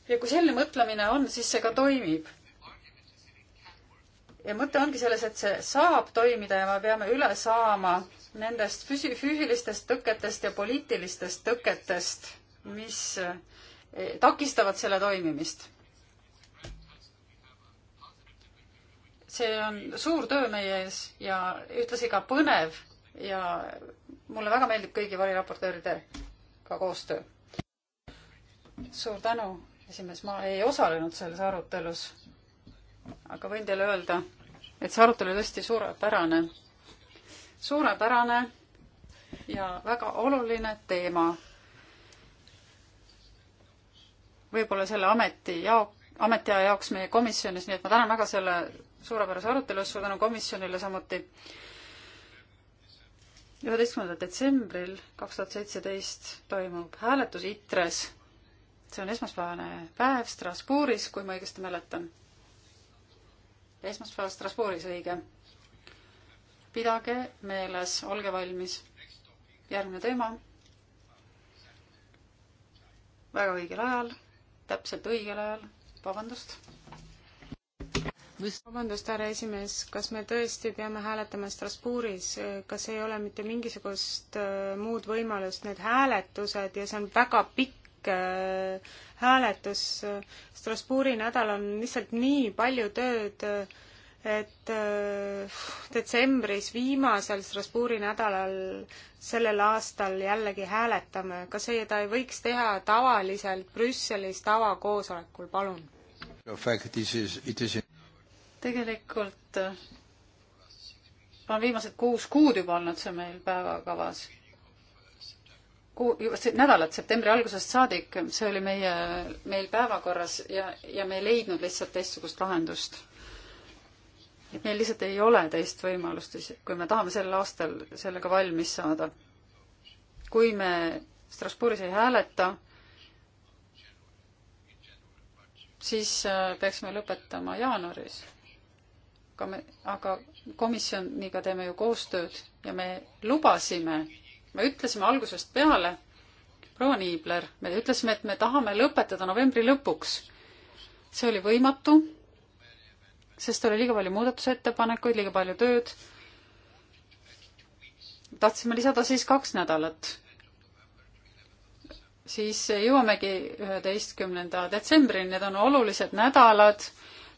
ja kui selline mõtlemine on, siis see ka toimib. ja mõte ongi selles, et see saab toimida ja me peame üle saama nendest füsi-, füüsilistest tõketest ja poliitilistest tõketest, mis äh, takistavad selle toimimist. see on suur töö meie ees ja ühtlasi ka põnev ja mulle väga meeldib kõigi variraportööridega koostöö. suur tänu, esimees, ma ei osalenud selles arutelus, aga võin teile öelda, et see arutelu oli tõesti suurepärane, suurepärane ja väga oluline teema võib-olla selle ameti jaok-, ametiaja jaoks meie komisjonis, nii et ma tänan väga selle suurepärase arutelu eest, suur tänu komisjonile samuti. üheteistkümnendal detsembril kaks tuhat seitseteist toimub hääletus ITRES. see on esmaspäevane päev Strasbourgis, kui ma õigesti mäletan. esmaspäev Strasbourgis, õige. pidage meeles, olge valmis. järgmine teema. väga õigel ajal täpselt õigel ajal, vabandust. vabandust, härra esimees, kas me tõesti peame hääletama Strasbourgis, kas ei ole mitte mingisugust äh, muud võimalust, need hääletused ja see on väga pikk äh, hääletus, Strasbourgi nädal on lihtsalt nii palju tööd äh, et äh, detsembris viimasel Strasbourgi nädalal sellel aastal jällegi hääletame. kas seda ei võiks teha tavaliselt Brüsselis tavakoosolekul, palun? tegelikult äh, on viimased kuus kuud juba olnud see meil päevakavas. Kuu-, nädalat septembri algusest saadik, see oli meie, meil päevakorras ja, ja me ei leidnud lihtsalt teistsugust lahendust et meil lihtsalt ei ole teist võimalust, kui me tahame sel aastal sellega valmis saada. kui me Strasbourgis ei hääleta, siis äh, peaksime lõpetama jaanuaris. aga me, aga komisjoniga teeme ju koostööd ja me lubasime, me ütlesime algusest peale, proua Niibler, me ütlesime, et me tahame lõpetada novembri lõpuks. see oli võimatu sest oli liiga palju muudatusettepanekuid, liiga palju tööd. tahtsime lisada siis kaks nädalat. siis jõuamegi üheteistkümnenda detsembrini, need on olulised nädalad,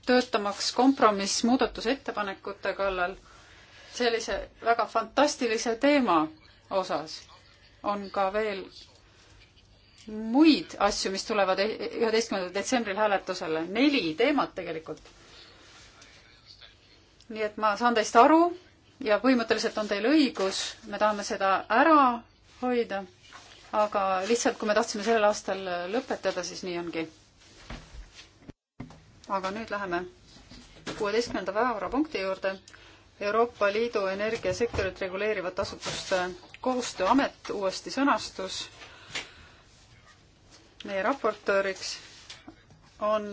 töötamaks kompromiss muudatusettepanekute kallal sellise väga fantastilise teema osas on ka veel muid asju, mis tulevad üheteistkümnendal detsembril hääletusele, neli teemat tegelikult nii et ma saan teist aru ja põhimõtteliselt on teil õigus, me tahame seda ära hoida, aga lihtsalt, kui me tahtsime sellel aastal lõpetada, siis nii ongi. aga nüüd läheme kuueteistkümnenda päevakorrapunkti juurde. Euroopa Liidu energiasektorit reguleerivate asutuste koostööamet, uuesti sõnastus. meie raportööriks on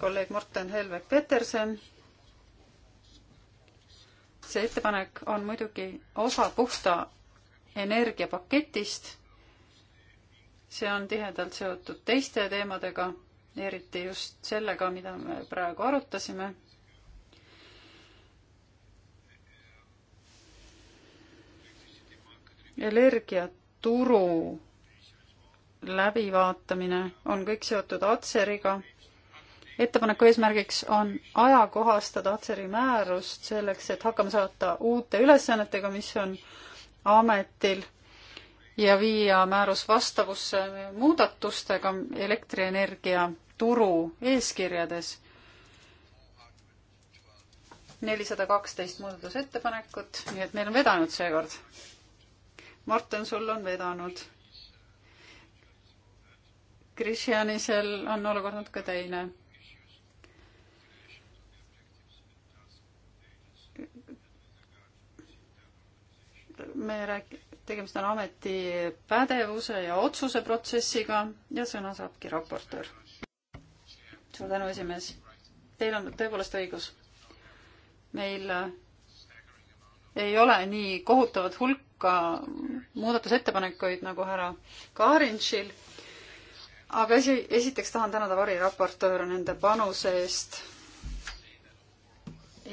kolleeg Morten Helvek Peterson see ettepanek on muidugi osa puhta energiapaketist. see on tihedalt seotud teiste teemadega, eriti just sellega, mida me praegu arutasime. energiaturu läbivaatamine on kõik seotud Atseriga ettepaneku eesmärgiks on ajakohastada Atseri määrust selleks, et hakkama saata uute ülesannetega, mis on ametil ja viia määrus vastavusse muudatustega elektrienergia turu eeskirjades. nelisada kaksteist muudatusettepanekut, nii et meil on vedanud seekord. Martin, sul on vedanud. Kristjanisel on olukord natuke teine me rääk-, tegemist on ameti pädevuse ja otsuse protsessiga ja sõna saabki raportöör. suur tänu, esimees. Teil on tõepoolest õigus. meil äh, ei ole nii kohutavat hulka muudatusettepanekuid nagu härra Karinšil, aga esi, esiteks tahan tänada variraportööre nende panuse eest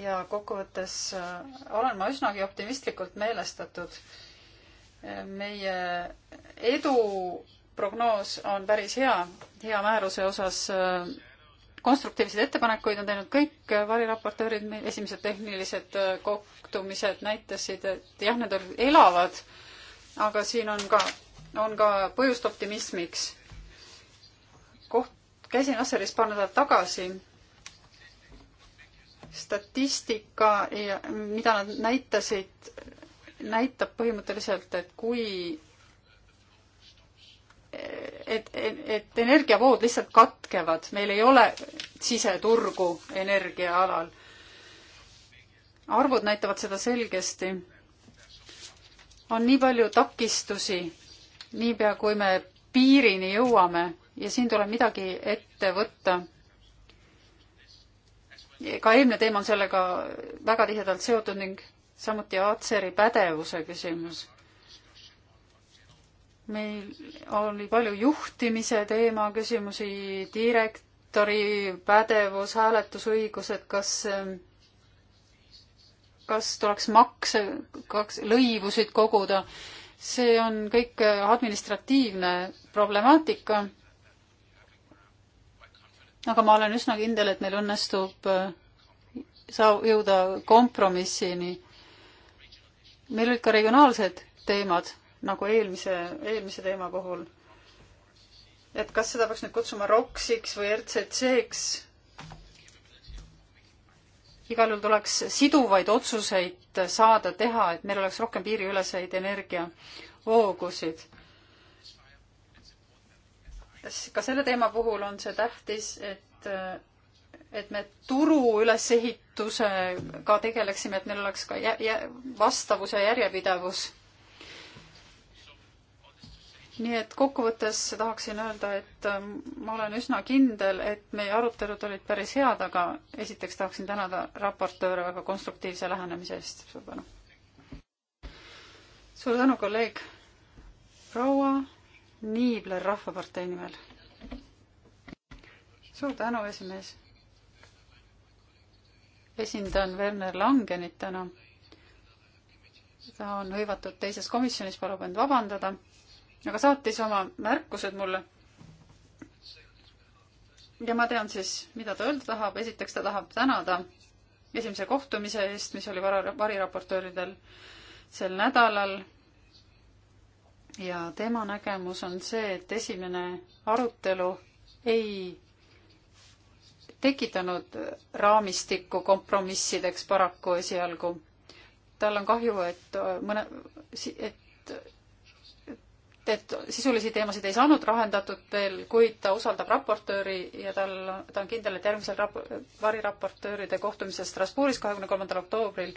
ja kokkuvõttes äh, olen ma üsnagi optimistlikult meelestatud. Äh, meie edu prognoos on päris hea, hea määruse osas äh, konstruktiivseid ettepanekuid on teinud kõik variraportöörid, meil esimesed tehnilised kohtumised näitasid, et jah, need elavad, aga siin on ka, on ka põhjust optimismiks. koht, käisin Asseris paar nädalat tagasi statistika, mida nad näitasid, näitab põhimõtteliselt, et kui et, et, et energiavood lihtsalt katkevad, meil ei ole siseturgu energia alal. arvud näitavad seda selgesti. on nii palju takistusi, niipea kui me piirini jõuame ja siin tuleb midagi ette võtta ka eelmine teema on sellega väga tihedalt seotud ning samuti Atseri pädevuse küsimus. meil oli palju juhtimise teema küsimusi, direktori pädevus, hääletusõigused, kas ähm, kas tuleks makse, kaks lõivusid koguda, see on kõik administratiivne problemaatika aga ma olen üsna kindel, et meil õnnestub äh, saab jõuda kompromissini. meil olid ka regionaalsed teemad, nagu eelmise, eelmise teema puhul. et kas seda peaks nüüd kutsuma ROX-iks või RCC-ks? igal juhul tuleks siduvaid otsuseid saada teha, et meil oleks rohkem piiriüleseid energiavoogusid ka selle teema puhul on see tähtis, et, et me turu ülesehitusega tegeleksime, et meil oleks ka jä, jä, vastavus ja järjepidevus. nii et kokkuvõttes tahaksin öelda, et ähm, ma olen üsna kindel, et meie arutelud olid päris head, aga esiteks tahaksin tänada raportööre väga konstruktiivse lähenemise eest. suur tänu. suur tänu, kolleeg proua Niibler Rahvapartei nimel. suur tänu, esimees. esindan Werner Langenit täna. ta on hõivatud teises komisjonis, palub end vabandada, aga saatis oma märkused mulle ja ma tean siis, mida ta öelda tahab, esiteks ta tahab tänada esimese kohtumise eest, mis oli vara, variraportööridel sel nädalal ja tema nägemus on see, et esimene arutelu ei tekitanud raamistikku kompromissideks paraku esialgu. tal on kahju, et äh, mõne, et, et, et sisulisi teemasid ei saanud lahendatud veel, kuid ta usaldab raportööri ja tal, ta on kindel, et järgmisel rap-, variraportööride kohtumisel Strasbourgis kahekümne kolmandal oktoobril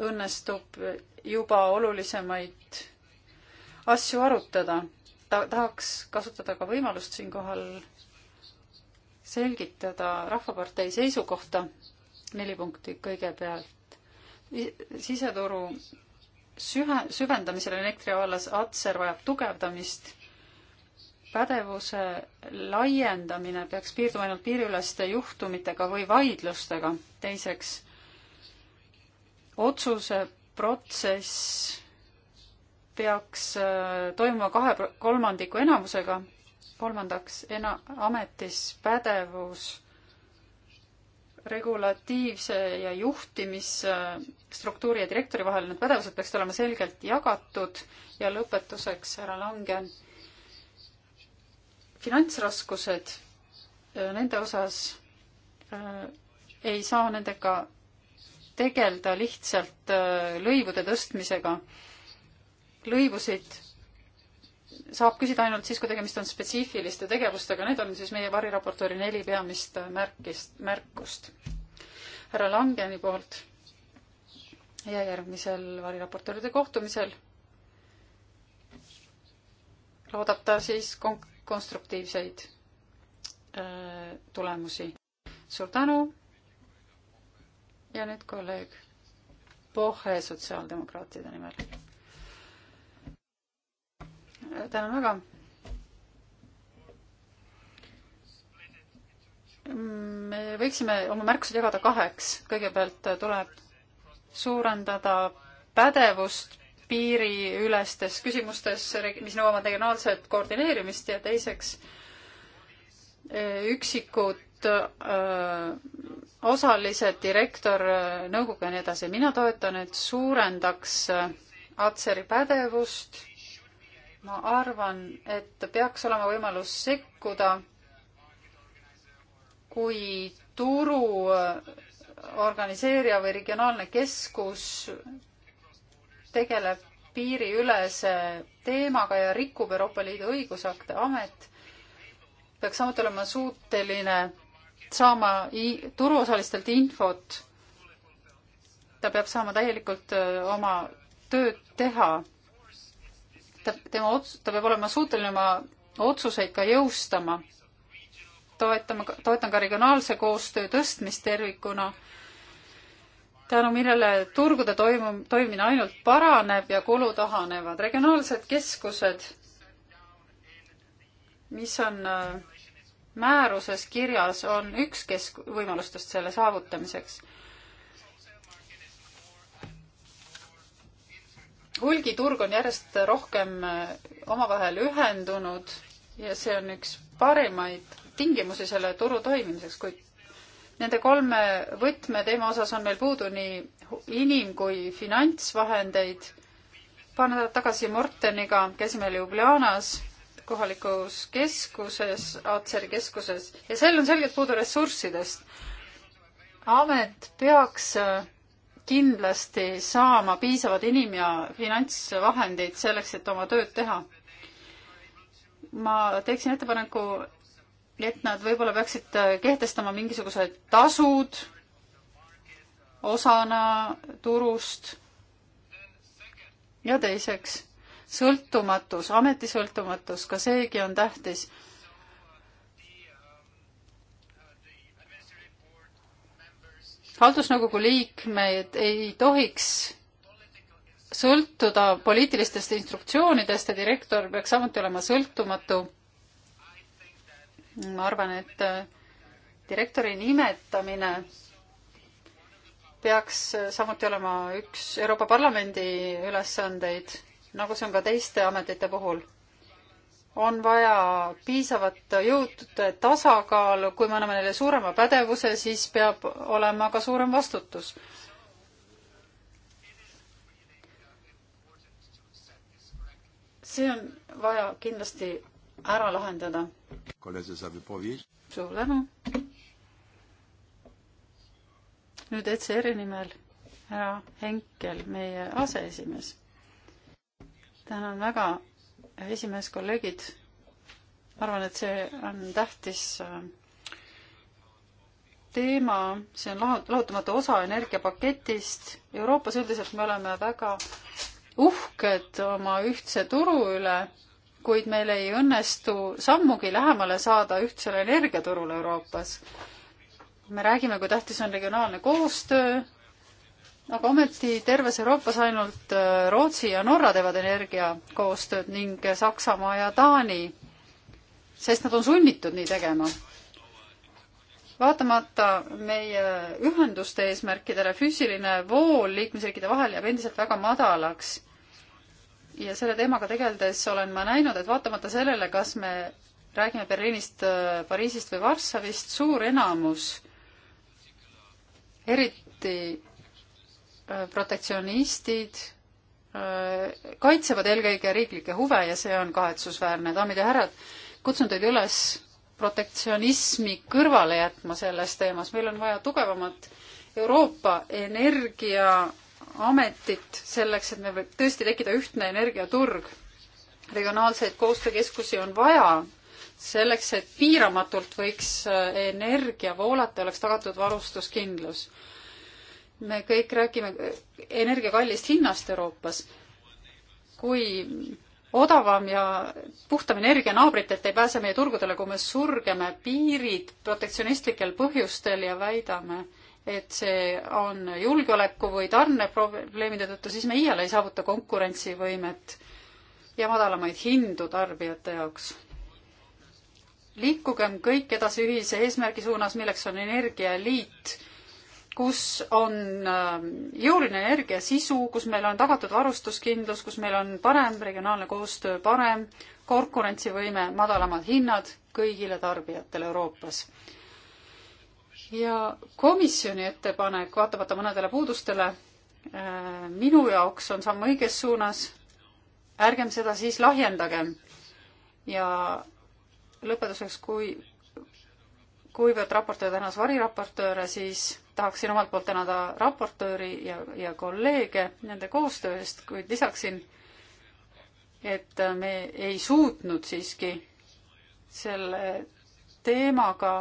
õnnestub juba olulisemaid asju arutada. ta tahaks kasutada ka võimalust siinkohal selgitada Rahvapartei seisukohta, neli punkti kõigepealt, siseturu sühe-, süvendamisel elektri vallas Atser vajab tugevdamist, pädevuse laiendamine peaks piirduma ainult piiriüleste juhtumitega või vaidlustega, teiseks otsuse protsess peaks äh, toimuma kahe kolmandiku enamusega. kolmandaks, ena-, ametis pädevus regulatiivse ja juhtimisstruktuuri ja direktori vahel, need pädevused peaksid olema selgelt jagatud ja lõpetuseks, härra Langen, finantsraskused, äh, nende osas äh, ei saa nendega tegeleda lihtsalt äh, lõivude tõstmisega äh, lõivusid saab küsida ainult siis, kui tegemist on spetsiifiliste tegevustega, need on siis meie variraportööri neli peamist märkist, märkust. härra Langeni poolt ja järgmisel variraportööride kohtumisel loodab ta siis kon-, konstruktiivseid öö, äh, tulemusi. suur tänu ja nüüd kolleeg Pohe sotsiaaldemokraatide nimel tänan väga. me võiksime oma märkused jagada kaheks. kõigepealt tuleb suurendada pädevust piiriülestes küsimustes, mis nõuavad regionaalset koordineerimist ja teiseks üksikud öö, äh, osalised, direktor, nõukogu ja nii edasi. mina toetan, et suurendaks äh, Atseri pädevust ma arvan, et peaks olema võimalus sekkuda, kui turu äh, organiseerija või regionaalne keskus tegeleb piiriülese teemaga ja rikub Euroopa Liidu õigusakte, amet peaks samuti olema suuteline saama turuosalistelt infot. ta peab saama täielikult äh, oma tööd teha ta, tema ots-, ta peab olema suuteline oma otsuseid ka jõustama. toetama, toetan ka regionaalse koostöö tõstmist tervikuna, tänu millele turgude toimu-, toimimine ainult paraneb ja kulud ahanevad. regionaalsed keskused, mis on äh, määruses kirjas, on üks kesk-, võimalustest selle saavutamiseks hulgiturg on järjest rohkem äh, omavahel ühendunud ja see on üks parimaid tingimusi selle turu toimimiseks, kuid nende kolme võtmeteema osas on meil puudu nii inim- kui finantsvahendeid. paar nädalat tagasi Morteniga käisime Ljubljanas kohalikus keskuses, Atseri keskuses ja seal on selgelt puudu ressurssidest. amet peaks äh, kindlasti saama piisavad inim- ja finantsvahendeid selleks, et oma tööd teha. ma teeksin ettepaneku, et nad võib-olla peaksid kehtestama mingisugused tasud osana turust. ja teiseks, sõltumatus, ametisõltumatus, ka seegi on tähtis haldusnõukogu liikmed ei tohiks sõltuda poliitilistest instruktsioonidest ja direktor peaks samuti olema sõltumatu. ma arvan, et äh, direktori nimetamine peaks äh, samuti olema üks Euroopa Parlamendi ülesandeid, nagu see on ka teiste ametite puhul on vaja piisavat jõudude tasakaalu, kui me anname neile suurema pädevuse, siis peab olema ka suurem vastutus. see on vaja kindlasti ära lahendada. suur tänu. nüüd ECR-i nimel härra Henkel, meie aseesimees. tänan väga esimees, kolleegid, ma arvan, et see on tähtis äh, teema, see on lahut-, lahutamatu osa energiapaketist. Euroopas üldiselt me oleme väga uhked oma ühtse turu üle, kuid meil ei õnnestu sammugi lähemale saada ühtsele energiaturule Euroopas. me räägime, kui tähtis on regionaalne koostöö aga ometi terves Euroopas ainult äh, Rootsi ja Norra teevad energiakoostööd ning Saksamaa ja Taani, sest nad on sunnitud nii tegema. vaatamata meie ühenduste eesmärkidele füüsiline vool liikmesriikide vahel jääb endiselt väga madalaks. ja selle teemaga tegeldes olen ma näinud, et vaatamata sellele, kas me räägime Berliinist, äh, Pariisist või Varssavist, suur enamus eriti Äh, protektsionistid äh, kaitsevad eelkõige riiklikke huve ja see on kahetsusväärne. daamid ja härrad, kutsun teid üles protektsionismi kõrvale jätma selles teemas, meil on vaja tugevamat Euroopa Energiaametit selleks, et me võib tõesti tekkida ühtne energiaturg. regionaalseid koostöökeskusi on vaja selleks, et piiramatult võiks äh, energia voolata ja oleks tagatud varustuskindlus me kõik räägime energia kallist hinnast Euroopas. kui odavam ja puhtam energia naabritelt ei pääse meie turgudele, kui me surgeme piirid protektsionistlikel põhjustel ja väidame, et see on julgeoleku või tarneprobleemide tõttu, siis me iial ei saavuta konkurentsivõimet ja madalamaid hindu tarbijate jaoks. liikugem kõik edasi ühise eesmärgi suunas, milleks on energialiit kus on ähm, jõuline energia sisu, kus meil on tagatud varustuskindlus, kus meil on parem regionaalne koostöö, parem konkurentsivõime, madalamad hinnad kõigile tarbijatele Euroopas. ja komisjoni ettepanek, vaatamata mõnedele puudustele, äh, minu jaoks on samm õiges suunas, ärgem seda siis lahjendagem. ja lõpetuseks, kui, kuivõrd raportöör tänas variraportööre, siis tahaksin omalt poolt tänada raportööri ja, ja kolleege nende koostöö eest, kuid lisaksin, et me ei suutnud siiski selle teemaga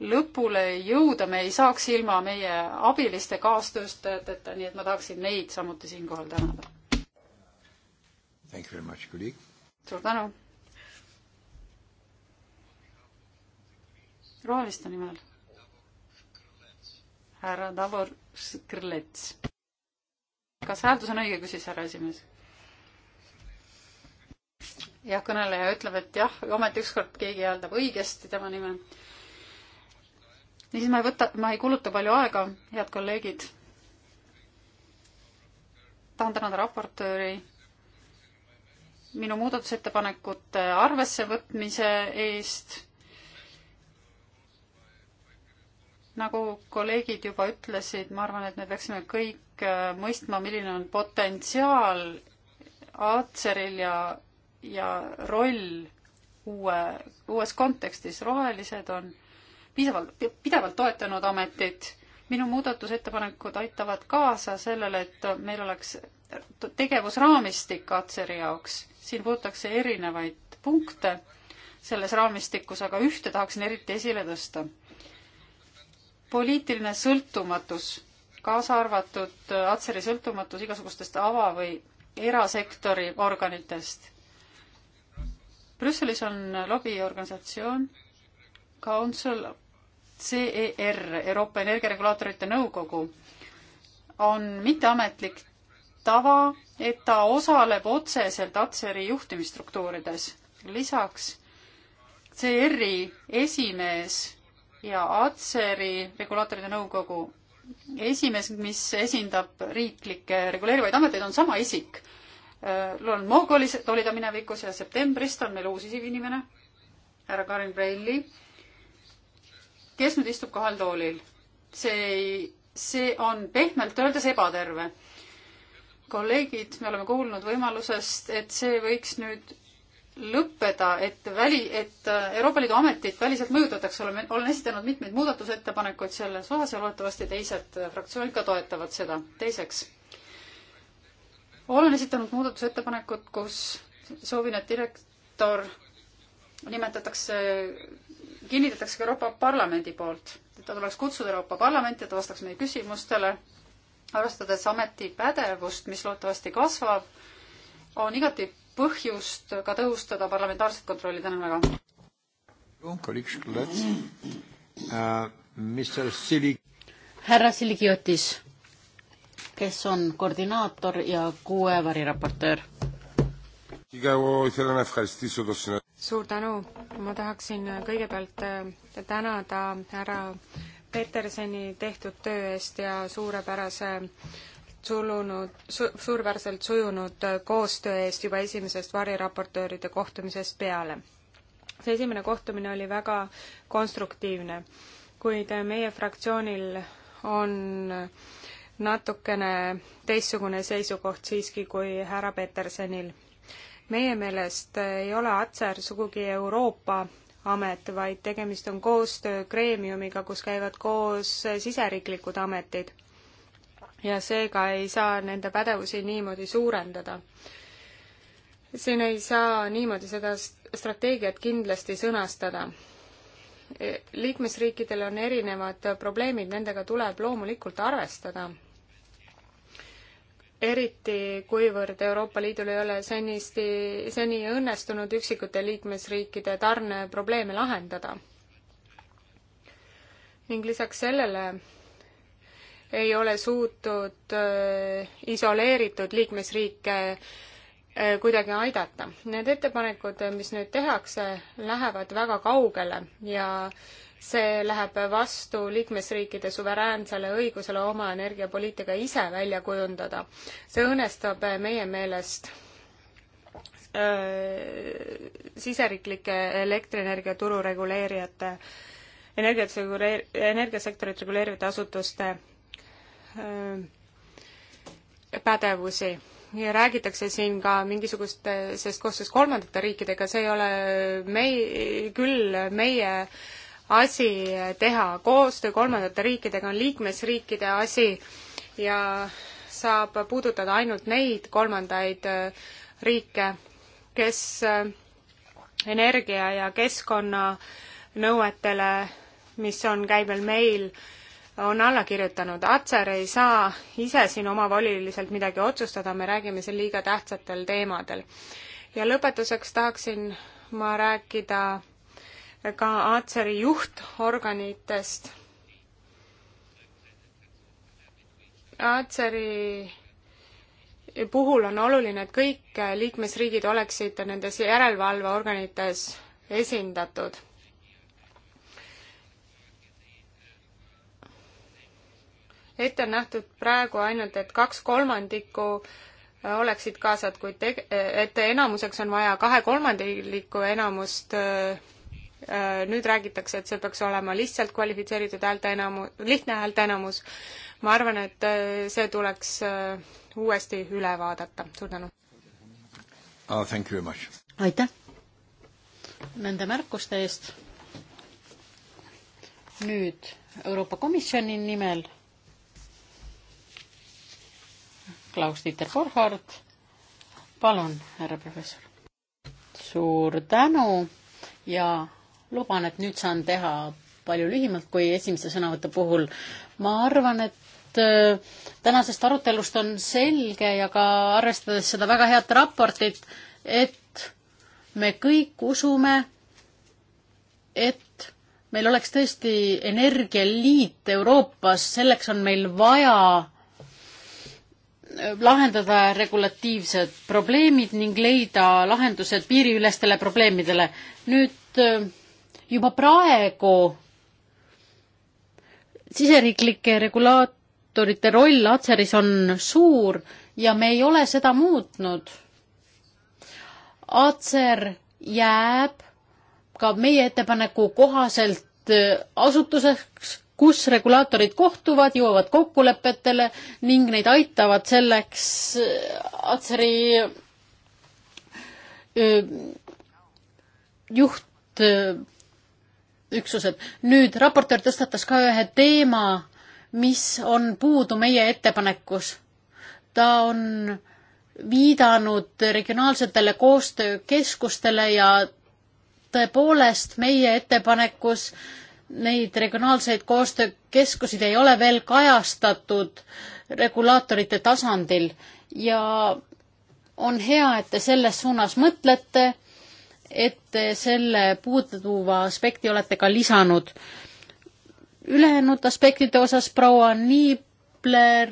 lõpule jõuda, me ei saaks ilma meie abiliste kaastöötajateta, nii et ma tahaksin neid samuti siinkohal tänada. suur tänu. roheliste nimel härra Davor Skrlets. kas hääldus on õige, küsis härra esimees. jah, kõneleja ütleb, et jah, ometi ükskord keegi hääldab õigesti tema nime. niisiis, ma ei võta, ma ei kuluta palju aega, head kolleegid. tahan tänada raportööri minu muudatusettepanekute arvesse võtmise eest nagu kolleegid juba ütlesid, ma arvan, et me peaksime kõik äh, mõistma, milline on potentsiaal Aatseril ja, ja roll uue, uues kontekstis. rohelised on piisavalt, pidevalt toetanud ametit. minu muudatusettepanekud aitavad kaasa sellele, et meil oleks tegevusraamistik Atseri jaoks. siin puudutakse erinevaid punkte selles raamistikus, aga ühte tahaksin eriti esile tõsta poliitiline sõltumatus, kaasa arvatud äh, Atseri sõltumatus igasugustest ava- või erasektori organitest. Brüsselis on lobiorganisatsioon Council CER, Euroopa Energiaregulaatorite Nõukogu, on mitteametlik tava, et ta osaleb otseselt Atseri juhtimisstruktuurides. lisaks CR-i esimees ja Atseri regulaatoride nõukogu esimees, mis esindab riiklikke reguleerivaid ameteid, on sama isik. Äh, Loren Mogolis oli ta minevikus ja septembrist on meil uus inimene, härra Karin Breili, kes nüüd istub kahel toolil. see ei, see on pehmelt öeldes ebaterve. kolleegid, me oleme kuulnud võimalusest, et see võiks nüüd lõppeda, et väli, et äh, Euroopa Liidu ametit väliselt mõjutatakse, oleme, olen esitanud mitmeid muudatusettepanekuid selles osas ja loodetavasti teised äh, fraktsioonid ka toetavad seda. teiseks, olen esitanud muudatusettepanekut, kus soovin, et direktor nimetatakse, kinnitatakse ka Euroopa Parlamendi poolt, et ta tuleks kutsuda Euroopa Parlamenti, et ta vastaks meie küsimustele, arvestades ameti pädevust, mis loodetavasti kasvab, on igati põhjust ka tõhustada parlamentaarset kontrolli, tänan väga. Äh, härra Siligiotis, kes on koordinaator ja kuue variraportöör. suur tänu, ma tahaksin kõigepealt äh, tänada härra Petersoni tehtud töö eest ja suurepärase sulunud su,, suurväärselt sujunud koostöö eest juba esimesest variraportööride kohtumisest peale. see esimene kohtumine oli väga konstruktiivne, kuid meie fraktsioonil on natukene teistsugune seisukoht siiski kui härra Petersenil. meie meelest ei ole Atser sugugi Euroopa amet, vaid tegemist on koostöökreemiumiga, kus käivad koos siseriiklikud ametid ja seega ei saa nende pädevusi niimoodi suurendada. siin ei saa niimoodi seda strateegiat kindlasti sõnastada. liikmesriikidel on erinevad probleemid, nendega tuleb loomulikult arvestada. eriti kuivõrd Euroopa Liidul ei ole senisti, seni õnnestunud üksikute liikmesriikide tarneprobleeme lahendada. ning lisaks sellele ei ole suutnud äh, isoleeritud liikmesriike äh, kuidagi aidata. Need ettepanekud, äh, mis nüüd tehakse, lähevad väga kaugele ja see läheb vastu liikmesriikide suveräänsele õigusele oma energiapoliitika ise välja kujundada. see õõnestab meie meelest öö, siseriiklike elektrienergiaturu reguleerijate, energiat reguleer-, energiasektorit reguleerivate asutuste Äh, pädevusi ja räägitakse siin ka mingisugustest koostöös kolmandate riikidega, see ei ole mei-, küll meie asi teha, koostöö kolmandate riikidega on liikmesriikide asi ja saab puudutada ainult neid kolmandaid äh, riike, kes äh, energia ja keskkonnanõuetele, mis on käibel meil, on alla kirjutanud. Atser ei saa ise siin omavoliliselt midagi otsustada, me räägime siin liiga tähtsatel teemadel. ja lõpetuseks tahaksin ma rääkida ka Atseri juhtorganitest. Atseri puhul on oluline, et kõik liikmesriigid oleksid nendes järelevalveorganites esindatud ette on nähtud praegu ainult, et kaks kolmandikku äh, oleksid kaasad, kuid teg-, äh, et enamuseks on vaja kahekolmandilikku enamust, äh, nüüd räägitakse, et see peaks olema lihtsalt kvalifitseeritud häälteenamu-, lihtne häälteenamus, ma arvan, et see tuleks uuesti üle vaadata, suur tänu oh,! aitäh nende märkuste eest! nüüd Euroopa Komisjoni nimel Klaus-Dieter Burkhardt. palun, härra professor. suur tänu ja luban, et nüüd saan teha palju lühimalt kui esimese sõnavõtu puhul. ma arvan, et äh, tänasest arutelust on selge ja ka arvestades seda väga head raportit, et me kõik usume, et meil oleks tõesti energialiit Euroopas, selleks on meil vaja lahendada regulatiivsed probleemid ning leida lahendused piiriülestele probleemidele. nüüd äh, juba praegu siseriiklike regulaatorite roll Atseris on suur ja me ei ole seda muutnud. Atser jääb ka meie ettepaneku kohaselt äh, asutuseks, kus regulaatorid kohtuvad, jõuavad kokkulepetele ning neid aitavad selleks äh, Atseri äh, juhtüksused. Äh, nüüd raportöör tõstatas ka ühe teema, mis on puudu meie ettepanekus. ta on viidanud regionaalsetele koostöökeskustele ja tõepoolest meie ettepanekus äh, neid regionaalseid koostöökeskusid ei ole veel kajastatud regulaatorite tasandil ja on hea, et te selles suunas mõtlete, et te selle puuduva aspekti olete ka lisanud. ülejäänud aspektide osas proua Niib Kepler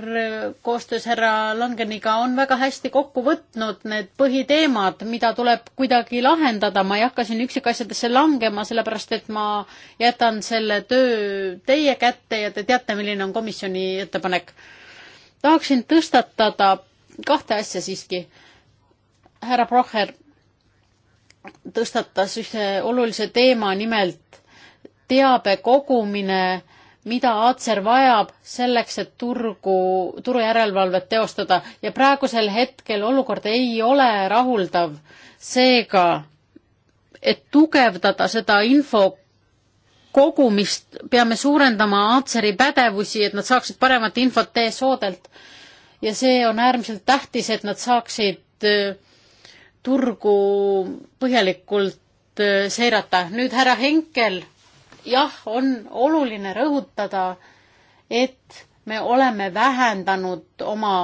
koostöös härra Langeniga on väga hästi kokku võtnud need põhiteemad, mida tuleb kuidagi lahendada, ma ei hakka siin üksikasjadesse langema, sellepärast et ma jätan selle töö teie kätte ja te teate, milline on komisjoni ettepanek. tahaksin tõstatada kahte asja siiski. härra Procher tõstatas ühe olulise teema, nimelt teabe kogumine mida Atser vajab selleks, et turgu, turujärelevalvet teostada ja praegusel hetkel olukord ei ole rahuldav. seega, et tugevdada seda info kogumist, peame suurendama Atseri pädevusi, et nad saaksid paremat infot ESO-delt ja see on äärmiselt tähtis, et nad saaksid äh, turgu põhjalikult äh, seirata. nüüd härra Henkel jah, on oluline rõhutada, et me oleme vähendanud oma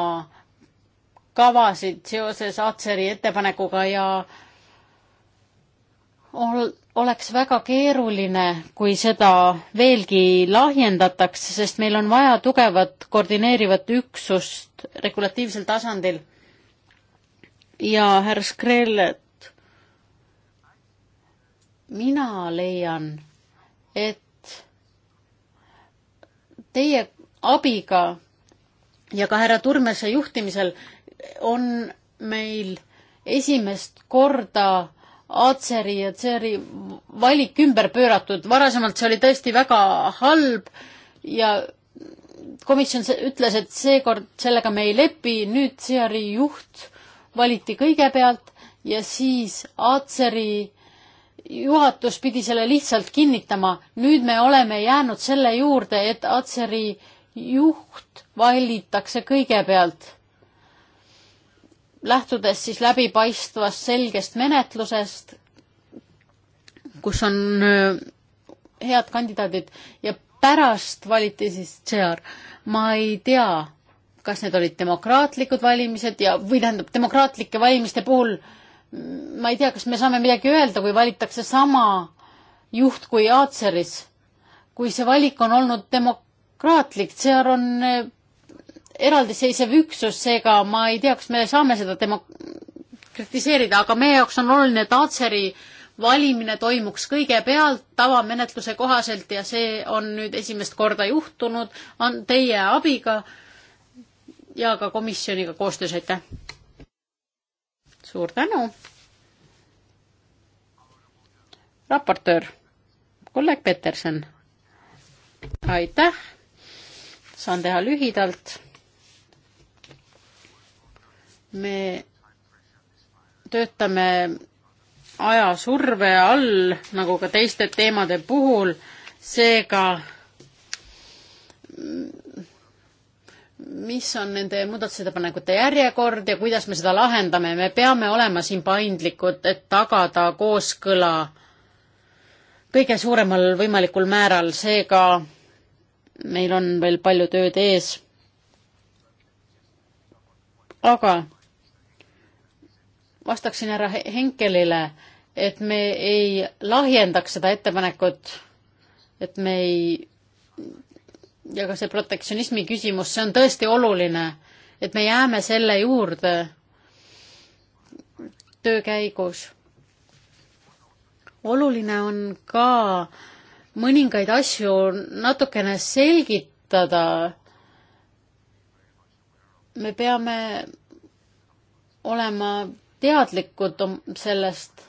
kavasid seoses Atseri ettepanekuga ja ol-, oleks väga keeruline, kui seda veelgi lahjendataks, sest meil on vaja tugevat koordineerivat üksust regulatiivsel tasandil. ja härra Skrellet, mina leian, et teie abiga ja ka härra Turmese juhtimisel on meil esimest korda Atseri ja Tseri valik ümber pööratud, varasemalt see oli tõesti väga halb ja komisjon ütles, et seekord sellega me ei lepi, nüüd Tseri juht valiti kõigepealt ja siis Atseri juhatus pidi selle lihtsalt kinnitama. nüüd me oleme jäänud selle juurde, et Atseri juht valitakse kõigepealt, lähtudes siis läbipaistvast selgest menetlusest, kus on äh, head kandidaadid ja pärast valiti siis Tšear. ma ei tea, kas need olid demokraatlikud valimised ja, või tähendab, demokraatlike valimiste puhul äh, ma ei tea, kas me saame midagi öelda, kui valitakse sama juht kui Aatseris. kui see valik on olnud demokraatlik, seal on eh, eraldiseisev üksus, seega ma ei tea, kas me saame seda demo-, kritiseerida, aga meie jaoks on oluline, et Aatseri valimine toimuks kõigepealt tavamenetluse kohaselt ja see on nüüd esimest korda juhtunud, on teie abiga ja ka komisjoniga koostöös, aitäh! suur tänu. raportöör, kolleeg Peterson. aitäh, saan teha lühidalt. me töötame ajasurve all, nagu ka teiste teemade puhul, seega mis on nende muudatusettepanekute järjekord ja kuidas me seda lahendame, me peame olema siin paindlikud, et tagada kooskõla kõige suuremal võimalikul määral, seega meil on veel palju tööd ees. aga vastaksin härra Henkelile, et me ei lahjendaks seda ettepanekut, et me ei ja ka see protektsionismi küsimus, see on tõesti oluline, et me jääme selle juurde töö käigus. oluline on ka mõningaid asju natukene selgitada. me peame olema teadlikud sellest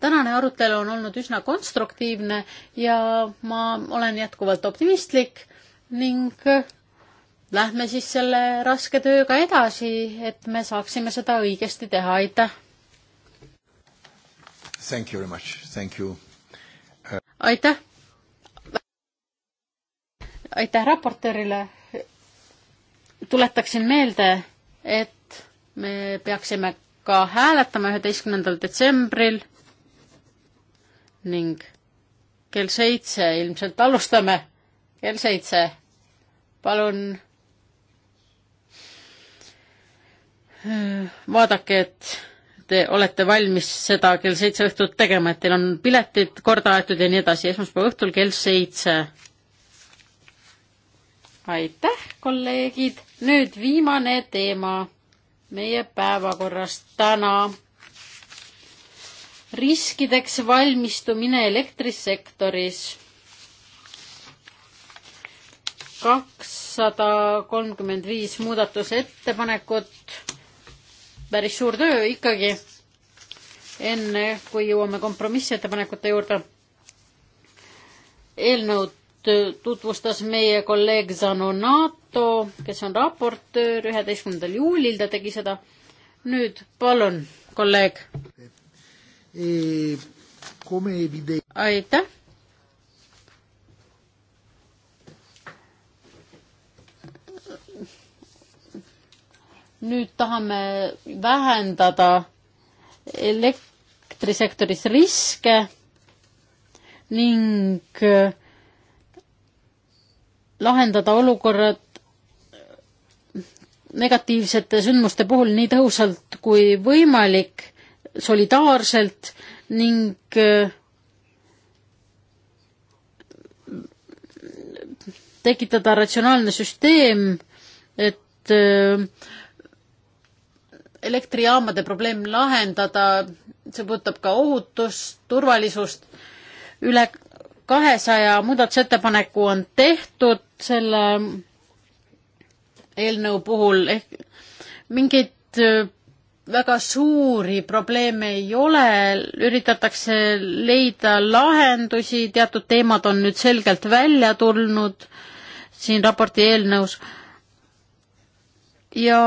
tänane arutelu on olnud üsna konstruktiivne ja ma olen jätkuvalt optimistlik ning eh, lähme siis selle raske tööga edasi, et me saaksime seda õigesti teha, aitäh! Thank you very much, thank you uh...! aitäh! aitäh raportöörile! tuletaksin meelde, et me peaksime ka hääletama üheteistkümnendal detsembril ning kell seitse ilmselt alustame, kell seitse palun vaadake, et te olete valmis seda kell seitse õhtut tegema, et teil on piletid korda aetud ja nii edasi, esmaspäeva õhtul kell seitse. aitäh, kolleegid, nüüd viimane teema meie päevakorras täna. riskideks valmistumine elektrisektoris kakssada kolmkümmend viis muudatusettepanekut. päris suur töö ikkagi, enne kui jõuame kompromissettepanekute juurde. eelnõu tutvustas meie kolleeg Zanonato, kes on raportöör, üheteistkümnendal juulil ta tegi seda. nüüd palun, kolleeg. Eh, eh, aitäh nüüd tahame vähendada elektrisektoris riske ning äh, lahendada olukorrad negatiivsete sündmuste puhul nii tõhusalt kui võimalik, solidaarselt ning äh, tekitada ratsionaalne süsteem, et äh, elektrijaamade probleem lahendada, see puudutab ka ohutust, turvalisust, üle kahesaja muudatusettepaneku on tehtud selle eelnõu puhul, ehk mingeid äh, väga suuri probleeme ei ole, üritatakse leida lahendusi, teatud teemad on nüüd selgelt välja tulnud siin raporti eelnõus ja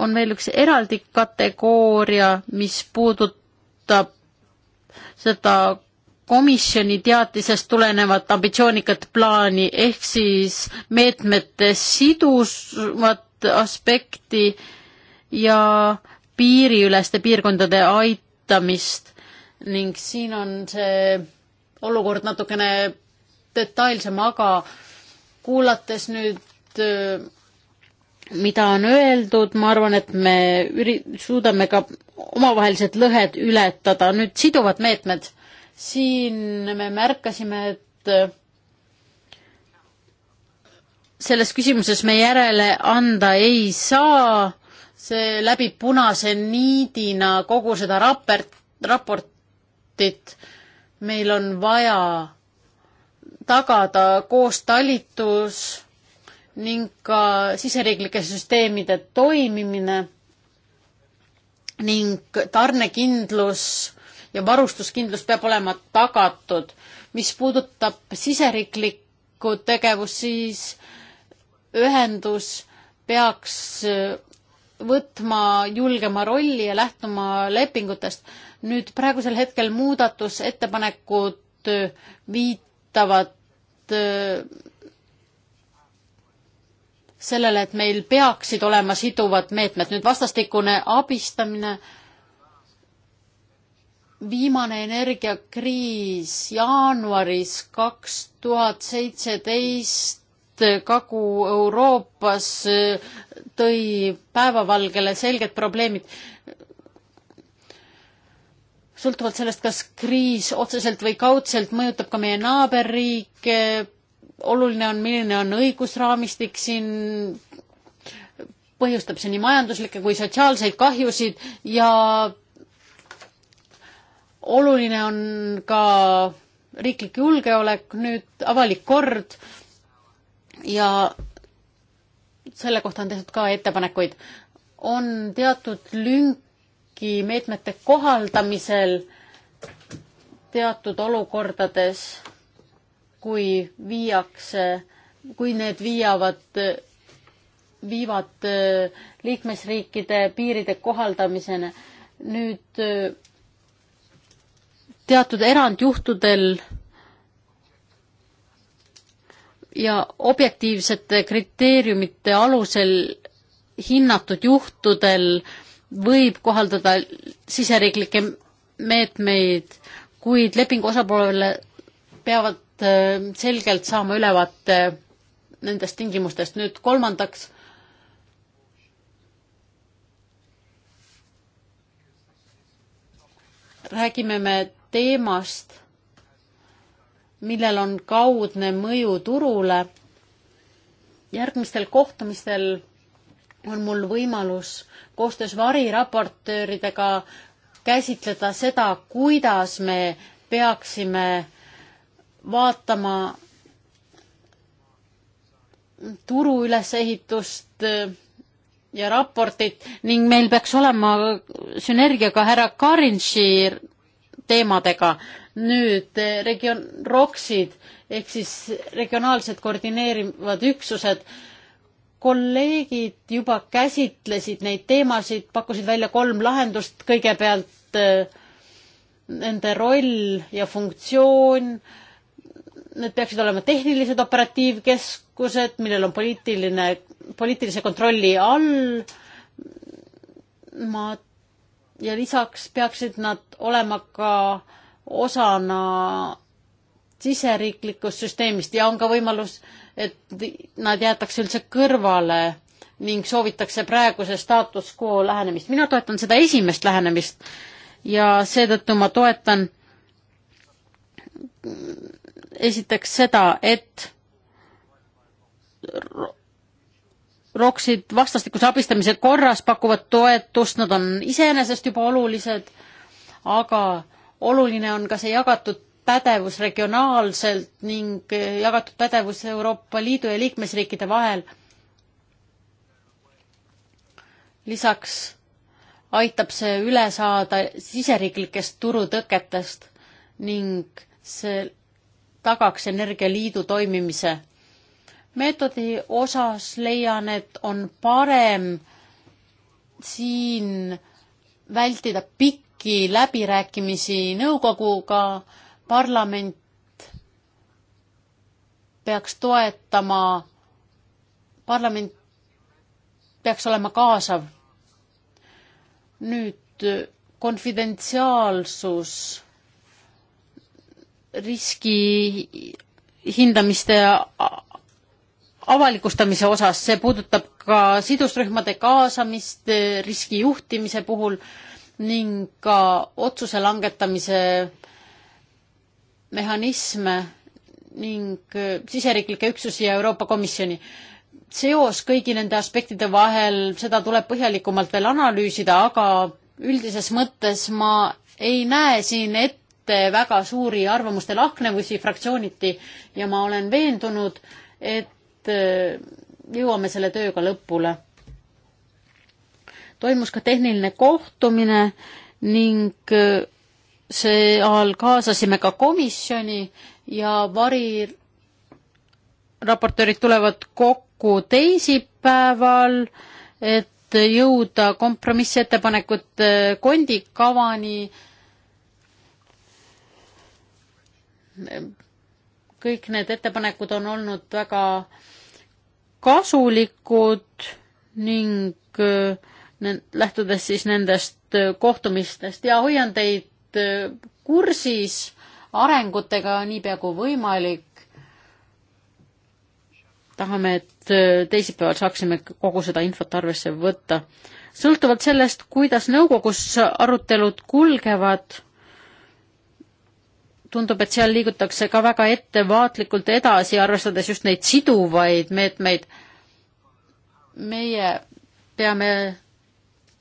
on veel üks eraldi kategooria, mis puudutab seda komisjoni teatisest tulenevat ambitsioonikat plaani ehk siis meetmete siduvat aspekti ja piiriüleste piirkondade aitamist ning siin on see olukord natukene detailsem, aga kuulates nüüd äh, mida on öeldud, ma arvan, et me üri-, suudame ka omavahelised lõhed ületada. nüüd siduvad meetmed. siin me märkasime, et selles küsimuses me järele anda ei saa, see läbib punase niidina kogu seda rapert, raportit. meil on vaja tagada koostalitus ning ka siseriiklike süsteemide toimimine ning tarnekindlus ja varustuskindlus peab olema tagatud. mis puudutab siseriiklikku tegevust, siis ühendus peaks võtma julgema rolli ja lähtuma lepingutest. nüüd praegusel hetkel muudatusettepanekud viitavad sellele, et meil peaksid olema siduvad meetmed. nüüd vastastikune abistamine, viimane energiakriis jaanuaris kaks tuhat seitseteist Kagu-Euroopas äh, tõi päevavalgele selged probleemid sõltuvalt sellest, kas kriis otseselt või kaudselt mõjutab ka meie naaberriike, oluline on, milline on õigusraamistik siin, põhjustab see nii majanduslikke kui sotsiaalseid kahjusid ja oluline on ka riiklik julgeolek, nüüd avalik kord ja selle kohta on tehtud ka ettepanekuid. on teatud lünki meetmete kohaldamisel teatud olukordades kui viiakse, kui need viiavad, viivad äh, liikmesriikide piiride kohaldamiseni. nüüd äh, teatud erandjuhtudel ja objektiivsete kriteeriumite alusel hinnatud juhtudel võib kohaldada siseriiklikke meetmeid, kuid lepingu osapoolele peavad Äh, selgelt saama ülevaate nendest tingimustest. nüüd kolmandaks, räägime me teemast, millel on kaudne mõju turule. järgmistel kohtumistel on mul võimalus koostöös variraportööridega käsitleda seda, kuidas me peaksime äh, vaatama turu ülesehitust ja raportit ning meil peaks olema sünergia ka härra Karinši teemadega. nüüd eh, region-, ROKS-id ehk siis regionaalsed koordineerivad üksused. kolleegid juba käsitlesid neid teemasid, pakkusid välja kolm lahendust, kõigepealt eh, nende roll ja funktsioon äh, need peaksid olema tehnilised operatiivkeskused, millel on poliitiline, poliitilise kontrolli all. ma ja lisaks peaksid nad olema ka osana siseriiklikust süsteemist ja on ka võimalus, et nad jäetakse üldse kõrvale ning soovitakse praeguse staatus quo lähenemist. mina toetan seda esimest lähenemist ja seetõttu ma toetan esiteks seda, et ROKS-id vastastikuse abistamise korras pakuvad toetust, nad on iseenesest juba olulised, aga oluline on ka see jagatud pädevus regionaalselt ning eh, jagatud pädevus Euroopa Liidu ja liikmesriikide vahel. lisaks aitab see üle saada siseriiklikest turutõketest ning see tagaks Energialiidu toimimise. meetodi osas leian, et on parem siin vältida pikki läbirääkimisi nõukoguga, parlament peaks toetama, parlament peaks olema kaasav. nüüd konfidentsiaalsus riski hindamiste avalikustamise osas, see puudutab ka sidusrühmade kaasamist eh, riski juhtimise puhul ning ka otsuse langetamise mehhanisme ning eh, siseriiklikke üksusi ja Euroopa Komisjoni. seos kõigi nende aspektide vahel, seda tuleb põhjalikumalt veel analüüsida, aga üldises mõttes ma ei näe siin ette väga suuri arvamuste lahknevusi fraktsiooniti ja ma olen veendunud, et äh, jõuame selle tööga lõpule. toimus ka tehniline kohtumine ning äh, seal kaasasime ka komisjoni ja variraportöörid tulevad kokku teisipäeval, et jõuda kompromissettepanekute kondikavani kõik need ettepanekud on olnud väga kasulikud ning äh, lähtudes siis nendest äh, kohtumistest ja hoian teid äh, kursis arengutega niipea kui võimalik. tahame, et teisipäeval saaksime kogu seda infot arvesse võtta. sõltuvalt sellest, kuidas nõukogus arutelud kulgevad tundub, et seal liigutakse ka väga ettevaatlikult edasi, arvestades just neid siduvaid meetmeid. meie peame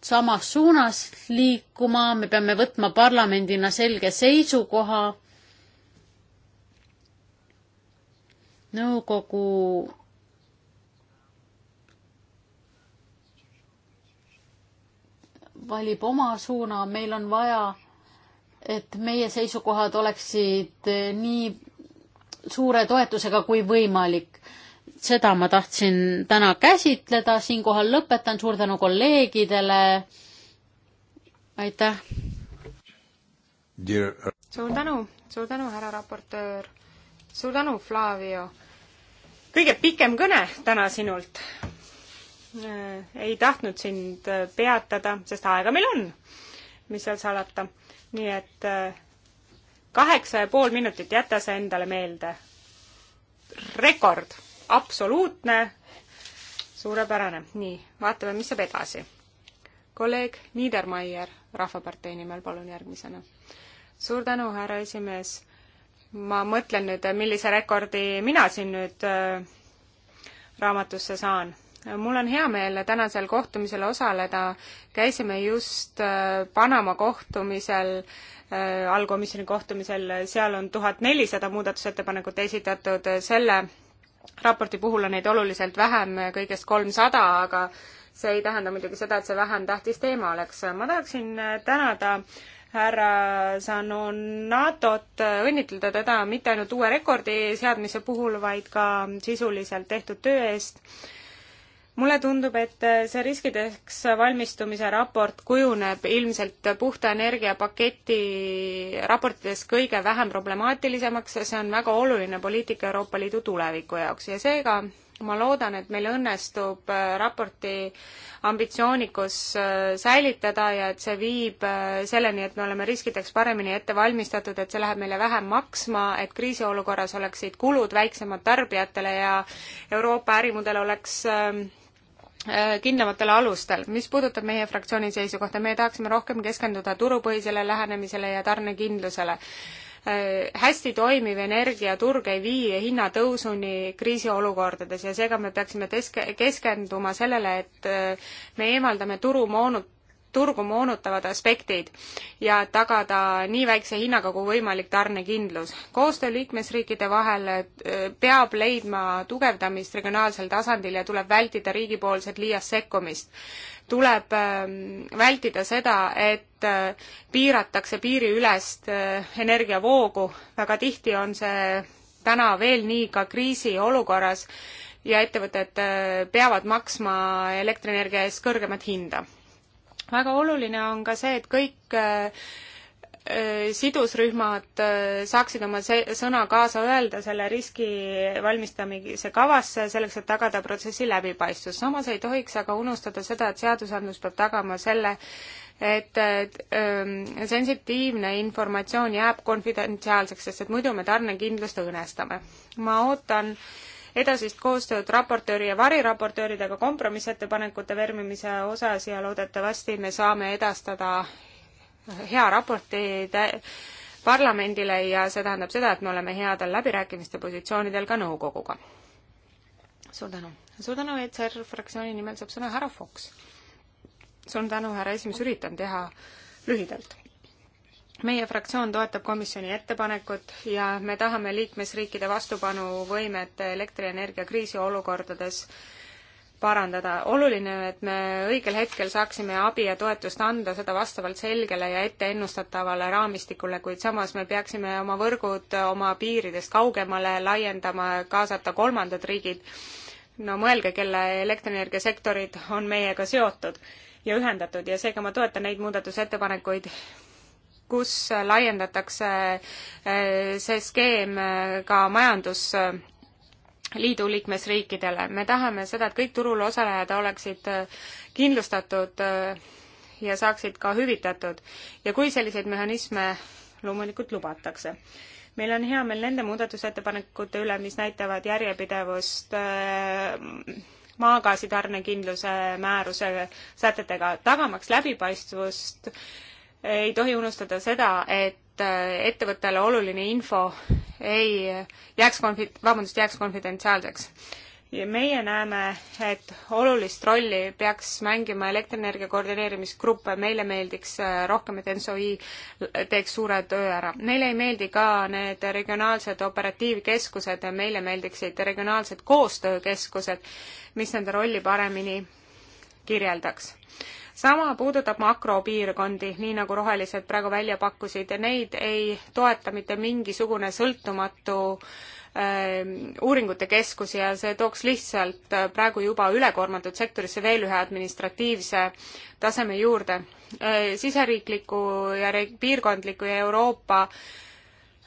samas suunas liikuma, me peame võtma parlamendina selge seisukoha. nõukogu valib oma suuna, meil on vaja et meie seisukohad oleksid eh, nii suure toetusega kui võimalik. seda ma tahtsin täna käsitleda, siinkohal lõpetan, suur tänu kolleegidele. aitäh. Uh, suur tänu, suur tänu, härra raportöör. suur tänu, Flavio. kõige pikem kõne täna sinult. Äh, ei tahtnud sind äh, peatada, sest aega meil on, mis seal salata nii et äh, kaheksa ja pool minutit, jäta see endale meelde. rekord, absoluutne, suurepärane. nii, vaatame, mis saab edasi. kolleeg Niedermeier Rahvapartei nimel, palun järgmisena. suur tänu, härra esimees. ma mõtlen nüüd, millise rekordi mina siin nüüd äh, raamatusse saan mul on hea meel tänasel kohtumisel osaleda, käisime just äh, Panama kohtumisel, äh, allkomisjoni kohtumisel, seal on tuhat nelisada muudatusettepanekut esitatud, selle raporti puhul on neid oluliselt vähem, kõigest kolmsada, aga see ei tähenda muidugi seda, et see vähem tähtis teema oleks. ma tahaksin äh, tänada härra Sanonatot, õnnitleda teda mitte ainult uue rekordi seadmise puhul, vaid ka sisuliselt tehtud töö eest mulle tundub, et äh, see riskideks valmistumise raport kujuneb ilmselt puhta energiapaketi raportides kõige vähem problemaatilisemaks ja see on väga oluline poliitika Euroopa Liidu tuleviku jaoks ja seega ma loodan, et meil õnnestub äh, raporti ambitsioonikus äh, säilitada ja et see viib selleni, et me oleme riskideks paremini ette valmistatud, et see läheb meile vähem maksma, et kriisiolukorras oleksid kulud väiksemad tarbijatele ja Euroopa ärimudel oleks äh, Äh, kindlamatel alustel. mis puudutab meie fraktsiooni seisukohta, meie tahaksime rohkem keskenduda turupõhisele lähenemisele ja tarnekindlusele. Äh, hästi toimiv energiaturg ei vii hinnatõusuni kriisiolukordades ja seega me peaksime teske-, keskenduma sellele, et äh, me eemaldame turumoonut-, turgu moonutavad aspektid ja tagada nii väikse hinnaga kui võimalik tarnekindlus. koostöö liikmesriikide vahel äh, peab leidma tugevdamist regionaalsel tasandil ja tuleb vältida riigipoolset liiast sekkumist. tuleb ähm, vältida seda, et äh, piiratakse piiriülest äh, energiavoogu, väga tihti on see täna veel nii ka kriisiolukorras ja ettevõtted peavad maksma elektrienergia eest kõrgemat hinda väga oluline on ka see, et kõik äh, äh, sidusrühmad äh, saaksid oma sõna kaasa öelda selle riski valmistamise kavasse, selleks et tagada protsessi läbipaistvus. samas ei tohiks aga unustada seda, et seadusandlus peab tagama selle, et, et öö, ähm, sensitiivne informatsioon jääb konfidentsiaalseks, sest et muidu me tarnekindlust õõnestame. ma ootan öö, edasist koostööd raportööri ja variraportööridega kompromissettepanekute vermimise osas ja loodetavasti me saame edastada hea raporti parlamendile ja see tähendab seda, et me oleme headel läbirääkimiste positsioonidel ka nõukoguga. suur tänu. suur tänu, ETSR fraktsiooni nimel saab sõna härra Fox. suur tänu, härra esimees, üritan teha lühidalt meie fraktsioon toetab komisjoni ettepanekut ja me tahame liikmesriikide vastupanuvõimet elektrienergia kriisiolukordades parandada. oluline on, et me õigel hetkel saaksime abi ja toetust anda, seda vastavalt selgele ja etteennustatavale raamistikule, kuid samas me peaksime oma võrgud oma piiridest kaugemale laiendama, kaasata kolmandad riigid. no mõelge, kelle elektrienergiasektorid on meiega seotud ja ühendatud ja seega ma toetan neid muudatusettepanekuid, kus laiendatakse eh, see skeem eh, ka majandusliidu liikmesriikidele. me tahame seda, et kõik turul osalejad oleksid eh, kindlustatud ja saaksid ka hüvitatud ja kui selliseid mehhanisme loomulikult lubatakse. meil on hea meel nende muudatusettepanekute üle, mis näitavad järjepidevust maagaasitarnekindluse määruse sätetega, tagamaks läbipaistvust ei tohi unustada seda, et äh, ettevõttele oluline info ei jääks konfi-, vabandust, jääks konfidentsiaalseks. ja meie näeme, et olulist rolli peaks mängima elektrienergia koordineerimisgrupp, meile meeldiks äh, rohkem, et NSOI teeks suure töö ära. meile ei meeldi ka need regionaalsed operatiivkeskused, meile meeldiksid regionaalsed koostöökeskused, mis nende rolli paremini kirjeldaks sama puudutab makropiirkondi, nii nagu rohelised praegu välja pakkusid ja neid ei toeta mitte mingisugune sõltumatu äh, uuringute keskus ja see tooks lihtsalt äh, praegu juba ülekoormatud sektorisse veel ühe administratiivse taseme juurde äh,. siseriikliku ja piirkondliku ja Euroopa äh,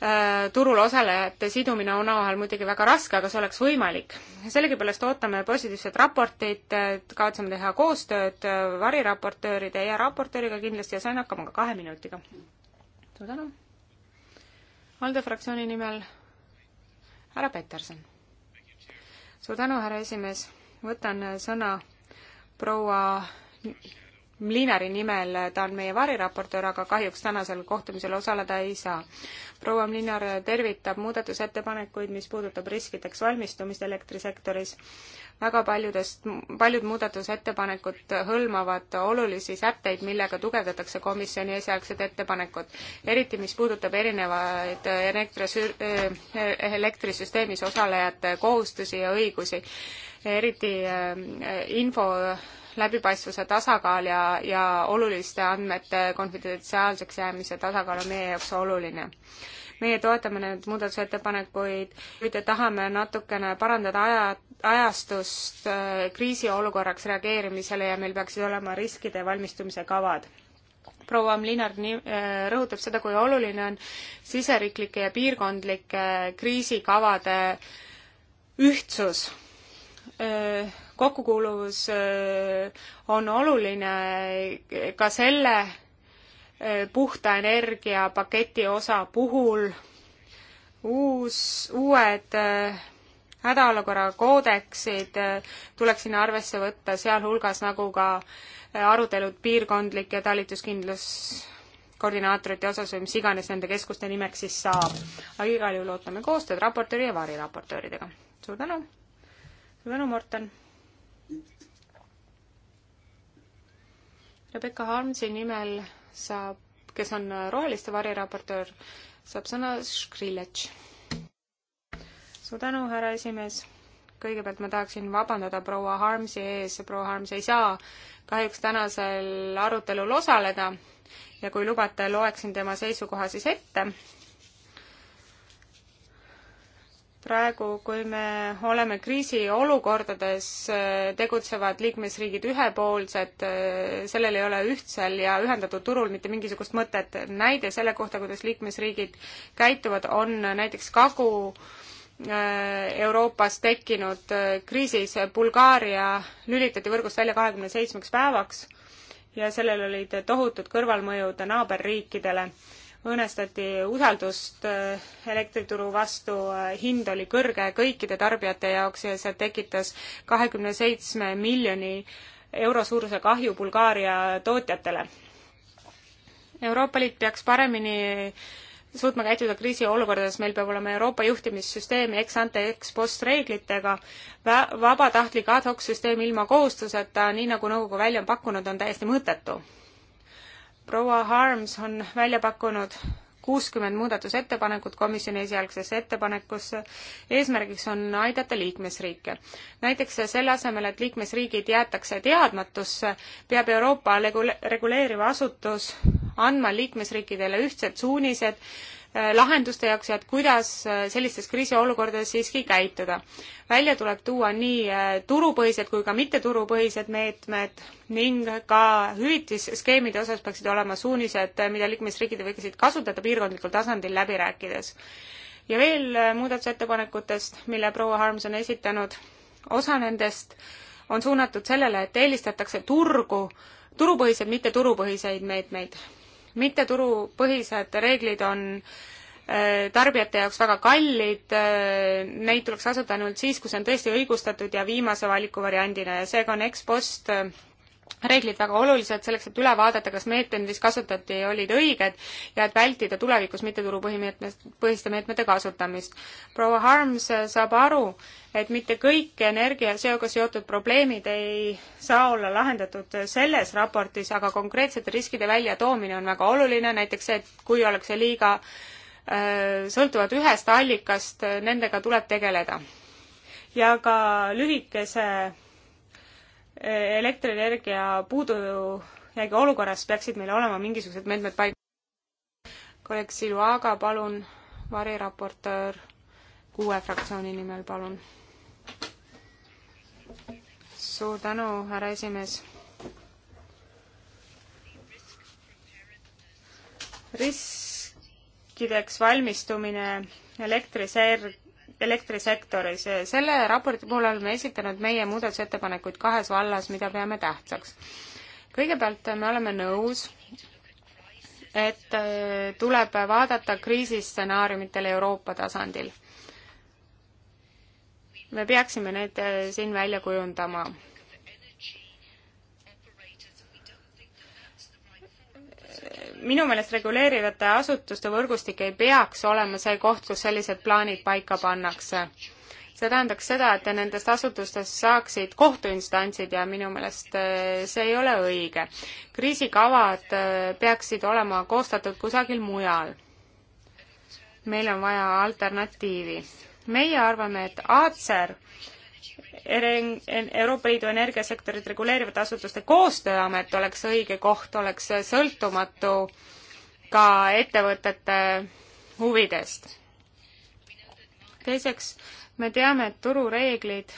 Äh, turul osalejate sidumine on omavahel muidugi väga raske, aga see oleks võimalik. sellegipoolest ootame positiivset raportit, kavatseme teha koostööd äh, variraportööride ja raportööriga kindlasti ja sain hakkama ka kahe minutiga. suur tänu. ALDE fraktsiooni nimel härra Peterson. suur tänu, härra esimees. võtan äh, sõna proua Mlinari nimel, ta on meie variraportöör, aga kahjuks tänasel kohtumisel osaleda ei saa. proua Mlinar tervitab muudatusettepanekuid, mis puudutab riskideks valmistumist elektrisektoris. väga paljudest, paljud muudatusettepanekud hõlmavad olulisi sätteid, millega tugevdatakse komisjoni esialgset ettepanekut, eriti mis puudutab erinevaid elektrisü-, eh, elektrisüsteemis osalejate kohustusi ja õigusi eriti eh, info läbipaistvuse tasakaal ja, ja oluliste andmete konfidentsiaalseks jäämise tasakaal on meie jaoks oluline meie toetame neid muudatusettepanekuid, kuid tahame natukene parandada aja, ajastust äh, kriisiolukorraks reageerimisele ja meil peaksid olema riskide valmistumise kavad. proua Mlinar äh, rõhutab seda, kui oluline on siseriiklike ja piirkondlike kriisikavade ühtsus äh, kokkukuuluvus äh, on oluline ka selle äh, puhta energia paketi osa puhul. uus, uued äh, hädaolukorra koodeksid tuleks sinna arvesse võtta, sealhulgas nagu ka arutelud piirkondlike talituskindluskoordinaatorite osas või mis iganes nende keskuste nimeks siis saab. aga igal juhul ootame koostööd raportööri ja variraportööridega. suur tänu! suur tänu, Morten! Rebecca Harmsi nimel saab, kes on Roheliste variraportöör, saab sõna Škrilletš. suur tänu, härra esimees. kõigepealt ma tahaksin vabandada proua Harmsi ees, proua Harms ei saa kahjuks tänasel arutelul osaleda ja kui lubate, loeksin tema seisukoha siis ette praegu, kui me oleme kriisiolukordades, äh, tegutsevad liikmesriigid ühepoolsed, äh, sellel ei ole ühtsel ja ühendatud turul mitte mingisugust mõtet. näide selle kohta, kuidas liikmesriigid käituvad, on näiteks Kagu äh, Euroopas tekkinud kriisis Bulgaaria lülitati võrgust välja kahekümne seitsmeks päevaks ja sellel olid tohutud kõrvalmõjud naaberriikidele õõnestati usaldust äh, elektrituru vastu, äh, hind oli kõrge kõikide tarbijate jaoks ja see tekitas kahekümne seitsme miljoni euro suuruse kahju Bulgaaria tootjatele. Euroopa Liit peaks paremini suutma käituda kriisiolukordades, meil peab olema Euroopa juhtimissüsteem ex-ante, ex-post reeglitega, vabatahtlik ad hoc süsteem ilma kohustuseta, nii nagu nõukogu välja on pakkunud, on täiesti mõttetu proua Harms on välja pakkunud kuuskümmend muudatusettepanekut komisjoni esialgsesse ettepanekusse. eesmärgiks on aidata liikmesriike. näiteks selle asemel, et liikmesriigid jäetakse teadmatusse, peab Euroopa regule-, reguleeriv asutus andma liikmesriikidele ühtsed suunised Äh, lahenduste jaoks ja et kuidas äh, sellistes kriisiolukordades siiski käituda. välja tuleb tuua nii äh, turupõhised kui ka mitteturupõhised meetmed ning ka hüvitisskeemide osas peaksid olema suunised, mida liikmesriigid võiksid kasutada piirkondlikul tasandil läbi rääkides. ja veel muudatusettepanekutest, mille proua Harms on esitanud, osa nendest on suunatud sellele, et eelistatakse turgu, turupõhiseid, mitte turupõhiseid meetmeid mitteturupõhised reeglid on äh, tarbijate jaoks väga kallid, äh, neid tuleks kasutada ainult siis, kui see on tõesti õigustatud ja viimase valikuvariandina ja seega on ex-post äh, reeglid väga olulised selleks, et üle vaadata, kas meetmed, mis kasutati, olid õiged ja et vältida tulevikus mitteturu põhimeetmest, põhiste meetmete kasutamist. proua Harms saab aru, et mitte kõik energiaseoga seotud probleemid ei saa olla lahendatud selles raportis, aga konkreetsete riskide väljatoomine on väga oluline, näiteks see, et kui ollakse liiga äh, sõltuvad ühest allikast, nendega tuleb tegeleda. ja ka lühikese elektrienergia puudujäägi olukorras peaksid meil olema mingisugused meetmed paik-. kolleeg Siluaga, palun, variraportöör kuue fraktsiooni nimel, palun. suur tänu, härra esimees. riskideks valmistumine elektriserg elektrisektoris. selle raporti puhul oleme esitanud meie muudatusettepanekuid kahes vallas, mida peame tähtsaks. kõigepealt me oleme nõus, et äh, tuleb vaadata kriisistsenaariumitele Euroopa tasandil. me peaksime need äh, siin välja kujundama minu meelest reguleerivate asutuste võrgustik ei peaks olema see koht, kus sellised plaanid paika pannakse. see tähendaks seda, et nendest asutustest saaksid kohtuinstantsid ja minu meelest äh, see ei ole õige. kriisikavad äh, peaksid olema koostatud kusagil mujal. meil on vaja alternatiivi. meie arvame, et Acer Euroopa Liidu energiasektorit reguleerivate asutuste koostööamet oleks õige koht, oleks sõltumatu ka ettevõtete huvidest. teiseks, me teame, et turureeglid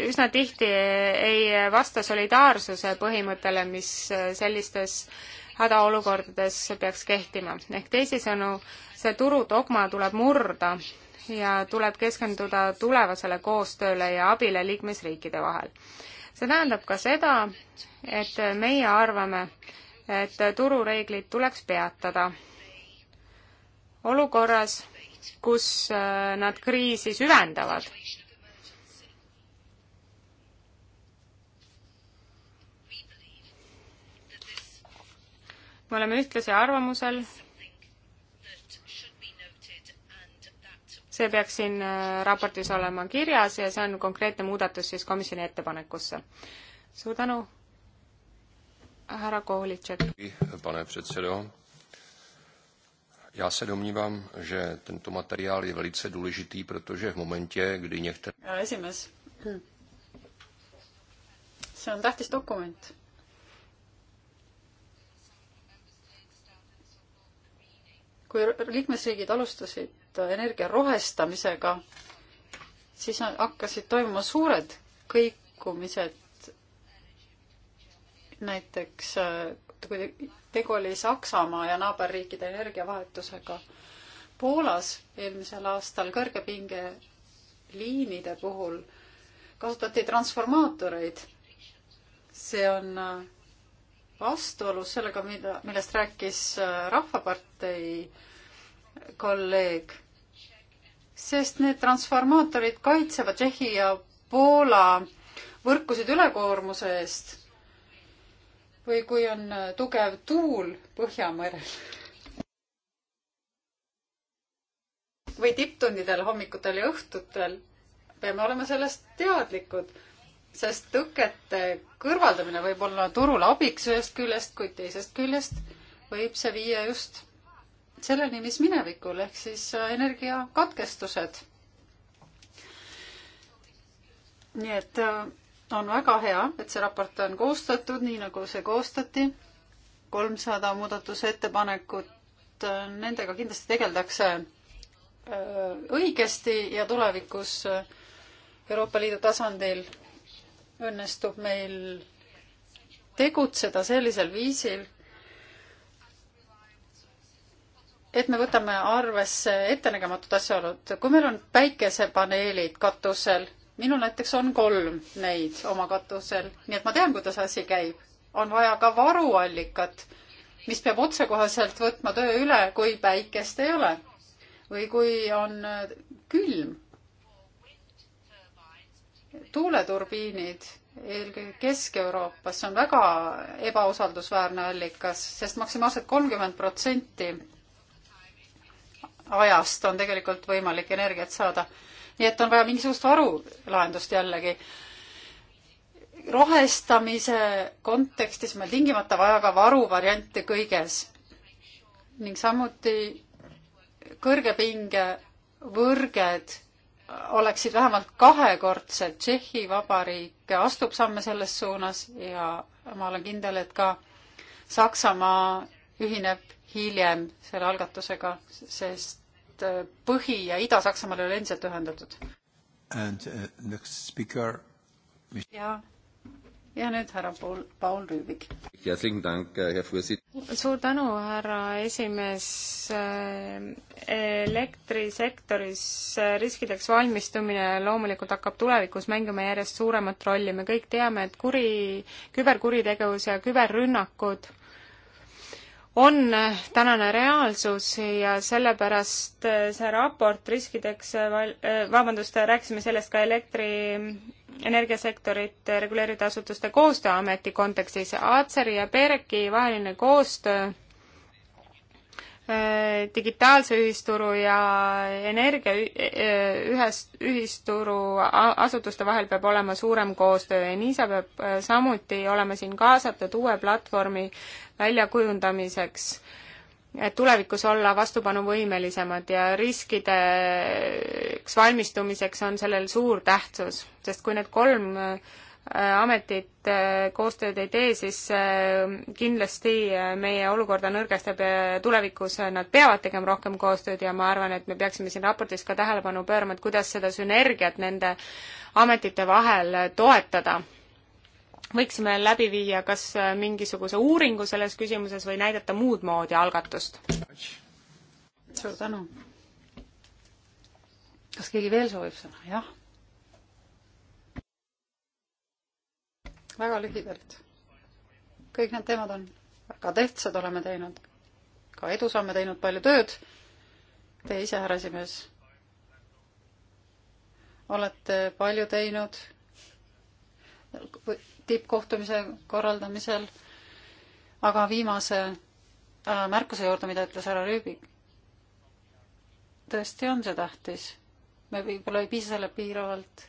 üsna tihti ei vasta solidaarsuse põhimõttele, mis sellistes hädaolukordades peaks kehtima. ehk teisisõnu, see turudogma tuleb murda ja tuleb keskenduda tulevasele koostööle ja abile liikmesriikide vahel. see tähendab ka seda, et meie arvame, et turureeglid tuleks peatada olukorras, kus äh, nad kriisi süvendavad. me oleme ühtlasi arvamusel, see peaks siin äh, raportis olema kirjas ja see on konkreetne muudatus siis komisjoni ettepanekusse. suur tänu, härra Koholitšek. pane předsedo. Já se domnívám, že tento materiál je velice důležitý, protože v momentě, kdy některé... Esimees. See on tähtis dokument. Kui liikmesriigid alustasid tegelevad energia rohestamisega, siis hakkasid toimuma suured kõikumised. näiteks äh, kui tegu oli Saksamaa ja naaberriikide energiavahetusega. Poolas eelmisel aastal kõrgepingeliinide puhul kasutati transformaatoreid. see on äh, vastuolus sellega, mida, millest rääkis äh, Rahvapartei kolleeg sest need transformaatorid kaitsevad Tšehhi ja Poola võrkusid ülekoormuse eest või kui on tugev tuul Põhjamerel. või tipptundidel hommikutel ja õhtutel peame olema sellest teadlikud, sest tõkete kõrvaldamine võib olla turule abiks ühest küljest, kuid teisest küljest võib see viia just selleni, mis minevikul, ehk siis äh, energiakatkestused. nii et äh, on väga hea, et see raport on koostatud nii, nagu see koostati. kolmsada muudatusettepanekut, äh, nendega kindlasti tegeldakse õigesti ja tulevikus Euroopa Liidu tasandil õnnestub meil tegutseda sellisel viisil, et me võtame arvesse ettenägematud asjaolud. kui meil on päikesepaneelid katusel, minul näiteks on kolm neid oma katusel, nii et ma tean, kuidas asi käib. on vaja ka varuallikat, mis peab otsekoheselt võtma töö üle, kui päikest ei ole või kui on äh, külm. tuuleturbiinid eelkõige Kesk-Euroopas, see on väga ebausaldusväärne allikas sest, sest maksimaalselt kolmkümmend protsenti ajast on tegelikult võimalik energiat saada. nii et on vaja mingisugust varulahendust jällegi. rohestamise kontekstis meil tingimata vaja ka varuvariante kõiges ning samuti kõrgepinge võrged oleksid vähemalt kahekordsed. Tšehhi Vabariik astub samme selles suunas ja ma olen kindel, et ka Saksamaa ühineb hiljem selle algatusega, sest äh, Põhi- ja Ida-Saksamaal ei ole endiselt ühendatud. Äh, ja, ja nüüd härra Paul, Paul Rüübik. Äh, suur tänu, härra esimees. elektrisektoris riskideks valmistumine loomulikult hakkab tulevikus mängima järjest suuremat rolli. me kõik teame, et kuri, küberkuritegevus ja küberrünnakud on äh, tänane reaalsus ja sellepärast äh, see raport riskideks, äh, vabandust, rääkisime sellest ka elektrienergiasektorit mm, reguleerida asutuste koostööameti kontekstis. Atseri ja Bereki vaheline koostöö Äh, digitaalse ühisturu ja energia äh, ühest, ühisturu asutuste vahel peab olema suurem koostöö ja Niisa peab äh, samuti olema siin kaasatud uue platvormi väljakujundamiseks, et tulevikus olla vastupanuvõimelisemad ja riskideks valmistumiseks on sellel suur tähtsus, sest kui need kolm ametit äh, koostööd ei tee, siis äh, kindlasti äh, meie olukorda nõrgestab ja tulevikus nad peavad tegema rohkem koostööd ja ma arvan, et me peaksime siin raportis ka tähelepanu pöörama, et kuidas seda sünergiat nende ametite vahel toetada. võiksime läbi viia kas mingisuguse uuringu selles küsimuses või näidata muud moodi algatust. suur tänu. kas keegi veel soovib sõna? jah väga lühidalt. kõik need teemad on väga tähtsad, oleme teinud ka edusamme, teinud palju tööd. Te ise, härra esimees, olete palju teinud tippkohtumise korraldamisel, aga viimase äh, märkuse juurde, mida ütles härra Rüübik, tõesti on see tähtis. me võib-olla ei piisa selle piiravalt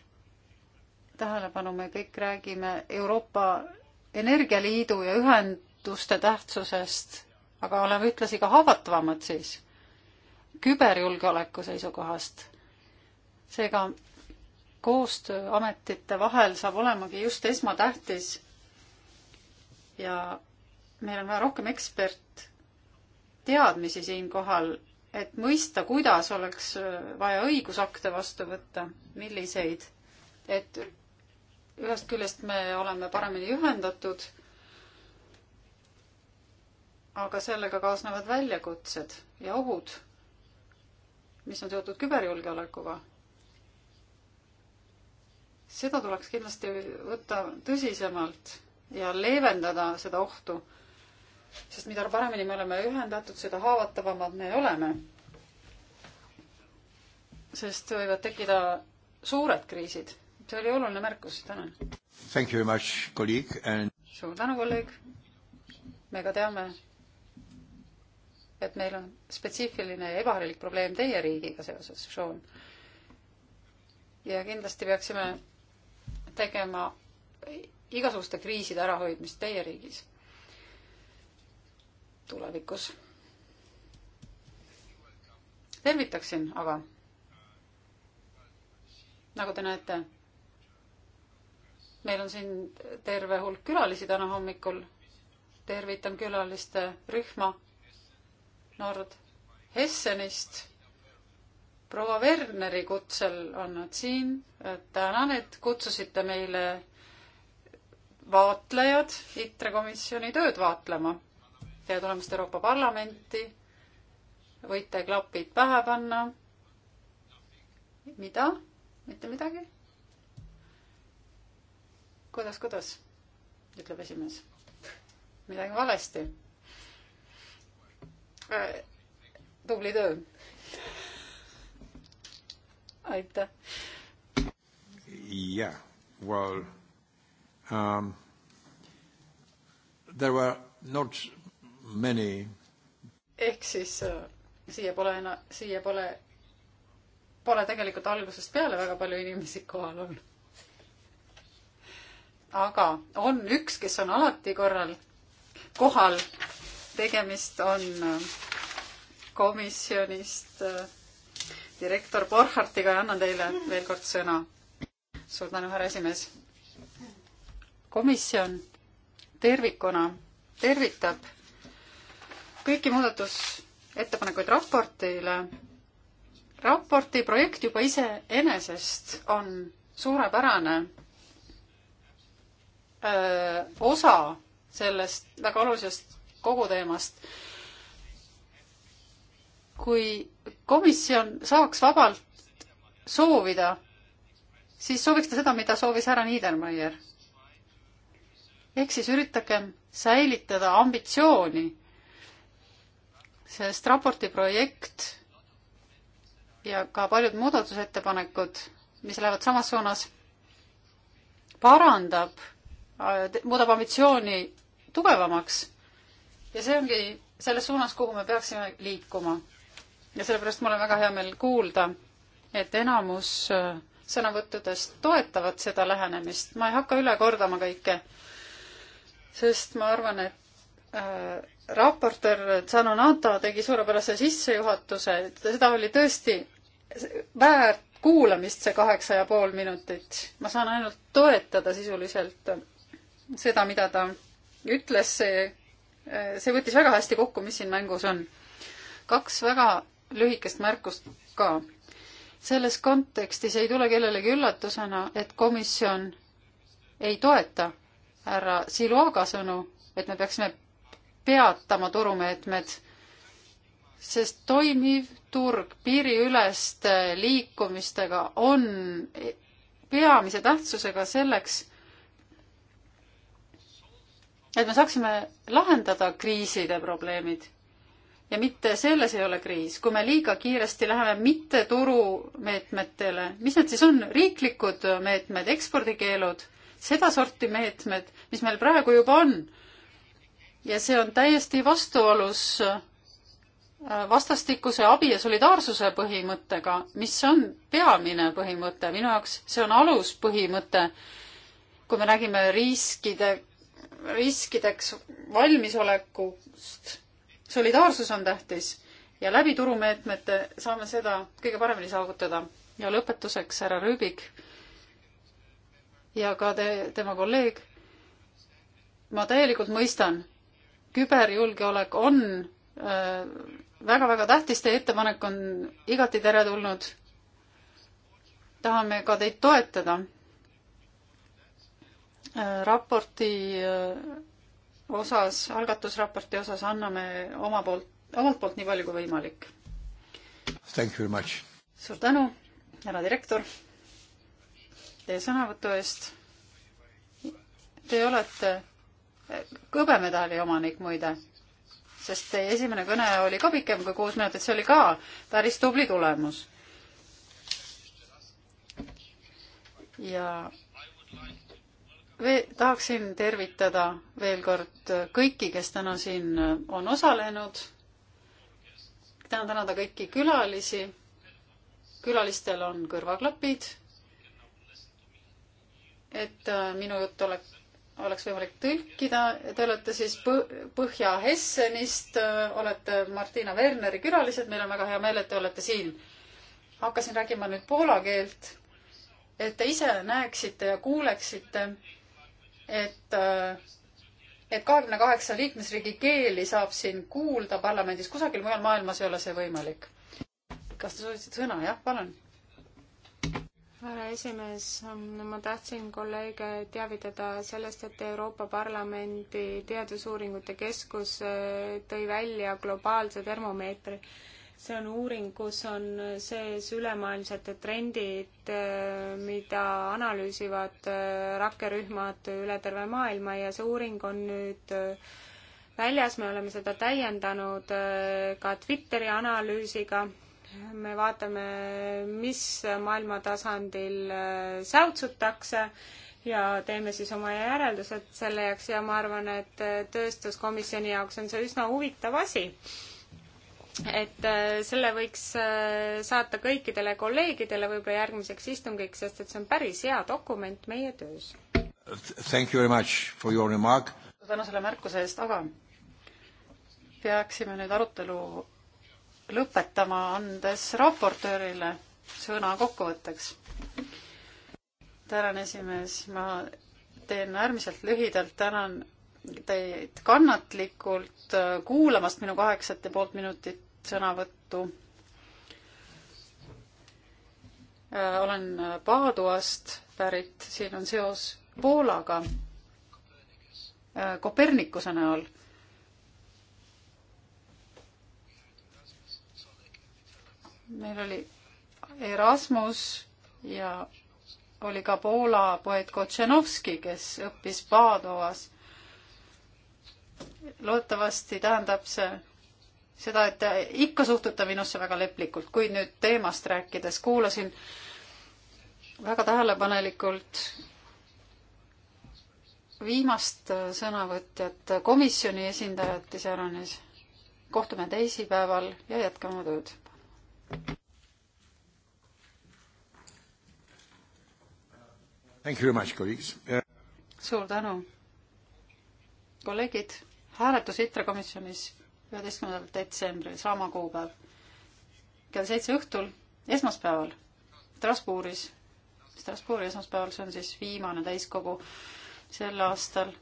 tähelepanu, me kõik räägime Euroopa Energialiidu ja ühenduste tähtsusest, aga oleme ühtlasi ka haavatavamad siis küberjulgeoleku seisukohast. seega koostöö ametite vahel saab olemagi just esmatähtis. ja meil on vaja rohkem ekspertteadmisi siinkohal, et mõista, kuidas oleks vaja õigusakte vastu võtta, milliseid, et ühest küljest me oleme paremini ühendatud, aga sellega kaasnevad väljakutsed ja ohud, mis on seotud küberjulgeolekuga. seda tuleks kindlasti võtta tõsisemalt ja leevendada seda ohtu, sest mida paremini me oleme ühendatud, seda haavatavamad me oleme. sest võivad tekkida suured kriisid see oli oluline märkus, tänan. Thank you very much, kolleeg and.... suur tänu, kolleeg. me ka teame, et meil on spetsiifiline ja ebaharilik probleem teie riigiga seoses, Sean. ja kindlasti peaksime tegema igasuguste kriiside ärahoidmist teie riigis tulevikus. tervitaksin aga, nagu te näete meil on siin terve hulk külalisi täna hommikul. tervitan külaliste rühma Nord Hessenist. proua Werneri kutsel on nad siin. tänan, et kutsusite meile vaatlejad ITRE komisjoni tööd vaatlema. tere tulemast Euroopa Parlamenti. võite klapid pähe panna. mida? mitte midagi kuidas, kuidas, ütleb esimees. midagi valesti äh,. tubli töö. aitäh. Yeah, well um,, there were not many. ehk siis äh, siia pole ena-, siia pole, pole tegelikult algusest peale väga palju inimesi kohal olnud aga on üks, kes on alati korral, kohal. tegemist on äh, komisjonist äh, direktor Borchartiga ja annan teile veel kord sõna. suur tänu, härra esimees. komisjon tervikuna tervitab kõiki muudatusettepanekuid raportile. raporti projekt juba iseenesest on suurepärane öö, osa sellest väga olulisest kogu teemast. kui komisjon saaks vabalt soovida, siis sooviks ta seda, mida soovis härra Niedermeier. ehk siis üritagem säilitada ambitsiooni, sest raporti projekt ja ka paljud muudatusettepanekud, mis lähevad samas suunas, parandab Äh, muudab ambitsiooni tugevamaks ja see ongi selles suunas, kuhu me peaksime liikuma. ja sellepärast mul on väga hea meel kuulda, et enamus äh, sõnavõttudest toetavad seda lähenemist. ma ei hakka üle kordama kõike, sest ma arvan, et äh, raportöör Zanonata tegi suurepärase sissejuhatuse, seda oli tõesti väärt kuulamist, see kaheksa ja pool minutit. ma saan ainult toetada sisuliselt seda, mida ta ütles, see, see võttis väga hästi kokku, mis siin mängus on. kaks väga lühikest märkust ka. selles kontekstis ei tule kellelegi üllatusena, et komisjon ei toeta härra Siluaga sõnu, et me peaksime peatama turumeetmed, sest toimiv turg piiriüleste liikumistega on peamise tähtsusega selleks, et me saaksime lahendada kriiside probleemid. ja mitte selles ei ole kriis, kui me liiga kiiresti läheme mitte turumeetmetele, mis need siis on, riiklikud meetmed, ekspordikeelud, sedasorti meetmed, mis meil praegu juba on. ja see on täiesti vastuolus äh, vastastikuse abi ja solidaarsuse põhimõttega, mis on peamine põhimõte, minu jaoks see on aluspõhimõte, kui me räägime riskide riskideks valmisolekust. solidaarsus on tähtis ja läbi turumeetmete saame seda kõige paremini saavutada. ja lõpetuseks härra Rüübik ja ka te, tema kolleeg. ma täielikult mõistan, küberjulgeolek on äh, väga-väga tähtis, teie ettepanek on igati teretulnud. tahame ka teid toetada raporti äh, osas, algatusraporti osas anname oma poolt, omalt poolt nii palju kui võimalik. suur tänu, härra direktor, teie sõnavõtu eest. Te olete äh, kõbemedali omanik muide, sest teie esimene kõne oli ka pikem kui kuus minutit, see oli ka päris tubli tulemus. ja tahaksin tervitada veel kord kõiki, kes täna siin on osalenud. tahan tänada kõiki külalisi. külalistel on kõrvaklapid. et äh, minu jutt oleks, oleks võimalik tõlkida. Te olete siis Põhja-Hessenist, äh, olete Martina Werneri külalised, meil on väga hea meel, et te olete siin. hakkasin rääkima nüüd poola keelt, et te ise näeksite ja kuuleksite et, äh, et kahekümne kaheksa liikmesriigi keeli saab siin kuulda parlamendis, kusagil mujal maailmas ei ole see võimalik. kas te soovisite sõna, jah, palun? härra esimees, ma tahtsin kolleege teavitada sellest, et Euroopa Parlamendi Teadusuuringute Keskus äh, tõi välja globaalse termomeetri see on uuring, kus on sees ülemaailmsed trendid, mida analüüsivad äh, rakkerühmad üle terve maailma ja see uuring on nüüd äh, väljas, me oleme seda täiendanud äh, ka Twitteri analüüsiga. me vaatame, mis maailma tasandil säutsutakse ja teeme siis oma järeldused selle jaoks ja ma arvan, et tööstuskomisjoni jaoks on see üsna huvitav asi et äh, selle võiks äh, saata kõikidele kolleegidele võib-olla järgmiseks istungiks, sest et see on päris hea dokument meie töös. Thank you very much for your remark. tänu selle märkuse eest, aga peaksime nüüd arutelu lõpetama, andes raportöörile sõna kokkuvõtteks. tänan, esimees, ma teen äärmiselt lühidalt, tänan teid kannatlikult äh, kuulamast minu kaheksat ja poolt minutit sõnavõttu. Äh, olen äh, Paaduast pärit, siin on seos Poolaga äh, Kopernikuse näol. meil oli Erasmus ja oli ka Poola poeet Kotšenovski, kes õppis Paadovas. loodetavasti tähendab see seda, et ikka suhtute minusse väga leplikult, kuid nüüd teemast rääkides kuulasin väga tähelepanelikult viimast sõnavõtjat, komisjoni esindajat iseäranis. kohtume teisipäeval ja jätkame oma tööd. Uh, suur tänu. kolleegid, hääletus ITRE komisjonis üheteistkümnendal detsembril, sama kuupäev, kell seitse õhtul, esmaspäeval, Strasbourgis, Strasbourgi esmaspäeval, see on siis viimane täiskogu sel aastal.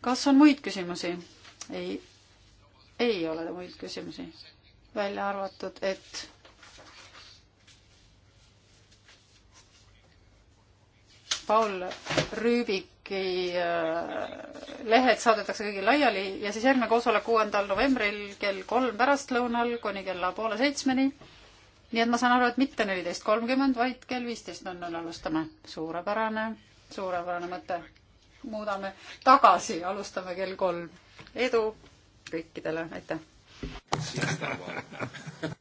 kas on muid küsimusi? ei, ei ole muid küsimusi, välja arvatud, et Paul Rüübik kõigi äh, lehed saadetakse kõigil laiali ja siis järgmine koosolek, kuuendal novembril kell kolm pärastlõunal kuni kella poole seitsmeni. nii et ma saan aru, et mitte neliteist kolmkümmend, vaid kell viisteist null null alustame. suurepärane, suurepärane mõte. muudame tagasi, alustame kell kolm. edu kõikidele, aitäh!